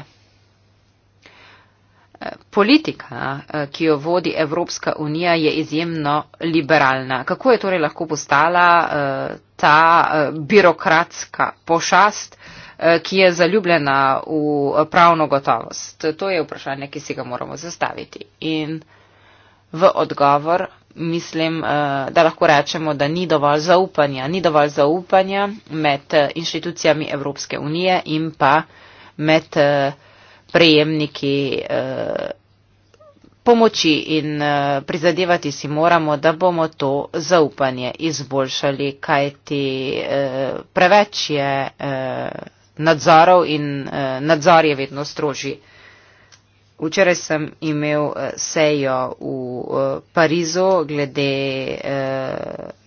[SPEAKER 1] Eh, politika, eh, ki jo vodi Evropska unija, je izjemno liberalna. Kako je torej lahko postala eh, ta birokratska pošast, ki je zaljubljena v pravno gotovost? To je vprašanje, ki si ga moramo zastaviti. In v odgovor mislim, eh, da lahko rečemo, da ni dovolj zaupanja, ni dovolj zaupanja med eh, inštitucijami Evropske unije in pa med eh, prejemniki pomoči in prizadevati si moramo, da bomo to zaupanje izboljšali, kajti preveč je nadzorov in nadzor je vedno strožji. Včeraj sem imel eh, sejo v eh, Parizu glede eh,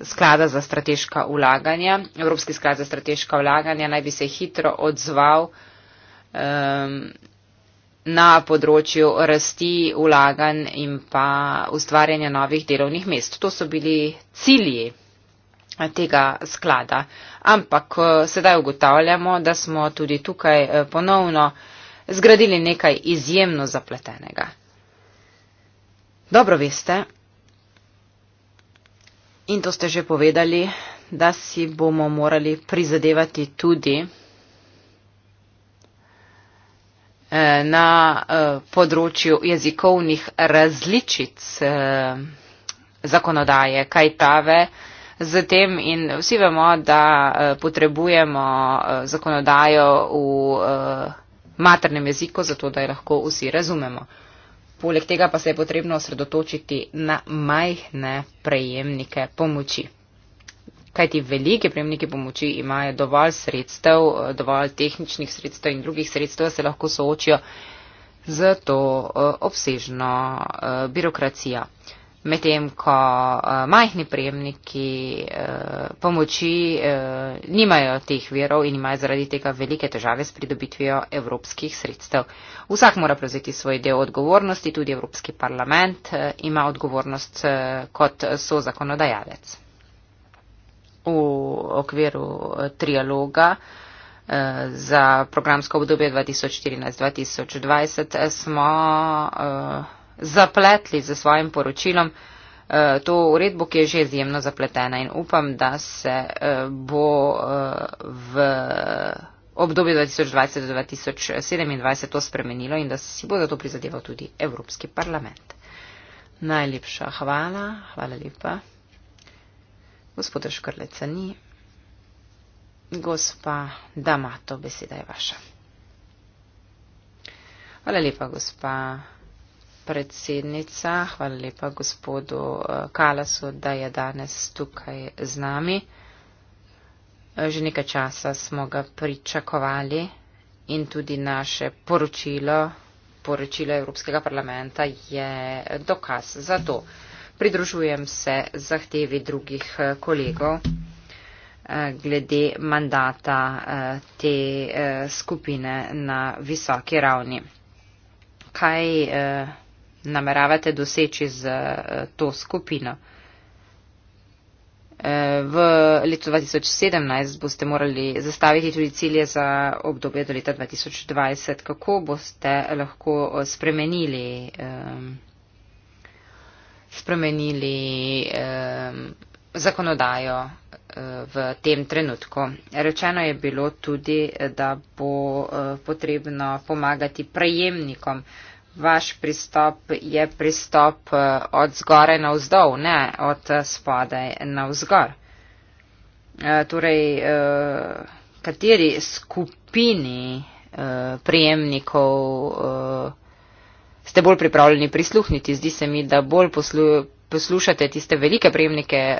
[SPEAKER 1] sklada za strateška ulaganja. Evropski sklad za strateška ulaganja naj bi se hitro odzval ehm, na področju rasti ulaganj in pa ustvarjanja novih delovnih mest. To so bili cilji tega sklada. Ampak sedaj ugotavljamo, da smo tudi tukaj ponovno zgradili nekaj izjemno zapletenega. Dobro veste, in to ste že povedali, da si bomo morali prizadevati tudi eh, na eh, področju jezikovnih različic eh, zakonodaje, kaj tave z tem in vsi vemo, da potrebujemo zakonodajo v maternem jeziku, zato da jo lahko vsi razumemo. Poleg tega pa se je potrebno osredotočiti na majhne prejemnike pomoči. Kaj ti veliki prejemniki pomoči imajo dovolj sredstev, dovolj tehničnih sredstev in drugih sredstev, se lahko soočijo z to eh, obsežno eh, birokracijo medtem ko uh, majhni prejemniki uh, pomoči uh, nimajo teh verov in imajo zaradi tega velike težave s pridobitvijo evropskih sredstev. Vsak mora prevzeti svoj del odgovornosti, tudi Evropski parlament uh, ima odgovornost uh, kot so zakonodajalec. V okviru trialoga za programsko obdobje 2014-2020 smo zapletli z svojim poročilom eh, to uredbo, ki je že izjemno zapletena in upam, da se eh, bo eh, v obdobju 2020-2027 to spremenilo in da si bo za to prizadeval tudi Evropski parlament. Najlepša hvala, hvala lepa. Gospoda Škrleca ni. Gospa Damato, beseda je vaša. Hvala lepa, gospa predsednica, hvala lepa gospodu eh, Kalasu, da je danes tukaj z nami. Eh, že nekaj časa smo ga pričakovali in tudi naše poročilo, poročilo Evropskega parlamenta je dokaz za to. Pridružujem se zahtevi drugih eh, kolegov glede mandata te skupine na visoki ravni. Kaj nameravate doseči z eh, to skupino. Eh, v letu 2017 boste morali zastaviti tudi cilje za obdobje do leta 2020. Kako boste lahko eh, spremenili, ehm, spremenili ehm, zakonodajo v tem trenutku? Rečeno je bilo tudi, da bo potrebno pomagati prejemnikom vaš pristop je pristop eh, od zgoraj na vzdol, ne od eh, spodaj na vzgor. Eh, torej, kateri skupini prijemnikov ste bolj pripravljeni prisluhniti? Zdi se mi, da bolj poslušate tiste velike prijemnike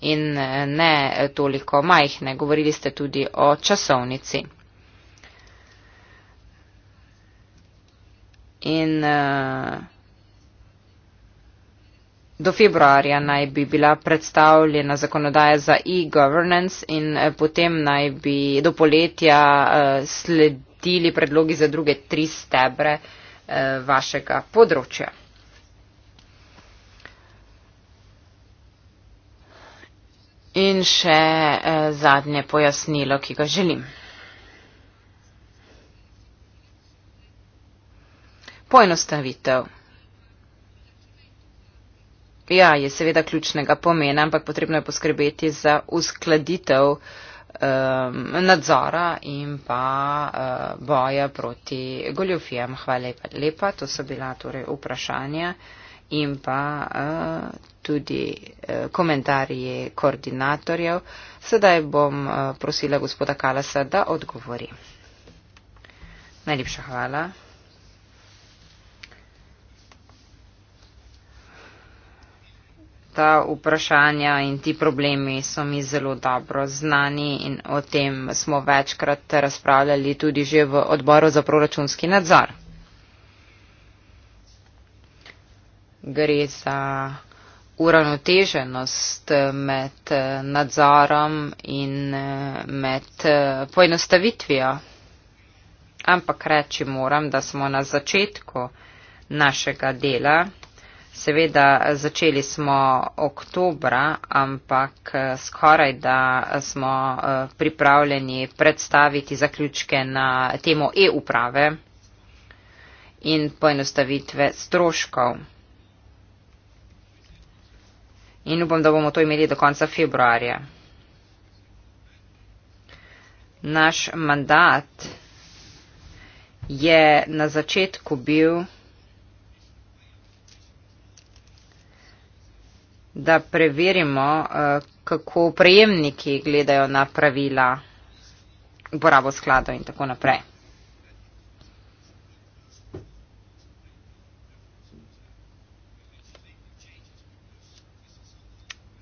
[SPEAKER 1] in ne toliko majhne. Govorili ste tudi o časovnici. in uh, do februarja naj bi bila predstavljena zakonodaja za e-governance in uh, potem naj bi do poletja uh, sledili predlogi za druge tri stebre uh, vašega področja. In še eh, zadnje pojasnilo, ki ga želim. Poenostavitev. Ja, je seveda ključnega pomena, ampak potrebno je poskrbeti za uskladitev um, nadzora in pa uh, boja proti goljofijam. Hvala lepa, lepa, to so bila torej vprašanja in pa uh, tudi uh, komentarji koordinatorjev. Sedaj bom uh, prosila gospoda Kalasa, da odgovori. Najlepša hvala. ta vprašanja in ti problemi so mi zelo dobro znani in o tem smo večkrat razpravljali tudi že v odboru za proračunski nadzor. Gre za uravnoteženost med nadzorom in med poenostavitvijo. Ampak reči moram, da smo na začetku našega dela Seveda začeli smo oktobra, ampak eh, skoraj da eh, smo eh, pripravljeni predstaviti zaključke na temo e-uprave in poenostavitve stroškov. In upam, da bomo to imeli do konca februarja. Naš mandat je na začetku bil. da preverimo, eh, kako prejemniki gledajo na pravila uporabo sklada in tako naprej.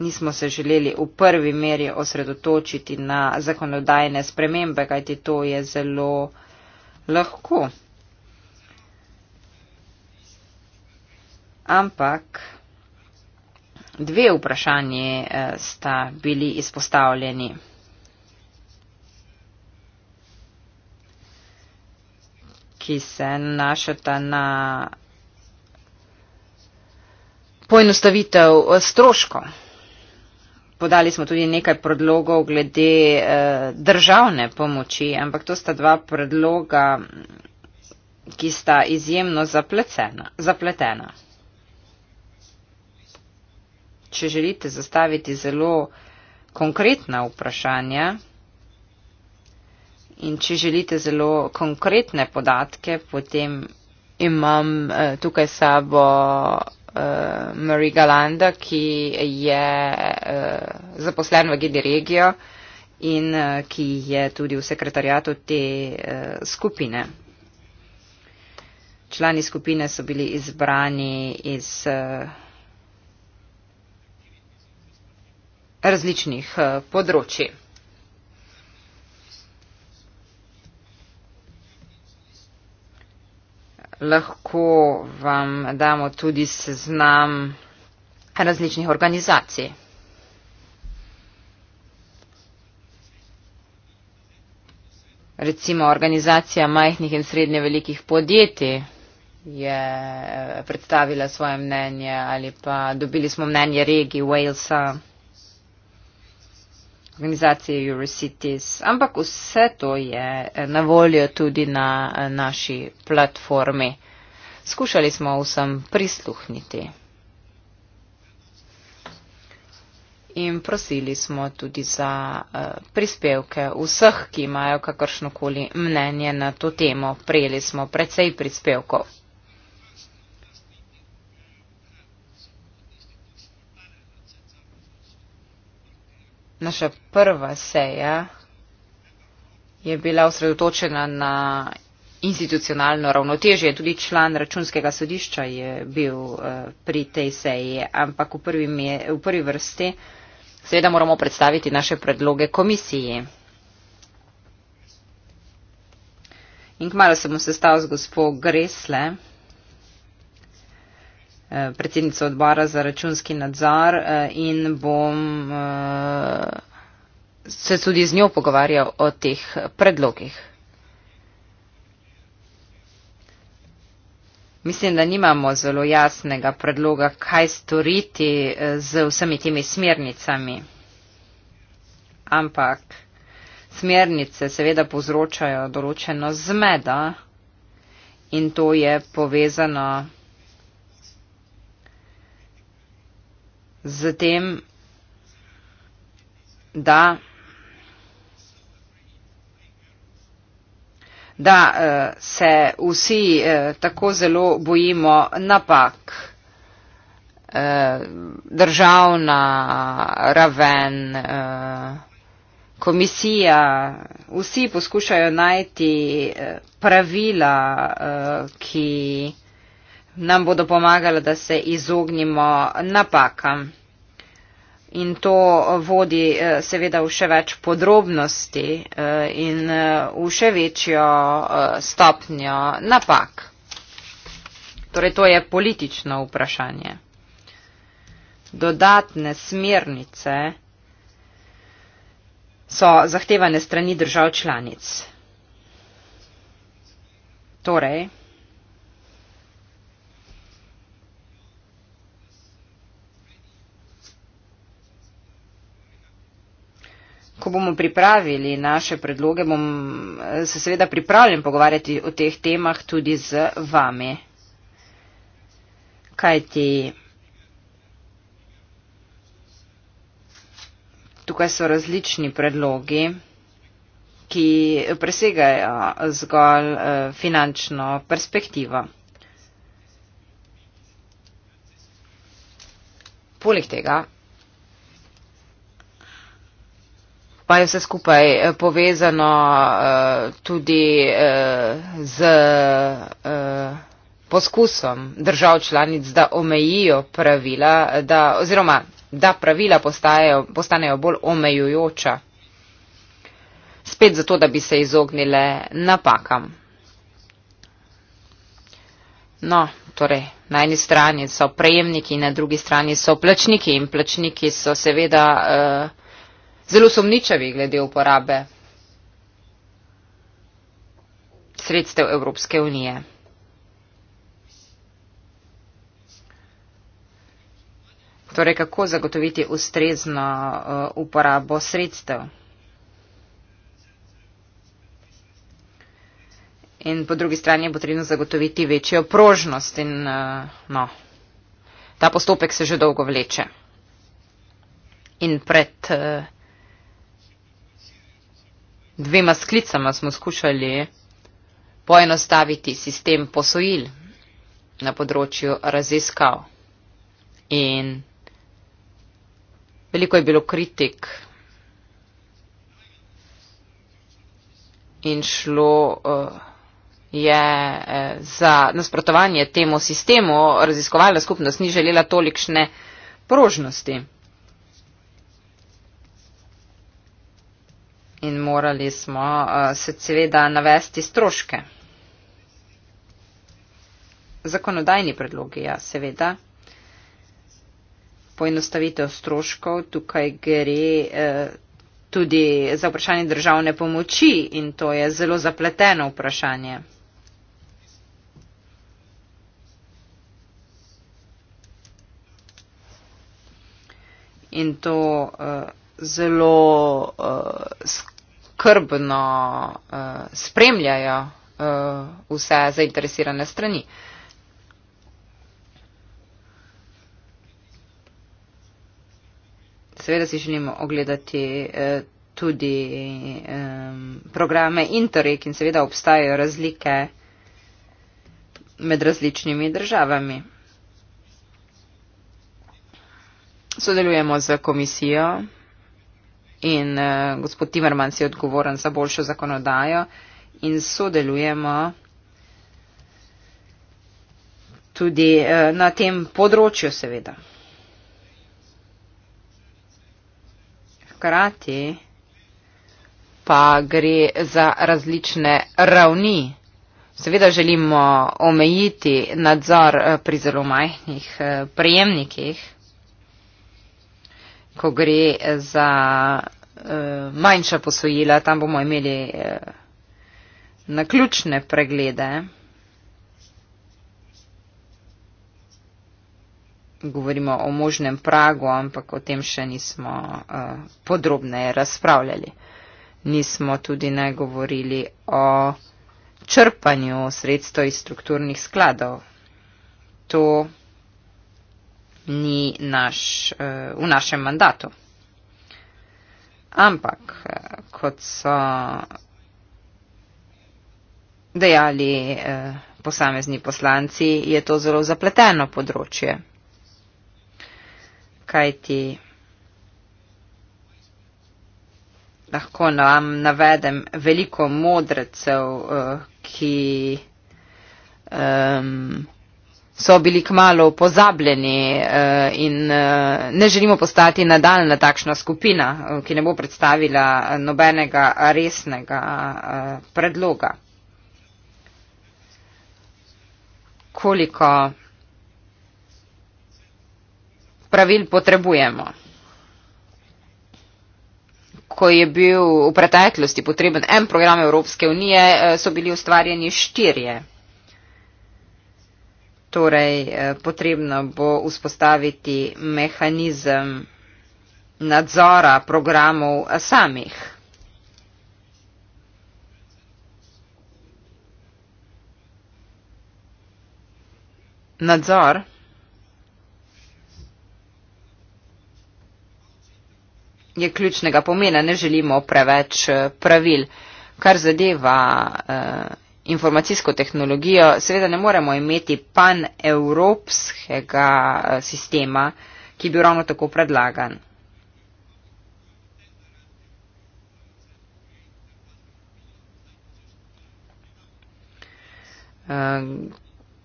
[SPEAKER 1] Nismo se želeli v prvi meri osredotočiti na zakonodajne spremembe, kajti to je zelo lahko. Ampak dve vprašanje eh, sta bili izpostavljeni. ki se nanašata na poenostavitev eh, stroško. Podali smo tudi nekaj predlogov glede eh, državne pomoči, ampak to sta dva predloga, ki sta izjemno zapletena. zapletena če želite zastaviti zelo konkretna vprašanja in če želite zelo konkretne podatke, potem imam eh, tukaj sabo eh, Marie Galanda, ki je eh, zaposlen v GD regijo in eh, ki je tudi v sekretarjatu te eh, skupine. Člani skupine so bili izbrani iz. Eh, različnih eh, področji. Lahko vam damo tudi seznam različnih organizacij. Recimo organizacija majhnih in srednje velikih podjetij je eh, predstavila svoje mnenje ali pa dobili smo mnenje regije Walesa organizacije Eurocities, ampak vse to je eh, na voljo tudi na eh, naši platformi. Skušali smo vsem prisluhniti. In prosili smo tudi za uh, prispevke vseh, ki imajo kakršnokoli mnenje na to temo. Prijeli smo precej prispevkov. Naša prva seja je bila osredotočena na institucionalno ravnotežje. Tudi član računskega sodišča je bil eh, pri tej seji, ampak v prvi, v prvi vrsti seveda moramo predstaviti naše predloge komisiji. In kmalo sem se stal z gospod Gresle, Eh, predsednica odbora za računski nadzor eh, in bom eh, se tudi z njo pogovarjal o teh predlogih. Mislim, da nimamo zelo jasnega predloga, kaj storiti z vsemi temi smernicami. Ampak smernice seveda povzročajo določeno zmedo in to je povezano z tem, da, da eh, se vsi eh, tako zelo bojimo napak eh, državna raven, komisija, vsi poskušajo najti pravila, ki nam bodo pomagale, da se izognimo napakam. In to vodi eh, seveda v še več podrobnosti eh, in eh, v še večjo stopnjo napak. Torej, to je politično vprašanje. Dodatne smernice so zahtevane strani držav članic. Torej, ko bomo pripravili naše predloge, bom eh, se seveda pripravljen pogovarjati o teh temah tudi z vami. Kaj ti? Tukaj so različni predlogi, ki presegajo zgolj eh, finančno perspektivo. Poleg tega pa je vse skupaj eh, povezano uh, tudi uh, z uh, poskusom držav članic, da omejijo pravila, da, oziroma da pravila postajajo, postanejo bolj omejujoča. Spet zato, da bi se izognile napakam. No, torej, na eni strani so prejemniki, na drugi strani so plačniki in plačniki so seveda. Uh, zelo sumničavi glede uporabe sredstev Evropske unije. Torej, kako zagotoviti ustrezno uh, uporabo sredstev? In po drugi strani je potrebno zagotoviti večjo prožnost in uh, no, ta postopek se že dolgo vleče. In pred uh, dvema sklicama smo skušali poenostaviti sistem posojil na področju raziskav. In veliko je bilo kritik in šlo eh, je eh, za nasprotovanje temu sistemu, raziskovalna skupnost ni želela tolikšne prožnosti. in morali smo eh, se seveda navesti stroške. Zakonodajni predlogi, ja, seveda. Poenostavitev stroškov, tukaj gre eh, tudi za vprašanje državne pomoči in to je zelo zapleteno vprašanje. In to uh, zelo uh, skrbno uh, spremljajo uh, vse zainteresirane strani. Seveda si želimo ogledati eh, tudi eh, programe Interreg in seveda obstajajo razlike med različnimi državami. Sodelujemo z komisijo in uh, gospod Timmermans je odgovoren za boljšo zakonodajo in sodelujemo tudi uh, na tem področju seveda. Hkrati pa gre za različne ravni. Seveda želimo omejiti nadzor eh, pri zelo majhnih prejemnikih, ko gre za eh, manjša posojila, tam bomo imeli eh, naključne preglede. Govorimo o možnem pragu, ampak o tem še nismo eh, podrobneje razpravljali. Nismo tudi ne govorili o črpanju sredstev iz strukturnih skladov. To ni naš, eh, v našem mandatu. Ampak, eh, kot so dejali eh, posamezni poslanci, je to zelo zapleteno področje. Kaj ti lahko nam navedem veliko modrecev, ki um, so bili kmalo pozabljeni eh, in eh, ne želimo postati nadaljna takšna skupina, eh, ki ne bo predstavila nobenega resnega predloga. Koliko pravil potrebujemo? Ko je bil v preteklosti potreben en program Evropske unije, so bili ustvarjeni štirje Torej, eh, potrebno bo vzpostaviti mehanizem nadzora programov eh, samih. Nadzor. je ključnega pomena, ne želimo preveč eh, pravil. Kar zadeva informacijsko tehnologijo, seveda ne moremo imeti panevropskega eh, sistema, ki bi ravno tako predlagan. Eh,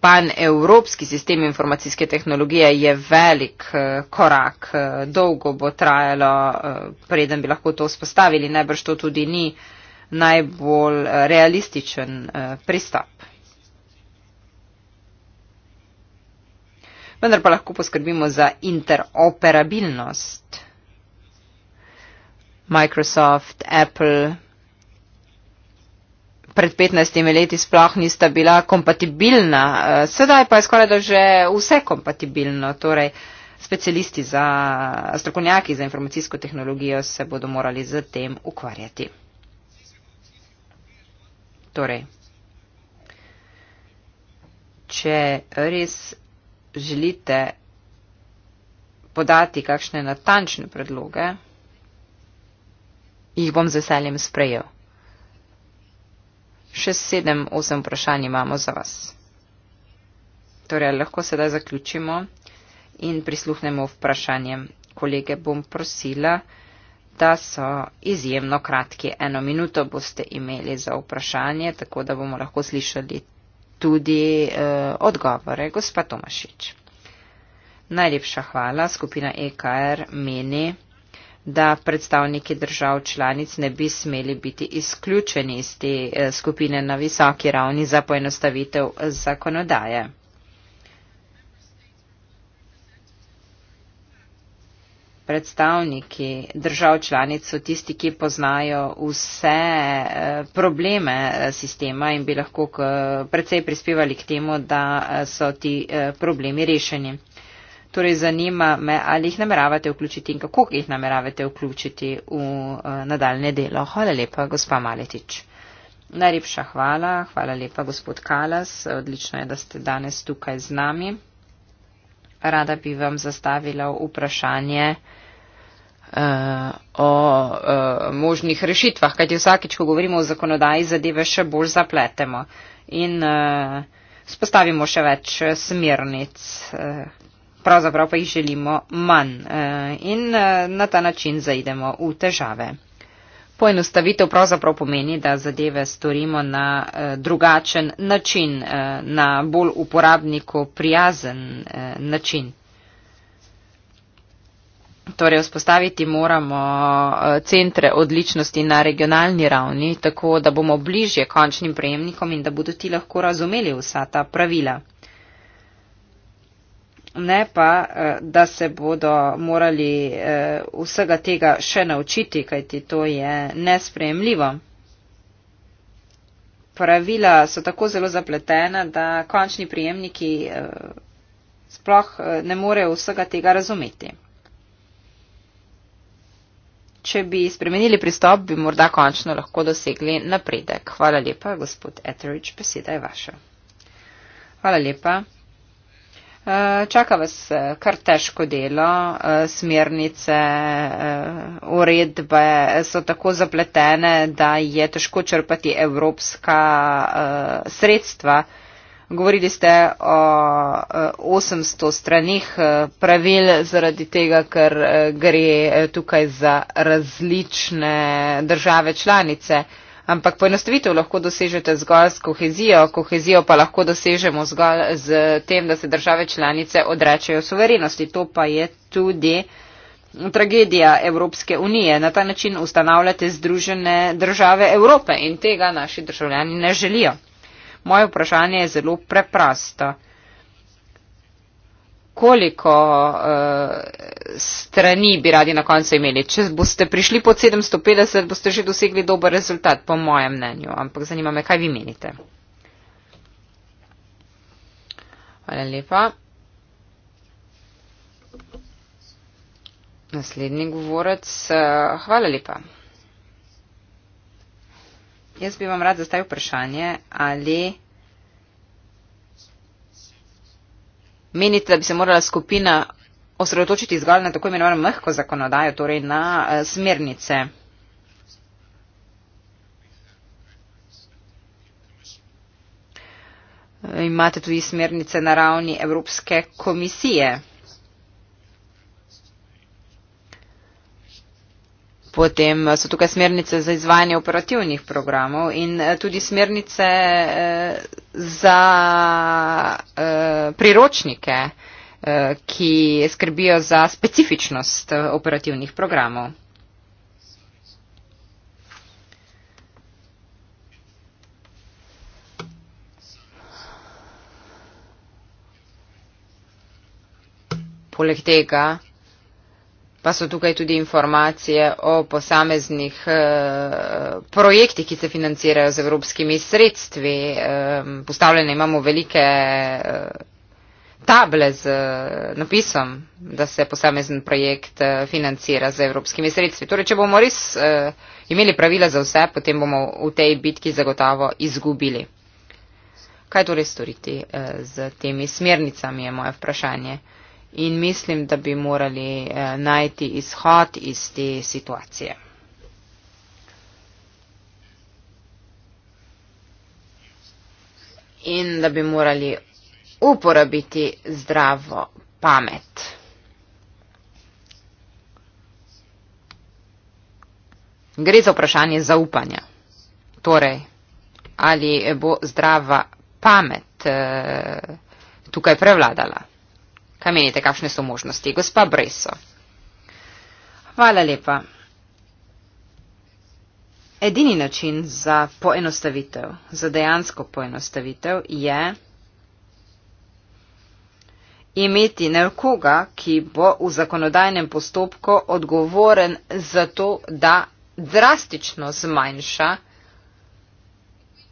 [SPEAKER 1] panevropski sistem informacijske tehnologije je velik eh, korak, dolgo bo trajalo, preden bi lahko to spostavili, najbrž to tudi ni najbolj eh, realističen eh, pristop. Vendar pa lahko poskrbimo za interoperabilnost. Microsoft, Apple pred 15 leti sploh nista bila kompatibilna, eh, sedaj pa je skoraj da že vse kompatibilno. Torej, specialisti za strokovnjaki za informacijsko tehnologijo se bodo morali z tem ukvarjati. Torej, če res želite podati kakšne natančne predloge, jih bom z veseljem sprejel. Še sedem, osem vprašanj imamo za vas. Torej, lahko sedaj zaključimo in prisluhnemo vprašanjem. Kolege bom prosila, da so izjemno kratki. Eno minuto boste imeli za vprašanje, tako da bomo lahko slišali tudi eh, odgovore. Gospa Tomašič. Najlepša hvala. Skupina EKR meni, da predstavniki držav članic ne bi smeli biti izključeni iz te eh, skupine na visoki ravni za poenostavitev zakonodaje. predstavniki držav članic so tisti, ki poznajo vse eh, probleme eh, sistema in bi lahko k, predvsej prispevali k temu, da eh, so ti problemi rešeni. Torej zanima me, ali jih nameravate vključiti in kako jih nameravate vključiti v nadaljne delo. Hvala lepa, gospa Maletič. Najlepša hvala, hvala lepa, gospod Kalas. Odlično je, da ste danes tukaj z nami. Rada bi vam zastavila vprašanje uh, o uh, možnih rešitvah, kajti vsakeč, ko govorimo o zakonodaji, zadeve še bolj zapletemo in uh, spostavimo še več smernic. Uh, Pravzaprav pa jih želimo manj in na ta način zaidemo v težave. Poenostavitev pravzaprav pomeni, da zadeve storimo na drugačen način, na bolj uporabniku prijazen način. Torej, vzpostaviti moramo eh, centre odličnosti na regionalni ravni, tako da bomo bližje končnim prejemnikom in da bodo ti lahko razumeli vsa ta pravila. Ne pa, eh, da se bodo morali eh, vsega tega še naučiti, kajti to je nesprejemljivo. Pravila so tako zelo zapletena, da končni prijemniki sploh ne morejo vsega tega razumeti če bi spremenili pristop, bi morda končno lahko dosegli napredek. Hvala lepa, gospod Etheridge, beseda je vaša. Hvala lepa. Eh, čaka vas eh, kar težko delo, eh, smernice, uredbe so tako zapletene, da je težko črpati evropska sredstva. Govorili ste o 800 eh, stranih eh, pravil zaradi tega, ker eh, gre tukaj za različne države članice. Ampak poenostavitev lahko dosežete zgolj s kohezijo, kohezijo pa lahko dosežemo zgolj z tem, da se države članice odrečejo suverenosti. To pa je tudi tragedija Evropske unije. Na ta način ustanavljate združene države Evrope in tega naši državljani ne želijo. Moje vprašanje je zelo preprosto. Koliko uh, strani bi radi na koncu imeli? Če boste prišli pod 750, boste že dosegli dober rezultat, po mojem mnenju. Ampak zanima me, kaj vi menite. Hvala lepa. Naslednji govorec. Uh, hvala lepa. Jaz bi vam rad zastavil vprašanje, ali menite, da bi se morala skupina osredotočiti zgolj na tako imenovano mehko zakonodajo, torej na uh, smernice. Eh, imate tudi smernice na ravni Evropske komisije. Potem eh, so tukaj smernice za izvajanje operativnih programov in eh, tudi smernice eh, za priročnike, ki skrbijo za specifičnost operativnih programov. Poleg tega pa so tukaj tudi informacije o posameznih eh, projektih, ki se financirajo z evropskimi sredstvi. Ehm, postavljene imamo velike eh, table z eh, napisom, da se posamezen projekt financira z evropskimi sredstvi. Torej, če bomo res imeli pravila za vse, potem bomo v tej bitki zagotovo izgubili. Kaj torej storiti z temi smernicami, je moje vprašanje in mislim, da bi morali eh, najti izhod iz te situacije. In da bi morali uporabiti zdravo pamet. Gre za vprašanje zaupanja. Torej, ali bo zdrava pamet eh, tukaj prevladala? Kaj menite, kakšne so možnosti? Gospa Breso. Hvala lepa. Edini način za poenostavitev, za dejansko poenostavitev je imeti nekoga, ki bo v zakonodajnem postopku odgovoren za to, da drastično zmanjša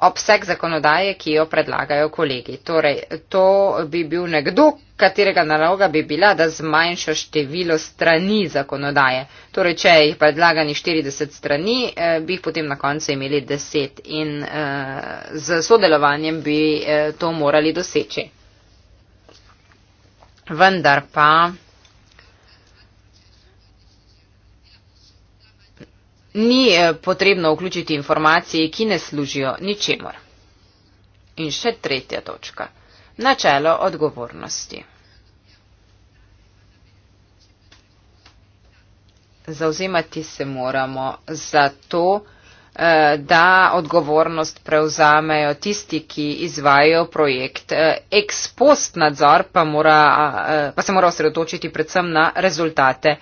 [SPEAKER 1] obseg zakonodaje, ki jo predlagajo kolegi. Torej, to bi bil nekdo, katerega naloga bi bila, da zmanjša število strani zakonodaje. Torej, če je jih predlagani 40 strani, eh, bi jih potem na koncu imeli 10 in eh, z sodelovanjem bi eh, to morali doseči. Vendar pa. ni eh, potrebno vključiti informacij, ki ne služijo ničemor. In še tretja točka. Načelo odgovornosti. Zauzemati se moramo za to, eh, da odgovornost prevzamejo tisti, ki izvajo projekt. Eh, ex post nadzor pa, mora, pa se mora osredotočiti predvsem na rezultate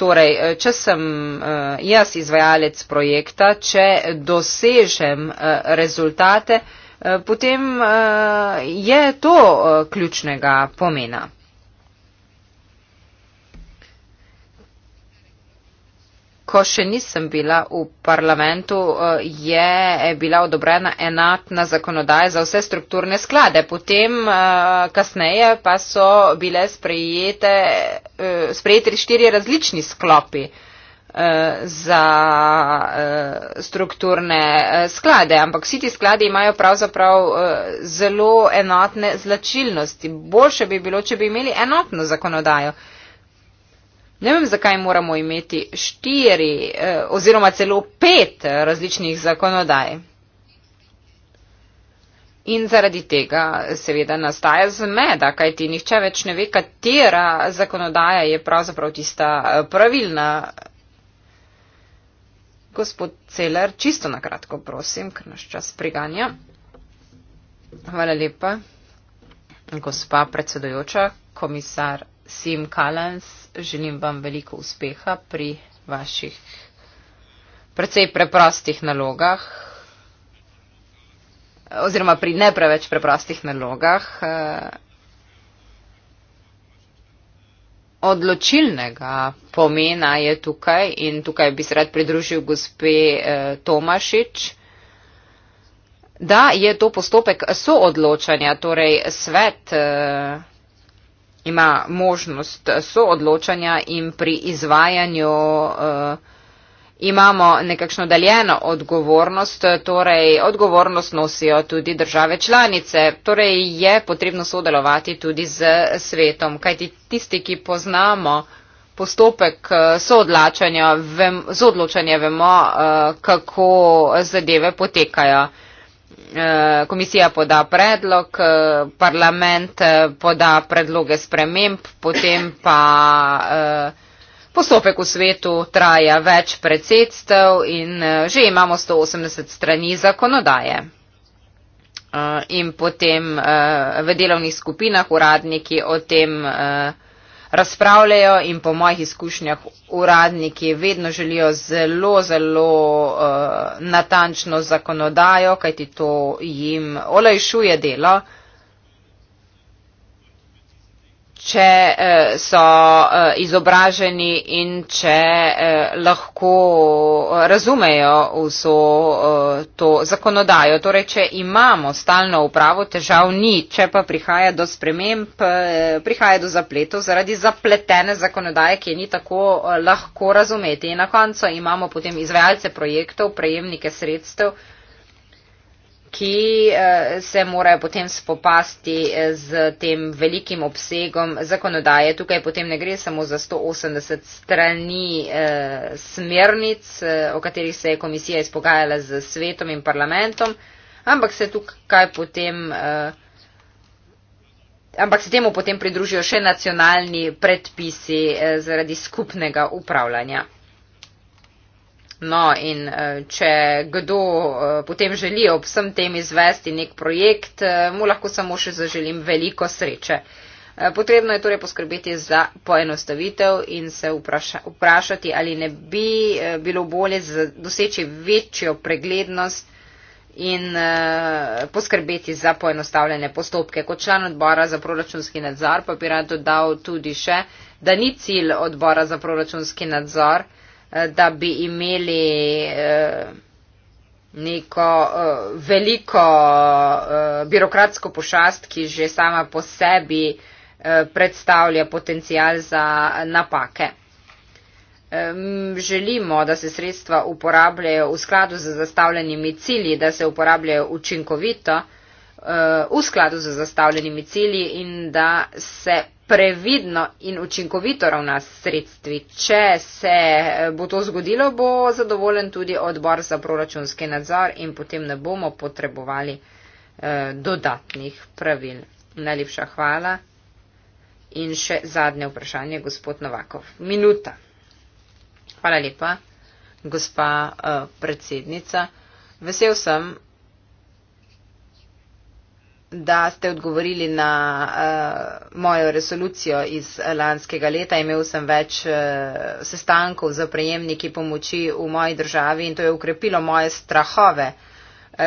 [SPEAKER 1] Torej, eh, če sem eh, jaz izvajalec projekta, če dosežem eh, rezultate, potem je to ključnega pomena. ko še nisem bila v parlamentu, eh, je eh, bila odobrena enatna zakonodaja za vse strukturne sklade. Potem, eh, kasneje, pa so bile sprejete, sprejeti štiri različni sklopi za strukturne sklade, ampak vsi ti skladi imajo pravzaprav zelo enotne značilnosti. Boljše bi bilo, če bi imeli enotno zakonodajo. Ne vem, zakaj moramo imeti štiri eh, oziroma celo pet eh, različnih zakonodaj. In zaradi tega eh, seveda nastaja zmeda, kaj ti nihče več ne ve, katera zakonodaja je pravzaprav tista pravilna. Gospod Celer, čisto na kratko, prosim, ker naš čas priganja. Hvala lepa. Gospa predsedojoča, komisar Sim Kalans, želim vam veliko uspeha pri vaših precej preprostih nalogah oziroma pri ne preveč preprostih nalogah. Eh, odločilnega pomena je tukaj in tukaj bi se rad pridružil gospe eh, Tomašič, da je to postopek soodločanja, torej svet eh, ima možnost soodločanja in pri izvajanju eh, imamo nekakšno daljeno odgovornost, torej odgovornost nosijo tudi države članice, torej je potrebno sodelovati tudi z svetom, kajti tisti, ki poznamo postopek eh, soodločanja, vemo, eh, kako zadeve potekajo. Eh, komisija poda predlog, eh, parlament eh, poda predloge sprememb, potem pa postopek v svetu traja več predsedstev in že imamo 180 strani zakonodaje. In potem v delovnih skupinah uradniki o tem razpravljajo in po mojih izkušnjah uradniki vedno želijo zelo, zelo uh, natančno zakonodajo, kajti to jim olajšuje delo če eh, so eh, izobraženi in če eh, lahko razumejo vso to zakonodajo. Torej, če imamo stalno upravo, težav ni. Če pa prihaja do sprememb, prihaja do zapletov zaradi zapletene zakonodaje, ki je ni tako lahko razumeti. In na koncu imamo potem izvajalce projektov, prejemnike sredstev, ki eh, se morajo potem spopasti eh, z tem velikim obsegom zakonodaje. Tukaj potem ne gre samo za 180 strani eh, smernic, o katerih se je komisija izpogajala z svetom in parlamentom, ampak se tukaj potem. Ampak se temu potem pridružijo še nacionalni predpisi zaradi skupnega upravljanja. No in eh, če kdo eh, potem želi ob vsem tem izvesti nek projekt, eh, mu lahko samo še zaželim veliko sreče. Potrebno je torej poskrbeti za poenostavitev in se vpraša, vprašati, ali ne bi bilo bolje doseči večjo preglednost in poskrbeti za poenostavljene postopke. Kot član odbora za proračunski nadzor pa bi rad dodal tudi še, da ni cilj odbora za proračunski nadzor, da bi imeli eh, neko eh, veliko eh, birokratsko pošast, ki že sama po sebi predstavlja potencijal za napake. Želimo, da se sredstva uporabljajo v skladu z zastavljenimi cilji, da se uporabljajo učinkovito v skladu z zastavljenimi cilji in da se previdno in učinkovito ravna s sredstvi. Če se eh, bo to zgodilo, bo zadovoljen tudi odbor za proračunski nadzor in potem ne bomo potrebovali eh, dodatnih pravil. Najlepša hvala. In še zadnje vprašanje, gospod Novakov. Minuta. Hvala lepa, gospa eh, predsednica. Vesel sem, da ste odgovorili na uh, mojo resolucijo iz eh, lanskega leta. Imel sem več uh, sestankov za prejemniki pomoči v moji državi in to je ukrepilo moje strahove.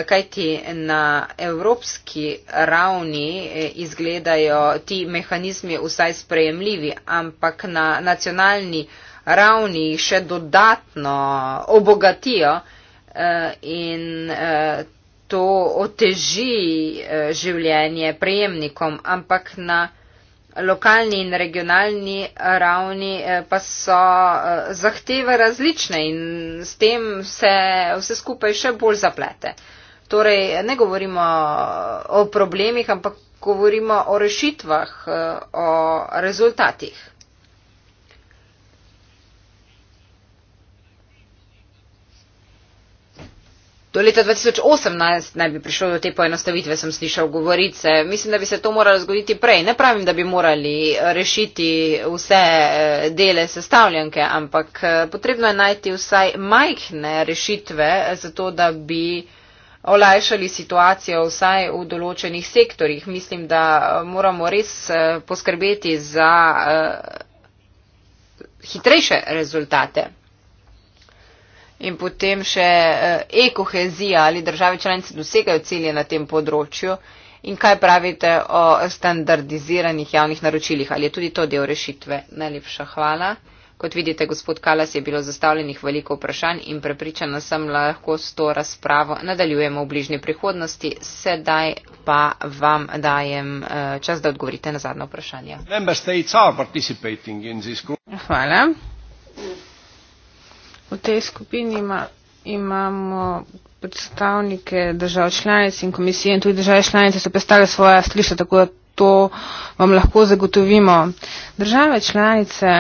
[SPEAKER 1] Kajti na evropski ravni izgledajo ti mehanizmi vsaj sprejemljivi, ampak na nacionalni ravni še dodatno obogatijo in to oteži eh, življenje prejemnikom, ampak na lokalni in regionalni ravni eh, pa so eh, zahteve različne in s tem se vse skupaj še bolj zaplete. Torej, ne govorimo o problemih, ampak govorimo o rešitvah, o rezultatih. Do leta 2018 naj bi prišlo do te poenostavitve, sem slišal govorice. Mislim, da bi se to moralo zgoditi prej. Ne pravim, da bi morali rešiti vse eh, dele sestavljanke, ampak eh, potrebno je najti vsaj majhne rešitve, zato da bi olajšali situacijo vsaj v določenih sektorjih. Mislim, da eh, moramo res poskrbeti za hitrejše rezultate. In potem še eh, ekohezija ali države članice dosegajo cilje na tem področju in kaj pravite o standardiziranih javnih naročilih. Ali je tudi to del rešitve? Najlepša hvala. Kot vidite, gospod Kalas je bilo zastavljenih veliko vprašanj in prepričana sem lahko s to razpravo nadaljujemo v bližnji prihodnosti. Sedaj pa vam dajem eh, čas, da
[SPEAKER 2] odgovorite na zadnje vprašanje. Hvala. V tej skupini ima, imamo predstavnike držav članic in komisije in tudi države članice so predstavili svoja stališča, tako da to vam lahko zagotovimo. Države članice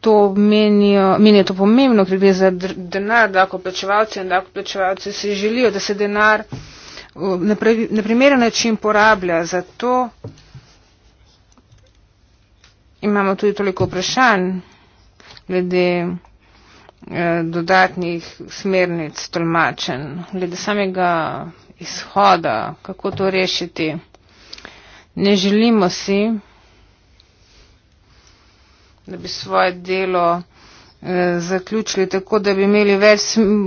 [SPEAKER 2] to menijo, menijo to pomembno, ker gre za denar davkoplačevalce in davkoplačevalce si želijo, da se denar na primeren način porablja za to, imamo tudi toliko vprašanj glede eh, dodatnih smernic tolmačen, glede samega izhoda, kako to rešiti. Ne želimo si, da bi svoje delo eh, zaključili tako, da bi imeli več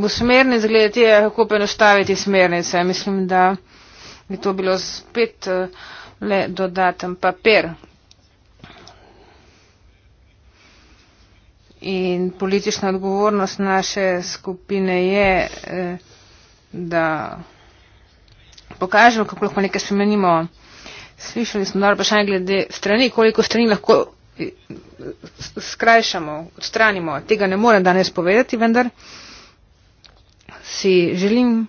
[SPEAKER 2] smernic, glede tega, kako poenostaviti smernice. Mislim, da bi to bilo spet eh, le dodaten papir, in politična odgovornost naše skupine je, eh, da pokažemo, kako lahko nekaj spremenimo. Slišali smo dobro vprašanje glede strani, koliko strani lahko eh, skrajšamo, odstranimo. Tega ne morem danes povedati, vendar si želim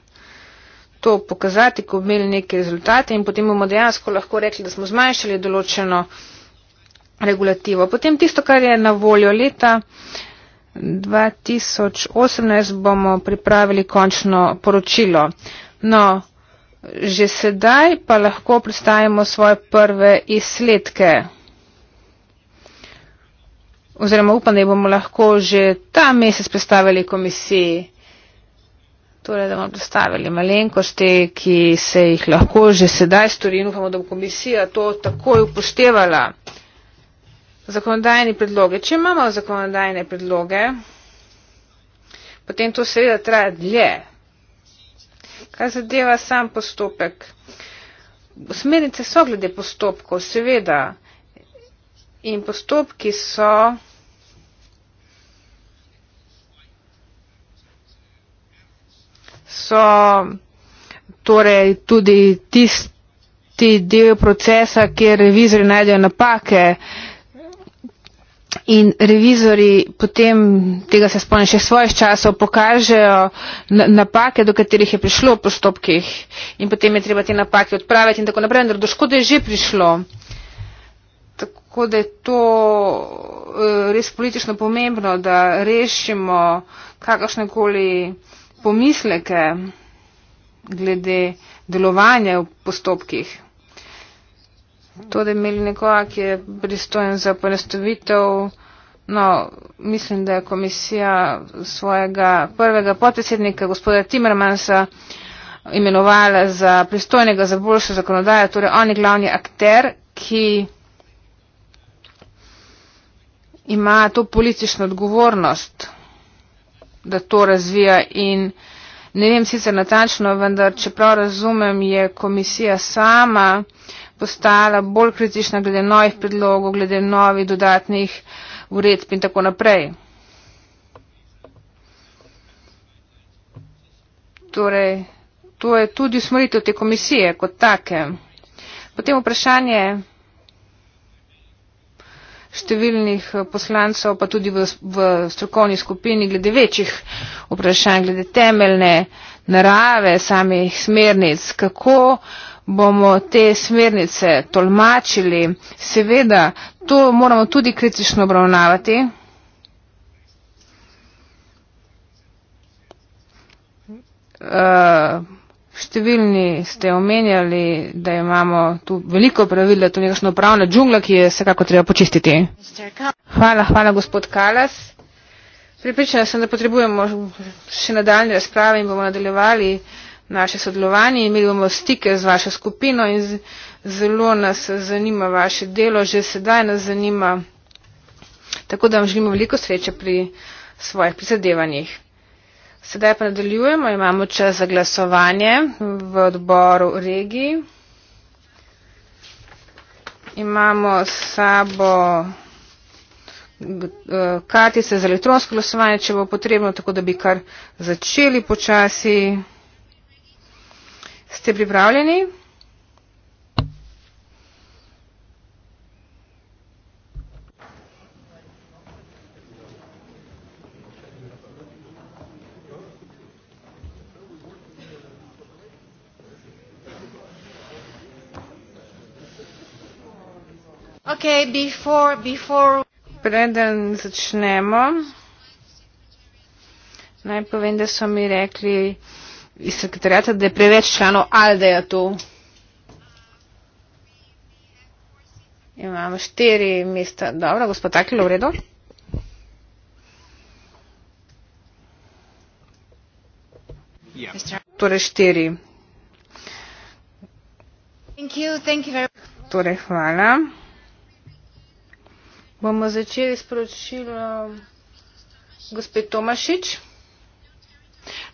[SPEAKER 2] to pokazati, ko bomo imeli neke rezultate in potem bomo dejansko lahko rekli, da smo zmanjšali določeno regulativo. Potem tisto, kar je na voljo leta 2018, bomo pripravili končno poročilo. No, že sedaj pa lahko predstavimo svoje prve izsledke. Oziroma upam, da jih bomo lahko že ta mesec predstavili komisiji. Torej, da bomo predstavili malenkosti, ki se jih lahko že sedaj stori in upamo, da bo komisija to takoj upoštevala zakonodajne predloge. Če imamo zakonodajne predloge, potem to seveda traja dlje. Kar zadeva sam postopek. Smernice so glede postopkov, seveda. In postopki so. so torej tudi tisti del procesa, kjer revizori najdejo napake. Uh, In revizori potem, tega se spomnim še svojih časov, pokažejo napake, do katerih je prišlo v postopkih in potem je treba te napake odpraviti in tako naprej, vendar do škode je že prišlo. Tako da je to eh, res politično pomembno, da rešimo kakršnekoli pomisleke glede delovanja v postopkih to, da imeli nekoga, ki je pristojen za ponestovitev. No, mislim, da je komisija svojega prvega podpredsednika, gospoda Timmermansa, imenovala za pristojnega za boljšo zakonodajo. Torej, on je glavni akter, ki ima to politično odgovornost, da to razvija in ne vem sicer natančno, vendar čeprav razumem, je komisija sama postala bolj kritična glede novih predlogov, glede novih dodatnih uredb in tako naprej. Torej, to je tudi usmeritev te komisije kot take. Potem vprašanje številnih poslancev, pa tudi v, v strokovni skupini, glede večjih vprašanj, glede temeljne narave samih smernic, kako bomo te smernice tolmačili, seveda to moramo tudi kritično obravnavati. Uh, številni ste omenjali, da imamo tu veliko pravil, da je to nekakšna pravna džungla, ki je vsekako treba počistiti. Hvala, hvala gospod Kalas. Pripričana sem, da potrebujemo še nadaljne razprave in bomo nadaljevali naše sodelovanje, imeli bomo stike z vašo skupino in zelo nas zanima vaše delo, že sedaj nas zanima. Tako da vam želimo veliko sreče pri svojih prizadevanjih. Sedaj pa nadaljujemo, imamo čas za glasovanje v odboru regiji. Imamo sabo eh, kartice za elektronsko glasovanje, če bo potrebno, tako da bi kar začeli počasi. Ste pripravljeni? Ok, before, before... preden začnemo, naj povem, da so mi rekli, iz sekretarjata, da je preveč članov Aldeja tu. Imamo štiri mesta. Dobro, gospod Takilo, v redu. Torej štiri. Thank you, thank you very... Torej hvala. Bomo začeli s poročilom gospe Tomašič.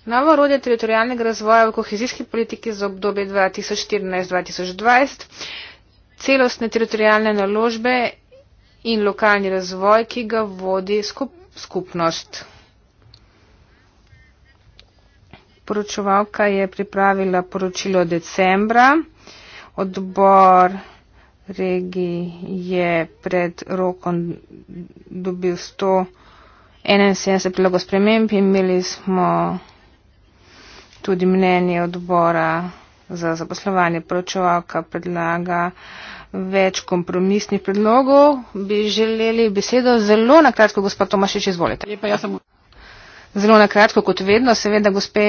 [SPEAKER 2] Novo orodje teritorijalnega razvoja v kohezijski politiki za obdobje 2014-2020, celostne teritorijalne naložbe in lokalni razvoj, ki ga vodi skup skupnost. Poročevalka je pripravila poročilo decembra. Odbor regi je pred rokom dobil 171 prilogo sprememb. Imeli smo tudi mnenje odbora za zaposlovanje poročevalka predlaga več kompromisnih predlogov. Bi želeli besedo zelo na kratko, gospod Tomašič, izvolite. Lepa, ja sem... Zelo na kratko, kot vedno, seveda, gospe,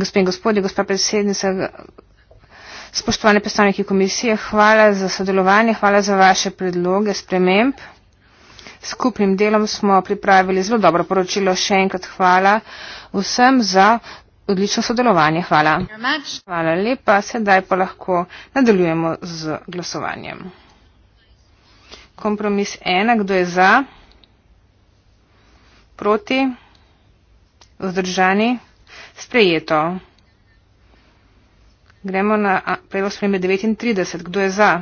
[SPEAKER 2] gospe in gospodje, gospa predsednica, spoštovane predstavniki komisije, hvala za sodelovanje, hvala za vaše predloge, sprememb. Skupnim delom smo pripravili zelo dobro poročilo. Še enkrat hvala vsem za odlično sodelovanje. Hvala. Hvala lepa. Sedaj pa lahko nadaljujemo z glasovanjem. Kompromis ena. Kdo je za? Proti? Vzdržani? Sprejeto. Gremo na prevo spremembe 39. Kdo je za?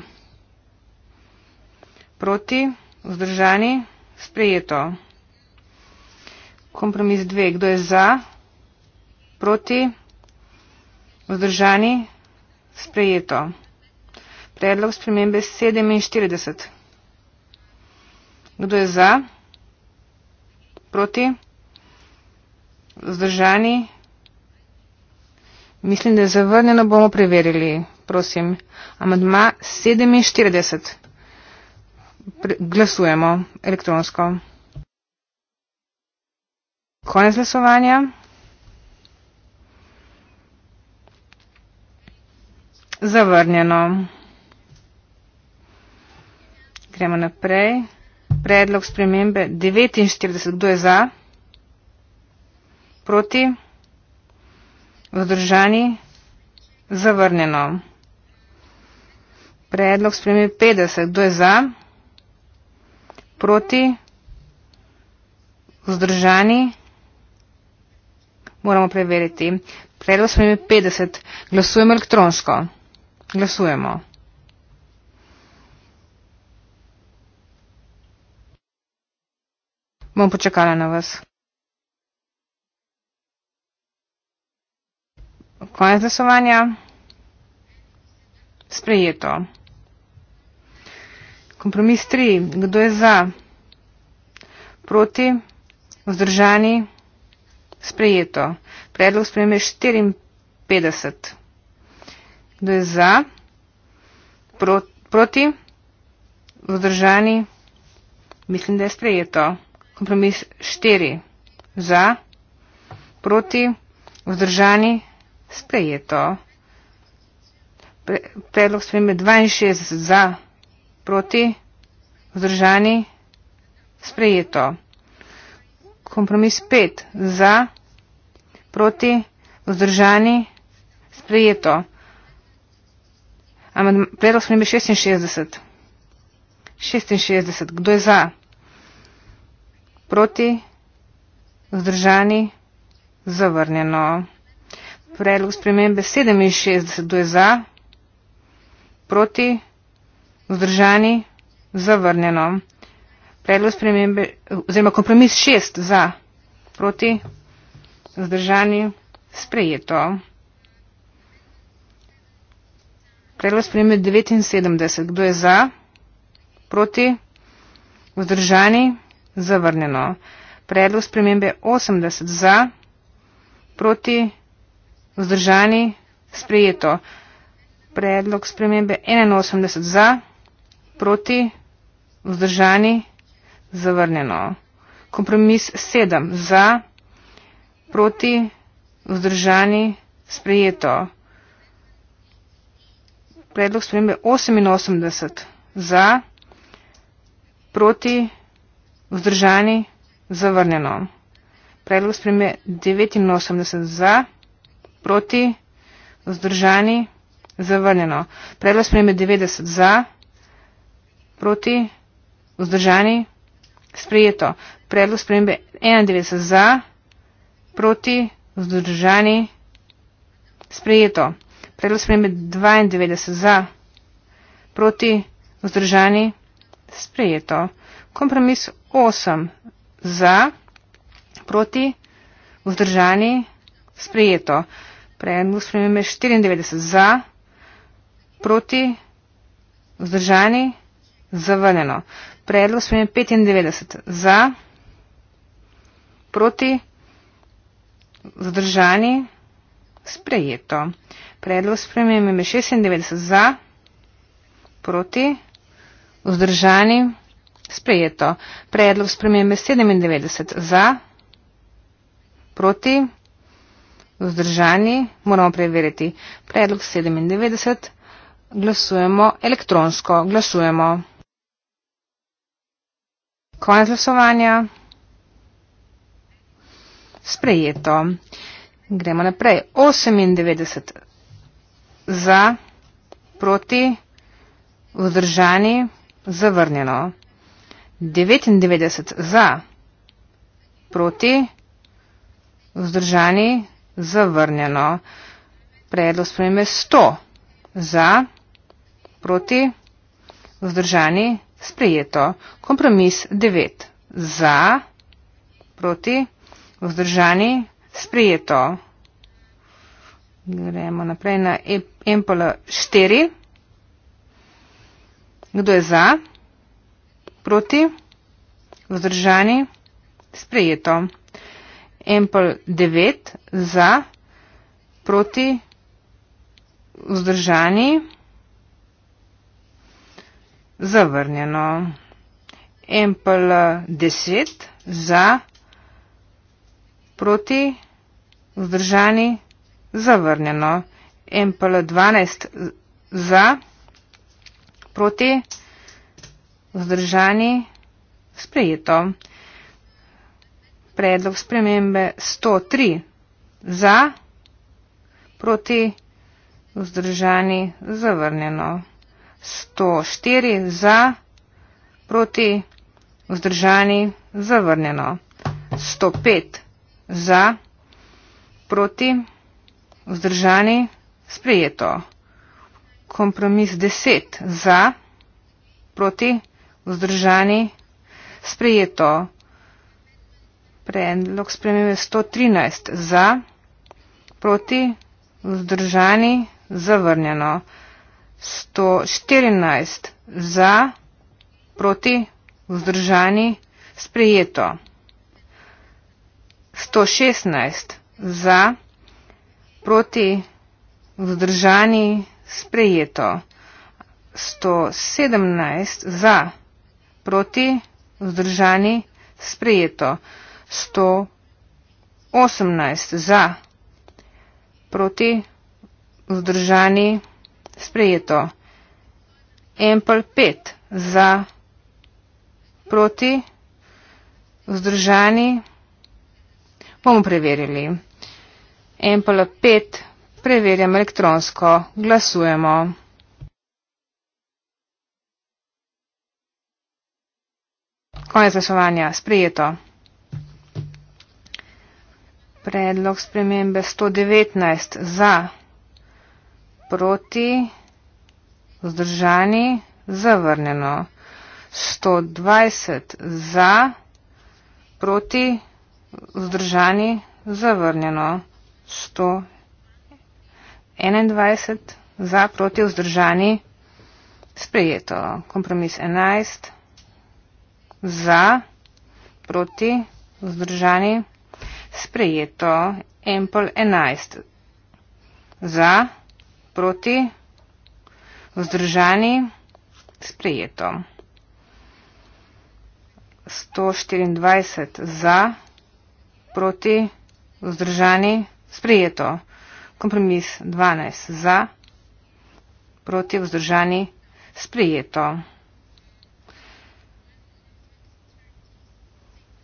[SPEAKER 2] Proti? Vzdržani? Sprejeto. Kompromis dve. Kdo je za? Proti? Proti? Vzdržani? Sprejeto. Predlog spremembe 47. Kdo je za? Proti? Vzdržani? Mislim, da je zavrnjeno, bomo preverili. Prosim, amadma 47. Pre glasujemo elektronsko. Konec glasovanja. Zavrnjeno. Gremo naprej. Predlog spremembe 49. Kdo je za? Proti? Vzdržani? Zavrnjeno. Predlog spremembe 50. Kdo je za? Proti? Vzdržani? Moramo preveriti. Predlog spremembe 50. Glasujemo elektronsko. Glasujemo. Bom počakala na vas. Konec glasovanja. Sprejeto. Kompromis 3. Kdo je za? Proti? Vzdržani? Sprejeto. Predlog spremembe 54. Kdo je za? Pro, proti? Vzdržani? Mislim, da je sprejeto. Kompromis 4. Za? Proti? Vzdržani? Sprejeto. Pre, predlog spremembe 62. Za? Proti? Vzdržani? Sprejeto. Kompromis 5. Za? Proti? Vzdržani? Sprejeto. Predlog smo imeli 66. 66. Kdo je za? Proti? Zdržani? Zavrnjeno. Predlog spremembe 67. Kdo je za? Proti? Zdržani? Zavrnjeno. Predlog spremembe, oziroma kompromis 6 za? Proti? Zdržani? Sprejeto. predlog sprejme 79. Kdo je za? Proti? Vzdržani? Zavrnjeno. Predlog spremembe 80 za, proti, vzdržani, sprejeto. Predlog spremembe 81 za, proti, vzdržani, zavrnjeno. Kompromis 7 za, proti, vzdržani, sprejeto predlog spremembe 88 za, proti, vzdržani, zavrnjeno. Predlog spremembe 89 za, proti, vzdržani, zavrnjeno. Predlog spremembe 90 za, proti, vzdržani, sprejeto. Predlog spremembe 91 za, proti, vzdržani, sprejeto. Predlog spremembe 92 za, proti vzdržani sprejeto. Kompromis 8 za, proti vzdržani sprejeto. Predlog spremembe 94 za, proti vzdržani zavrnjeno. Predlog spremembe 95 za, proti vzdržani sprejeto predlog spremembe 96 za, proti, vzdržani, sprejeto. Predlog spremembe 97 za, proti, vzdržani, moramo preveriti. Predlog 97, glasujemo elektronsko, glasujemo. Konec glasovanja. Sprejeto. Gremo naprej. 98 za, proti, vzdržani, zavrnjeno. 99 za, proti, vzdržani, zavrnjeno. Predlog spremembe 100 za, proti, vzdržani, sprejeto. Kompromis 9 za, proti, vzdržani, sprejeto. Gremo naprej na e-, Empolo 4. Kdo je za? Proti? Vzdržani? Sprejeto. Empol 9. Za? Proti? Vzdržani? Zavrnjeno. Empol 10. Za? Proti? Vzdržani? Zavrnjeno zavrnjeno. MPL 12 za, proti, vzdržani, sprejeto. Predlog spremembe 103 za, proti, vzdržani, zavrnjeno. 104 za, proti, vzdržani, zavrnjeno. 105 za, proti, vzdržani vzdržani, sprejeto. Kompromis 10 za, proti, vzdržani, sprejeto. Predlog spremembe 113 za, proti, vzdržani, zavrnjeno. 114 za, proti, vzdržani, sprejeto. 116 za, proti, vzdržani, sprejeto proti vzdržani sprejeto. 117 za proti vzdržani sprejeto. 118 za proti vzdržani sprejeto. Ampel 5 za proti vzdržani. Bomo preverili. Empolo 5, preverjam elektronsko, glasujemo. Konec glasovanja, sprejeto. Predlog spremembe 119 za, proti, vzdržani, zavrnjeno. 120 za, proti, vzdržani, zavrnjeno. 121 za proti vzdržani, sprejeto. Kompromis 11 za proti vzdržani, sprejeto. Empel 11 za proti vzdržani, sprejeto. 124 za proti vzdržani, sprejeto sprejeto. Kompromis 12 za, proti vzdržani sprejeto.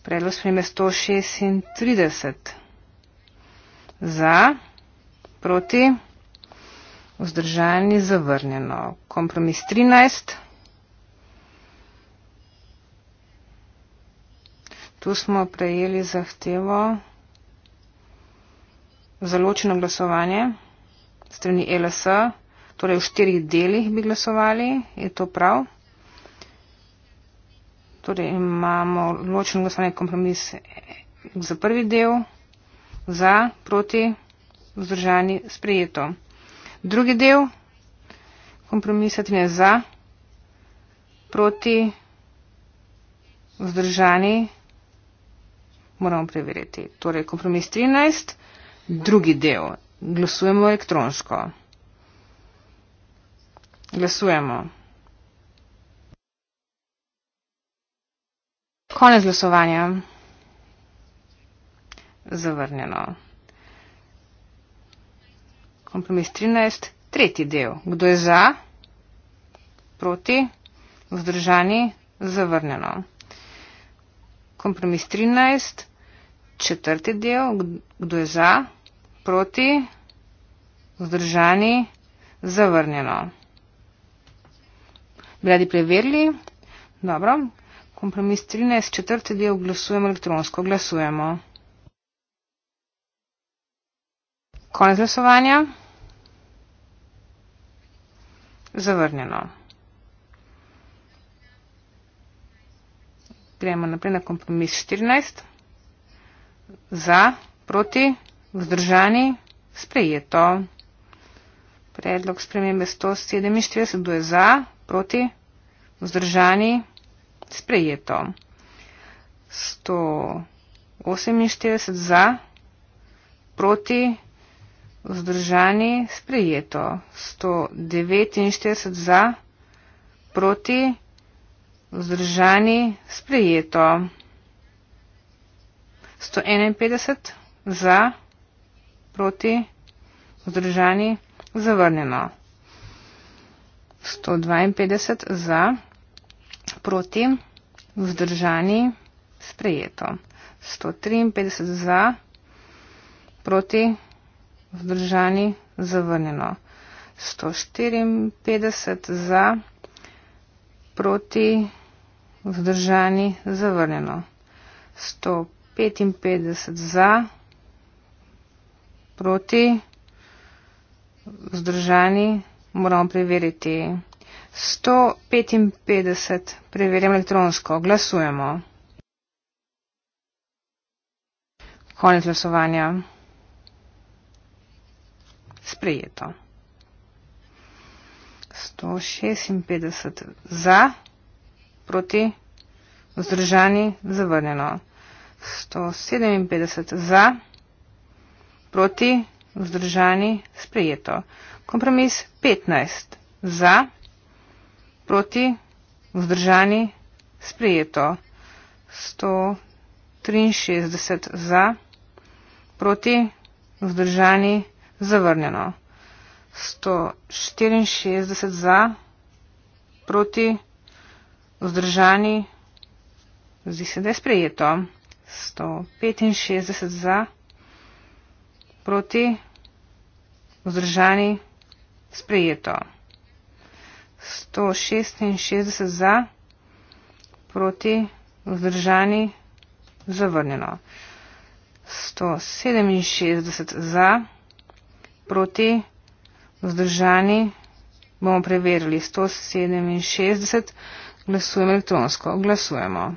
[SPEAKER 2] Predlog sprejme 136 za, proti vzdržani zavrnjeno. Kompromis 13. Tu smo prejeli zahtevo zaločeno glasovanje strani LS, torej v štirih delih bi glasovali, je to prav. Torej imamo ločeno glasovanje kompromis za prvi del, za, proti, vzdržani, sprejeto. Drugi del kompromisa tudi je za, proti, vzdržani, moramo preveriti. Torej kompromis 13. Drugi del. Glasujemo elektronsko. Glasujemo. Konec glasovanja. Zavrnjeno. Kompromis 13. Tretji del. Kdo je za? Proti? Vzdržani? Zavrnjeno. Kompromis 13 četrti del, kdo je za, proti, vzdržani, zavrnjeno. Bi radi preverili? Dobro. Kompromis 13, četrti del, glasujemo elektronsko, glasujemo. Konec glasovanja. Zavrnjeno. Gremo naprej na kompromis 14 za, proti, vzdržani, sprejeto. Predlog spremembe 147, kdo je za, proti, vzdržani, sprejeto. 148 za, proti, vzdržani, sprejeto. 149 za, proti, vzdržani, sprejeto. 151 za, proti, vzdržani, zavrnjeno. 152 za, proti, vzdržani, sprejeto. 153 za, proti, vzdržani, zavrnjeno. 154 za, proti, vzdržani, zavrnjeno. 100 55 za, proti, vzdržani, moramo preveriti. 155 preverjam elektronsko, glasujemo. Konec glasovanja. Sprejeto. 156 za, proti, vzdržani, zavrnjeno. 157 za, proti, vzdržani, sprejeto. Kompromis 15 za, proti, vzdržani, sprejeto. 163 za, proti, vzdržani, zavrnjeno. 164 za, proti, vzdržani, zdi se, da je sprejeto. 165 za, proti, vzdržani, sprejeto. 166 za, proti, vzdržani, zavrnjeno. 167 za, proti, vzdržani, bomo preverili. 167, glasujemo elektronsko, glasujemo.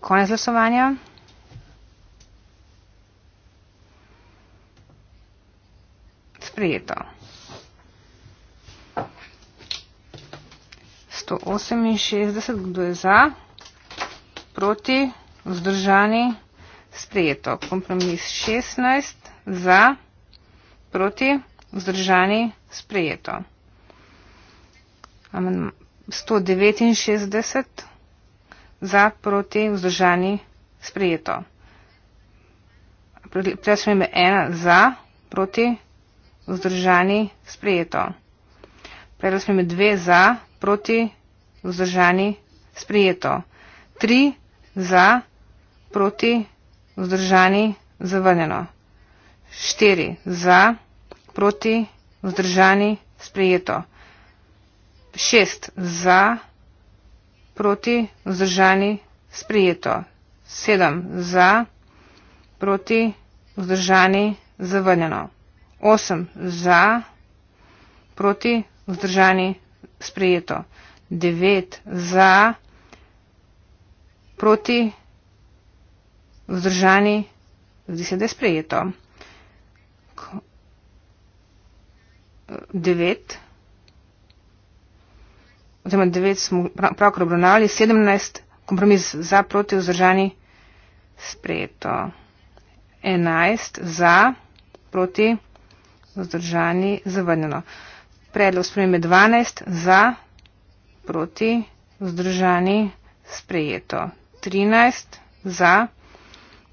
[SPEAKER 2] konec glasovanja. Sprejeto. 168, kdo je za, proti, vzdržani, sprejeto. Kompromis 16, za, proti, vzdržani, sprejeto. 169 za, proti, vzdržani, sprejeto. Predstavljam ena za, proti, vzdržani, sprejeto. Predstavljam dve za, proti, vzdržani, sprejeto. Tri za, proti, vzdržani, zavrnjeno. Štiri za, proti, vzdržani, sprejeto. Šest za, proti, vzdržani, sprejeto proti, vzdržani, sprijeto. 7 za, proti, vzdržani, zavrnjeno. 8 za, proti, vzdržani, sprijeto. 9 za, proti, vzdržani, zdi se, da je sprijeto. 9 za oziroma devet smo pravkar obravnali, sedemnajst kompromis za proti vzdržani sprejeto. Enajst za proti vzdržani zavrnjeno. Predlog spremembe dvanajst za proti vzdržani sprejeto. Trinajst za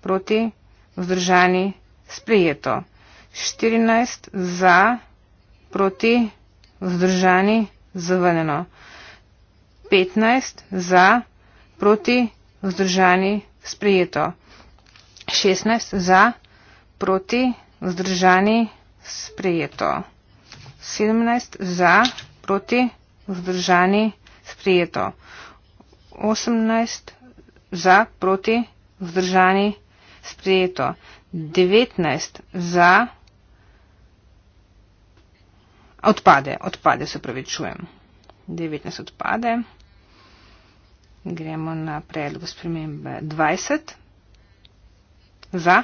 [SPEAKER 2] proti vzdržani sprejeto. Štirinajst za proti vzdržani zavrnjeno. 15 za, proti vzdržani sprejeto. 16 za, proti vzdržani sprejeto. 17 za, proti vzdržani sprejeto. 18 za, proti vzdržani sprejeto. 19 za, odpade, odpade se pravi čujem. 19 odpade. Gremo na predlog spremembe 20. Za,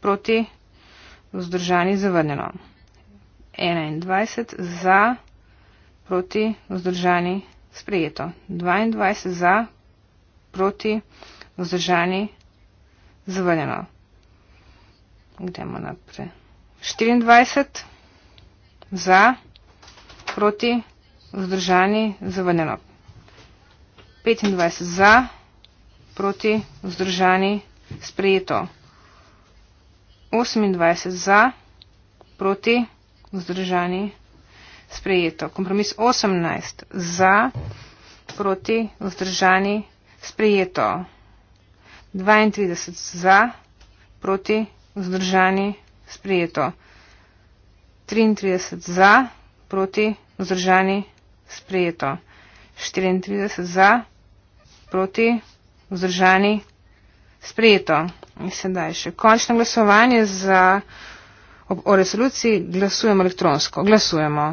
[SPEAKER 2] proti, vzdržani, zavrnjeno. 21 za, proti, vzdržani, sprejeto. 22 za, proti, vzdržani, zavrnjeno. Gremo naprej. 24 za, proti, vzdržani, zavrnjeno. 25 za, proti, vzdržani, sprejeto. 28 za, proti, vzdržani, sprejeto. Kompromis 18 za, proti, vzdržani, sprejeto. 32 za, proti, vzdržani, sprejeto. 33 za, proti, vzdržani, sprejeto. 34 za, proti, vzdržani, sprejeto proti, vzdržani, sprejeto. In sedaj še končno glasovanje za, o, o resoluciji. Glasujemo elektronsko. Glasujemo.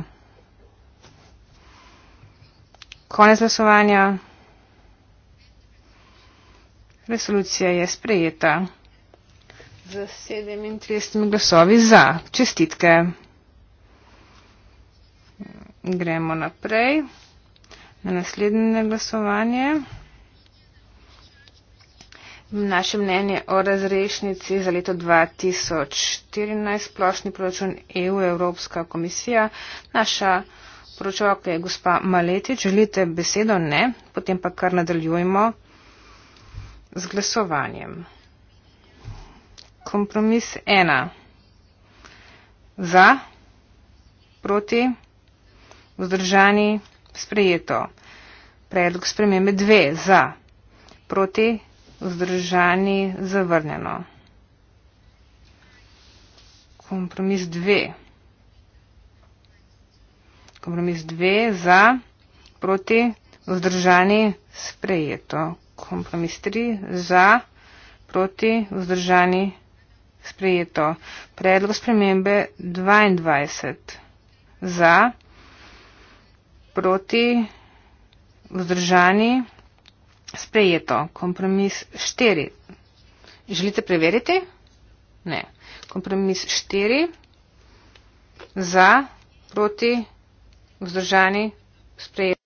[SPEAKER 2] Konec glasovanja. Resolucija je sprejeta z 37 glasovi za. Čestitke. Gremo naprej na naslednje glasovanje. Naše mnenje o razrešnici za leto 2014 splošni proračun EU Evropska komisija. Naša poročevalka je gospa Maletič. Želite besedo? Ne. Potem pa kar nadaljujemo z glasovanjem. Kompromis 1. Za, proti, vzdržani, sprejeto. Predlog spremembe 2. Za, proti, vzdržani zavrnjeno. Kompromis 2. Kompromis 2 za proti vzdržani sprejeto. Kompromis 3 za proti vzdržani sprejeto. Predlog spremembe 22 za proti vzdržani sprejeto. Sprejeto. Kompromis 4. Želite preveriti? Ne. Kompromis 4. Za, proti, vzdržani, sprejeto.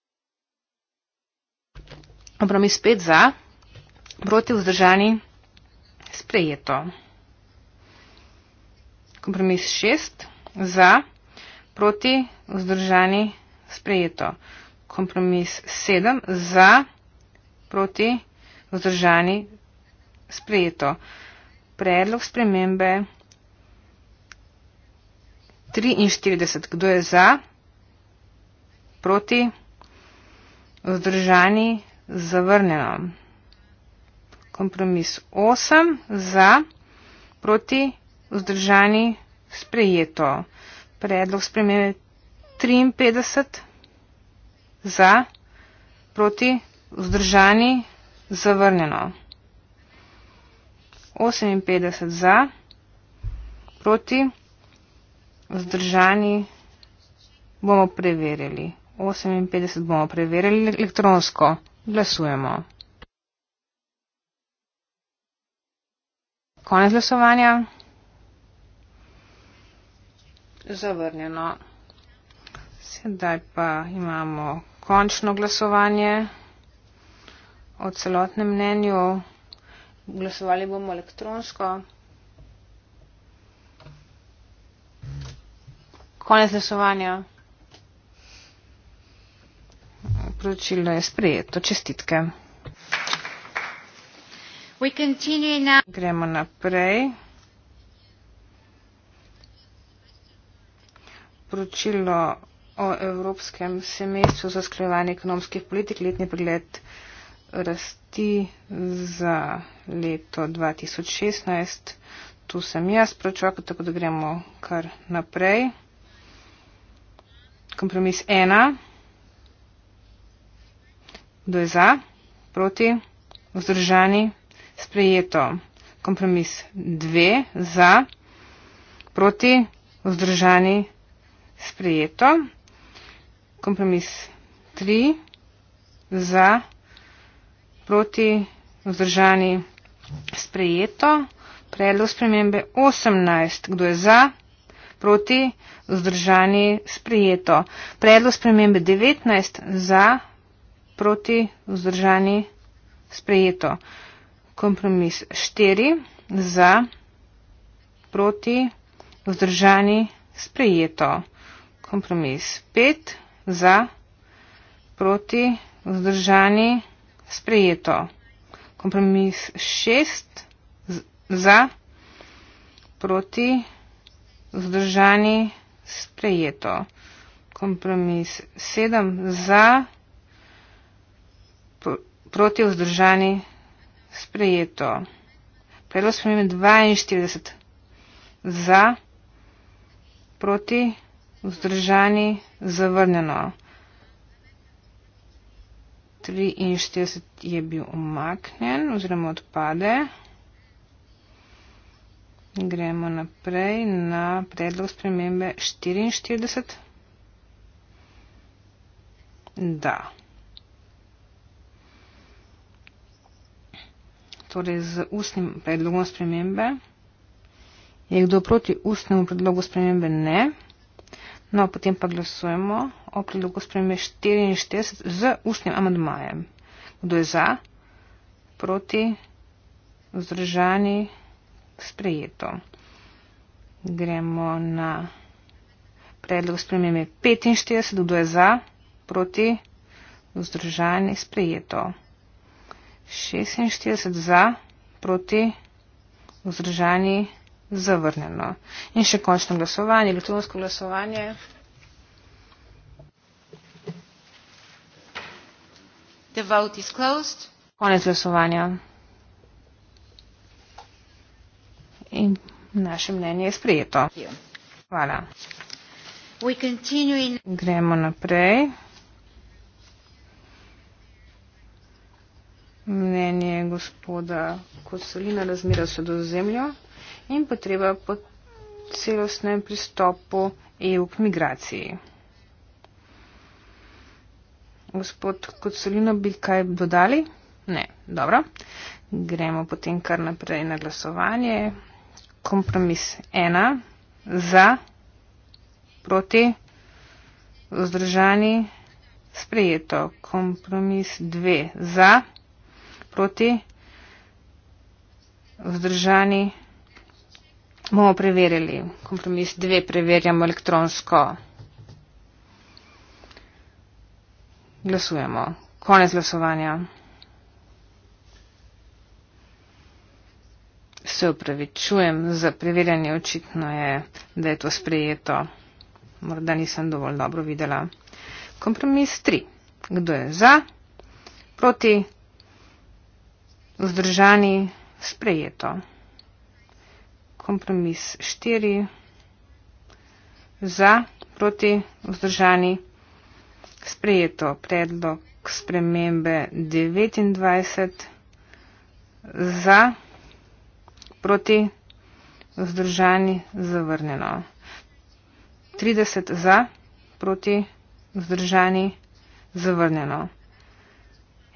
[SPEAKER 2] Kompromis 5. Za, proti, vzdržani, sprejeto. Kompromis 6. Za, proti, vzdržani, sprejeto. Kompromis 7. Za, proti, vzdržani, sprejeto proti vzdržani sprejeto. Predlog spremembe 43. Kdo je za? Proti vzdržani zavrnjeno. Kompromis 8. Za? Proti vzdržani sprejeto. Predlog spremembe 53. Za? Proti vzdržani, zavrnjeno. 58 za, proti, vzdržani, bomo preverili. 58 bomo preverili elektronsko. Glasujemo. Konec glasovanja. Zavrnjeno. Sedaj pa imamo končno glasovanje o celotnem mnenju. Glasovali bomo elektronsko. Konec glasovanja. Pročilo je sprejeto. Čestitke. Gremo naprej. Pročilo o Evropskem semestru za sklevanje ekonomskih politik, letni pregled 2022 rasti za leto 2016. Tu sem jaz pročakal, tako da gremo kar naprej. Kompromis 1. Kdo je za? Proti? Vzdržani? Sprejeto. Kompromis 2. Za? Proti? Vzdržani? Sprejeto. Kompromis 3. Za? proti vzdržani sprejeto. Predlog spremembe 18. Kdo je za? Proti vzdržani sprejeto. Predlog spremembe 19. Za? Proti vzdržani sprejeto. Kompromis 4. Za? Proti vzdržani sprejeto. Kompromis 5. Za? Proti vzdržani sprejeto sprejeto. Kompromis 6 za, proti, vzdržani, sprejeto. Kompromis 7 za, proti, vzdržani, sprejeto. Predlog spremembe 42 za, proti, vzdržani, zavrnjeno. 43 je bil umaknjen oziroma odpade. Gremo naprej na predlog spremembe 44. Da. Torej z ustnim predlogom spremembe. Je kdo proti ustnemu predlogu spremembe? Ne. No, potem pa glasujemo o predlogu spremembe 44 z ustnim amandmajem. Kdo je za, proti, vzdržani, sprejeto. Gremo na predlog spremembe 45. Kdo je za, proti, vzdržani, sprejeto. 46 za, proti, vzdržani, sprejeto zavrnjeno. In še končno glasovanje, elektronsko glasovanje. The vote is closed. Konec glasovanja. In naše mnenje je sprejeto. Hvala. We continue in... Gremo naprej. Mnenje gospoda Kosolina razmira se do zemljo in potreba po celostnem pristopu EU k migraciji. Gospod Kocolino bi kaj dodali? Ne, dobro. Gremo potem kar naprej na glasovanje. Kompromis 1 za, proti, vzdržani, sprejeto. Kompromis 2 za, proti, vzdržani, sprejeto bomo preverili. Kompromis 2 preverjamo elektronsko. Glasujemo. Konec glasovanja. Se upravičujem za preverjanje. Očitno je, da je to sprejeto. Morda nisem dovolj dobro videla. Kompromis 3. Kdo je za? Proti? Vzdržani? Sprejeto kompromis 4 za, proti, vzdržani, sprejeto predlog spremembe 29 za, proti, vzdržani, zavrnjeno. 30 za, proti, vzdržani, zavrnjeno.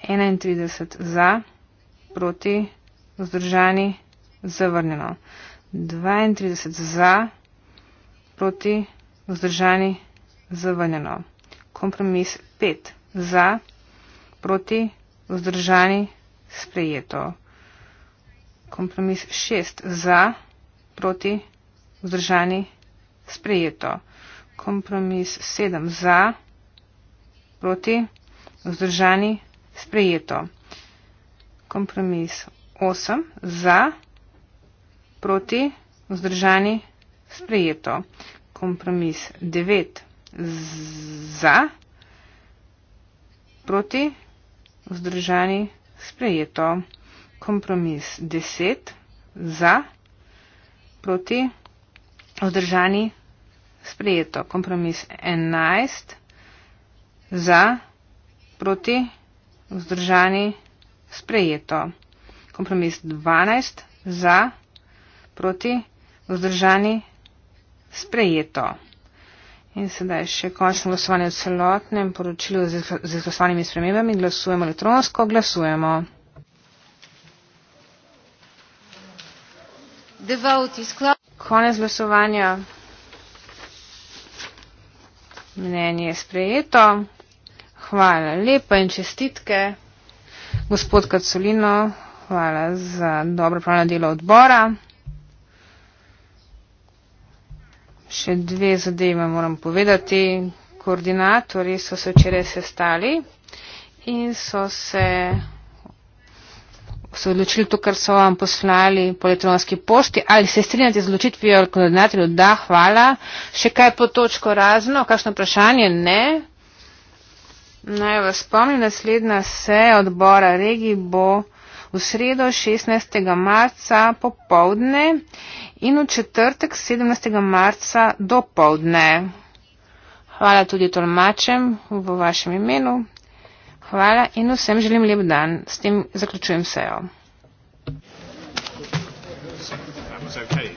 [SPEAKER 2] 31 za, proti, vzdržani, zavrnjeno. 32 za, proti vzdržani zavrnjeno. Kompromis 5 za, proti vzdržani sprejeto. Kompromis 6 za, proti vzdržani sprejeto. Kompromis 7 za, proti vzdržani sprejeto. Kompromis 8 za, proti vzdržani sprejeto proti, vzdržani, sprejeto. Kompromis 9 za, proti, vzdržani, sprejeto. Kompromis 10 za, proti, vzdržani, sprejeto. Kompromis 11 za, proti, vzdržani, sprejeto. Kompromis 12 za, proti, vzdržani, sprejeto proti, vzdržani, sprejeto. In sedaj še končno glasovanje o celotnem poročilu z izglasovanimi spremembami. Glasujemo elektronsko, glasujemo. Konec glasovanja. Mnenje je sprejeto. Hvala lepa in čestitke. Gospod Kacolino, hvala za dobro pravno delo odbora. Še dve zadeve moram povedati. Koordinatori so se včeraj sestali in so se so odločili to, kar so vam poslali po elektronski pošti. Ali se strinjate z odločitvijo koordinatorjev? Da, hvala. Še kaj po točko razno? Kakšno vprašanje? Ne. Naj vas spomnim, naslednja seja odbora regij bo v sredo 16. marca popovdne in v četrtek 17. marca dopovdne. Hvala tudi tolmačem v vašem imenu. Hvala in vsem želim lep dan. S tem zaključujem sejo. It's okay.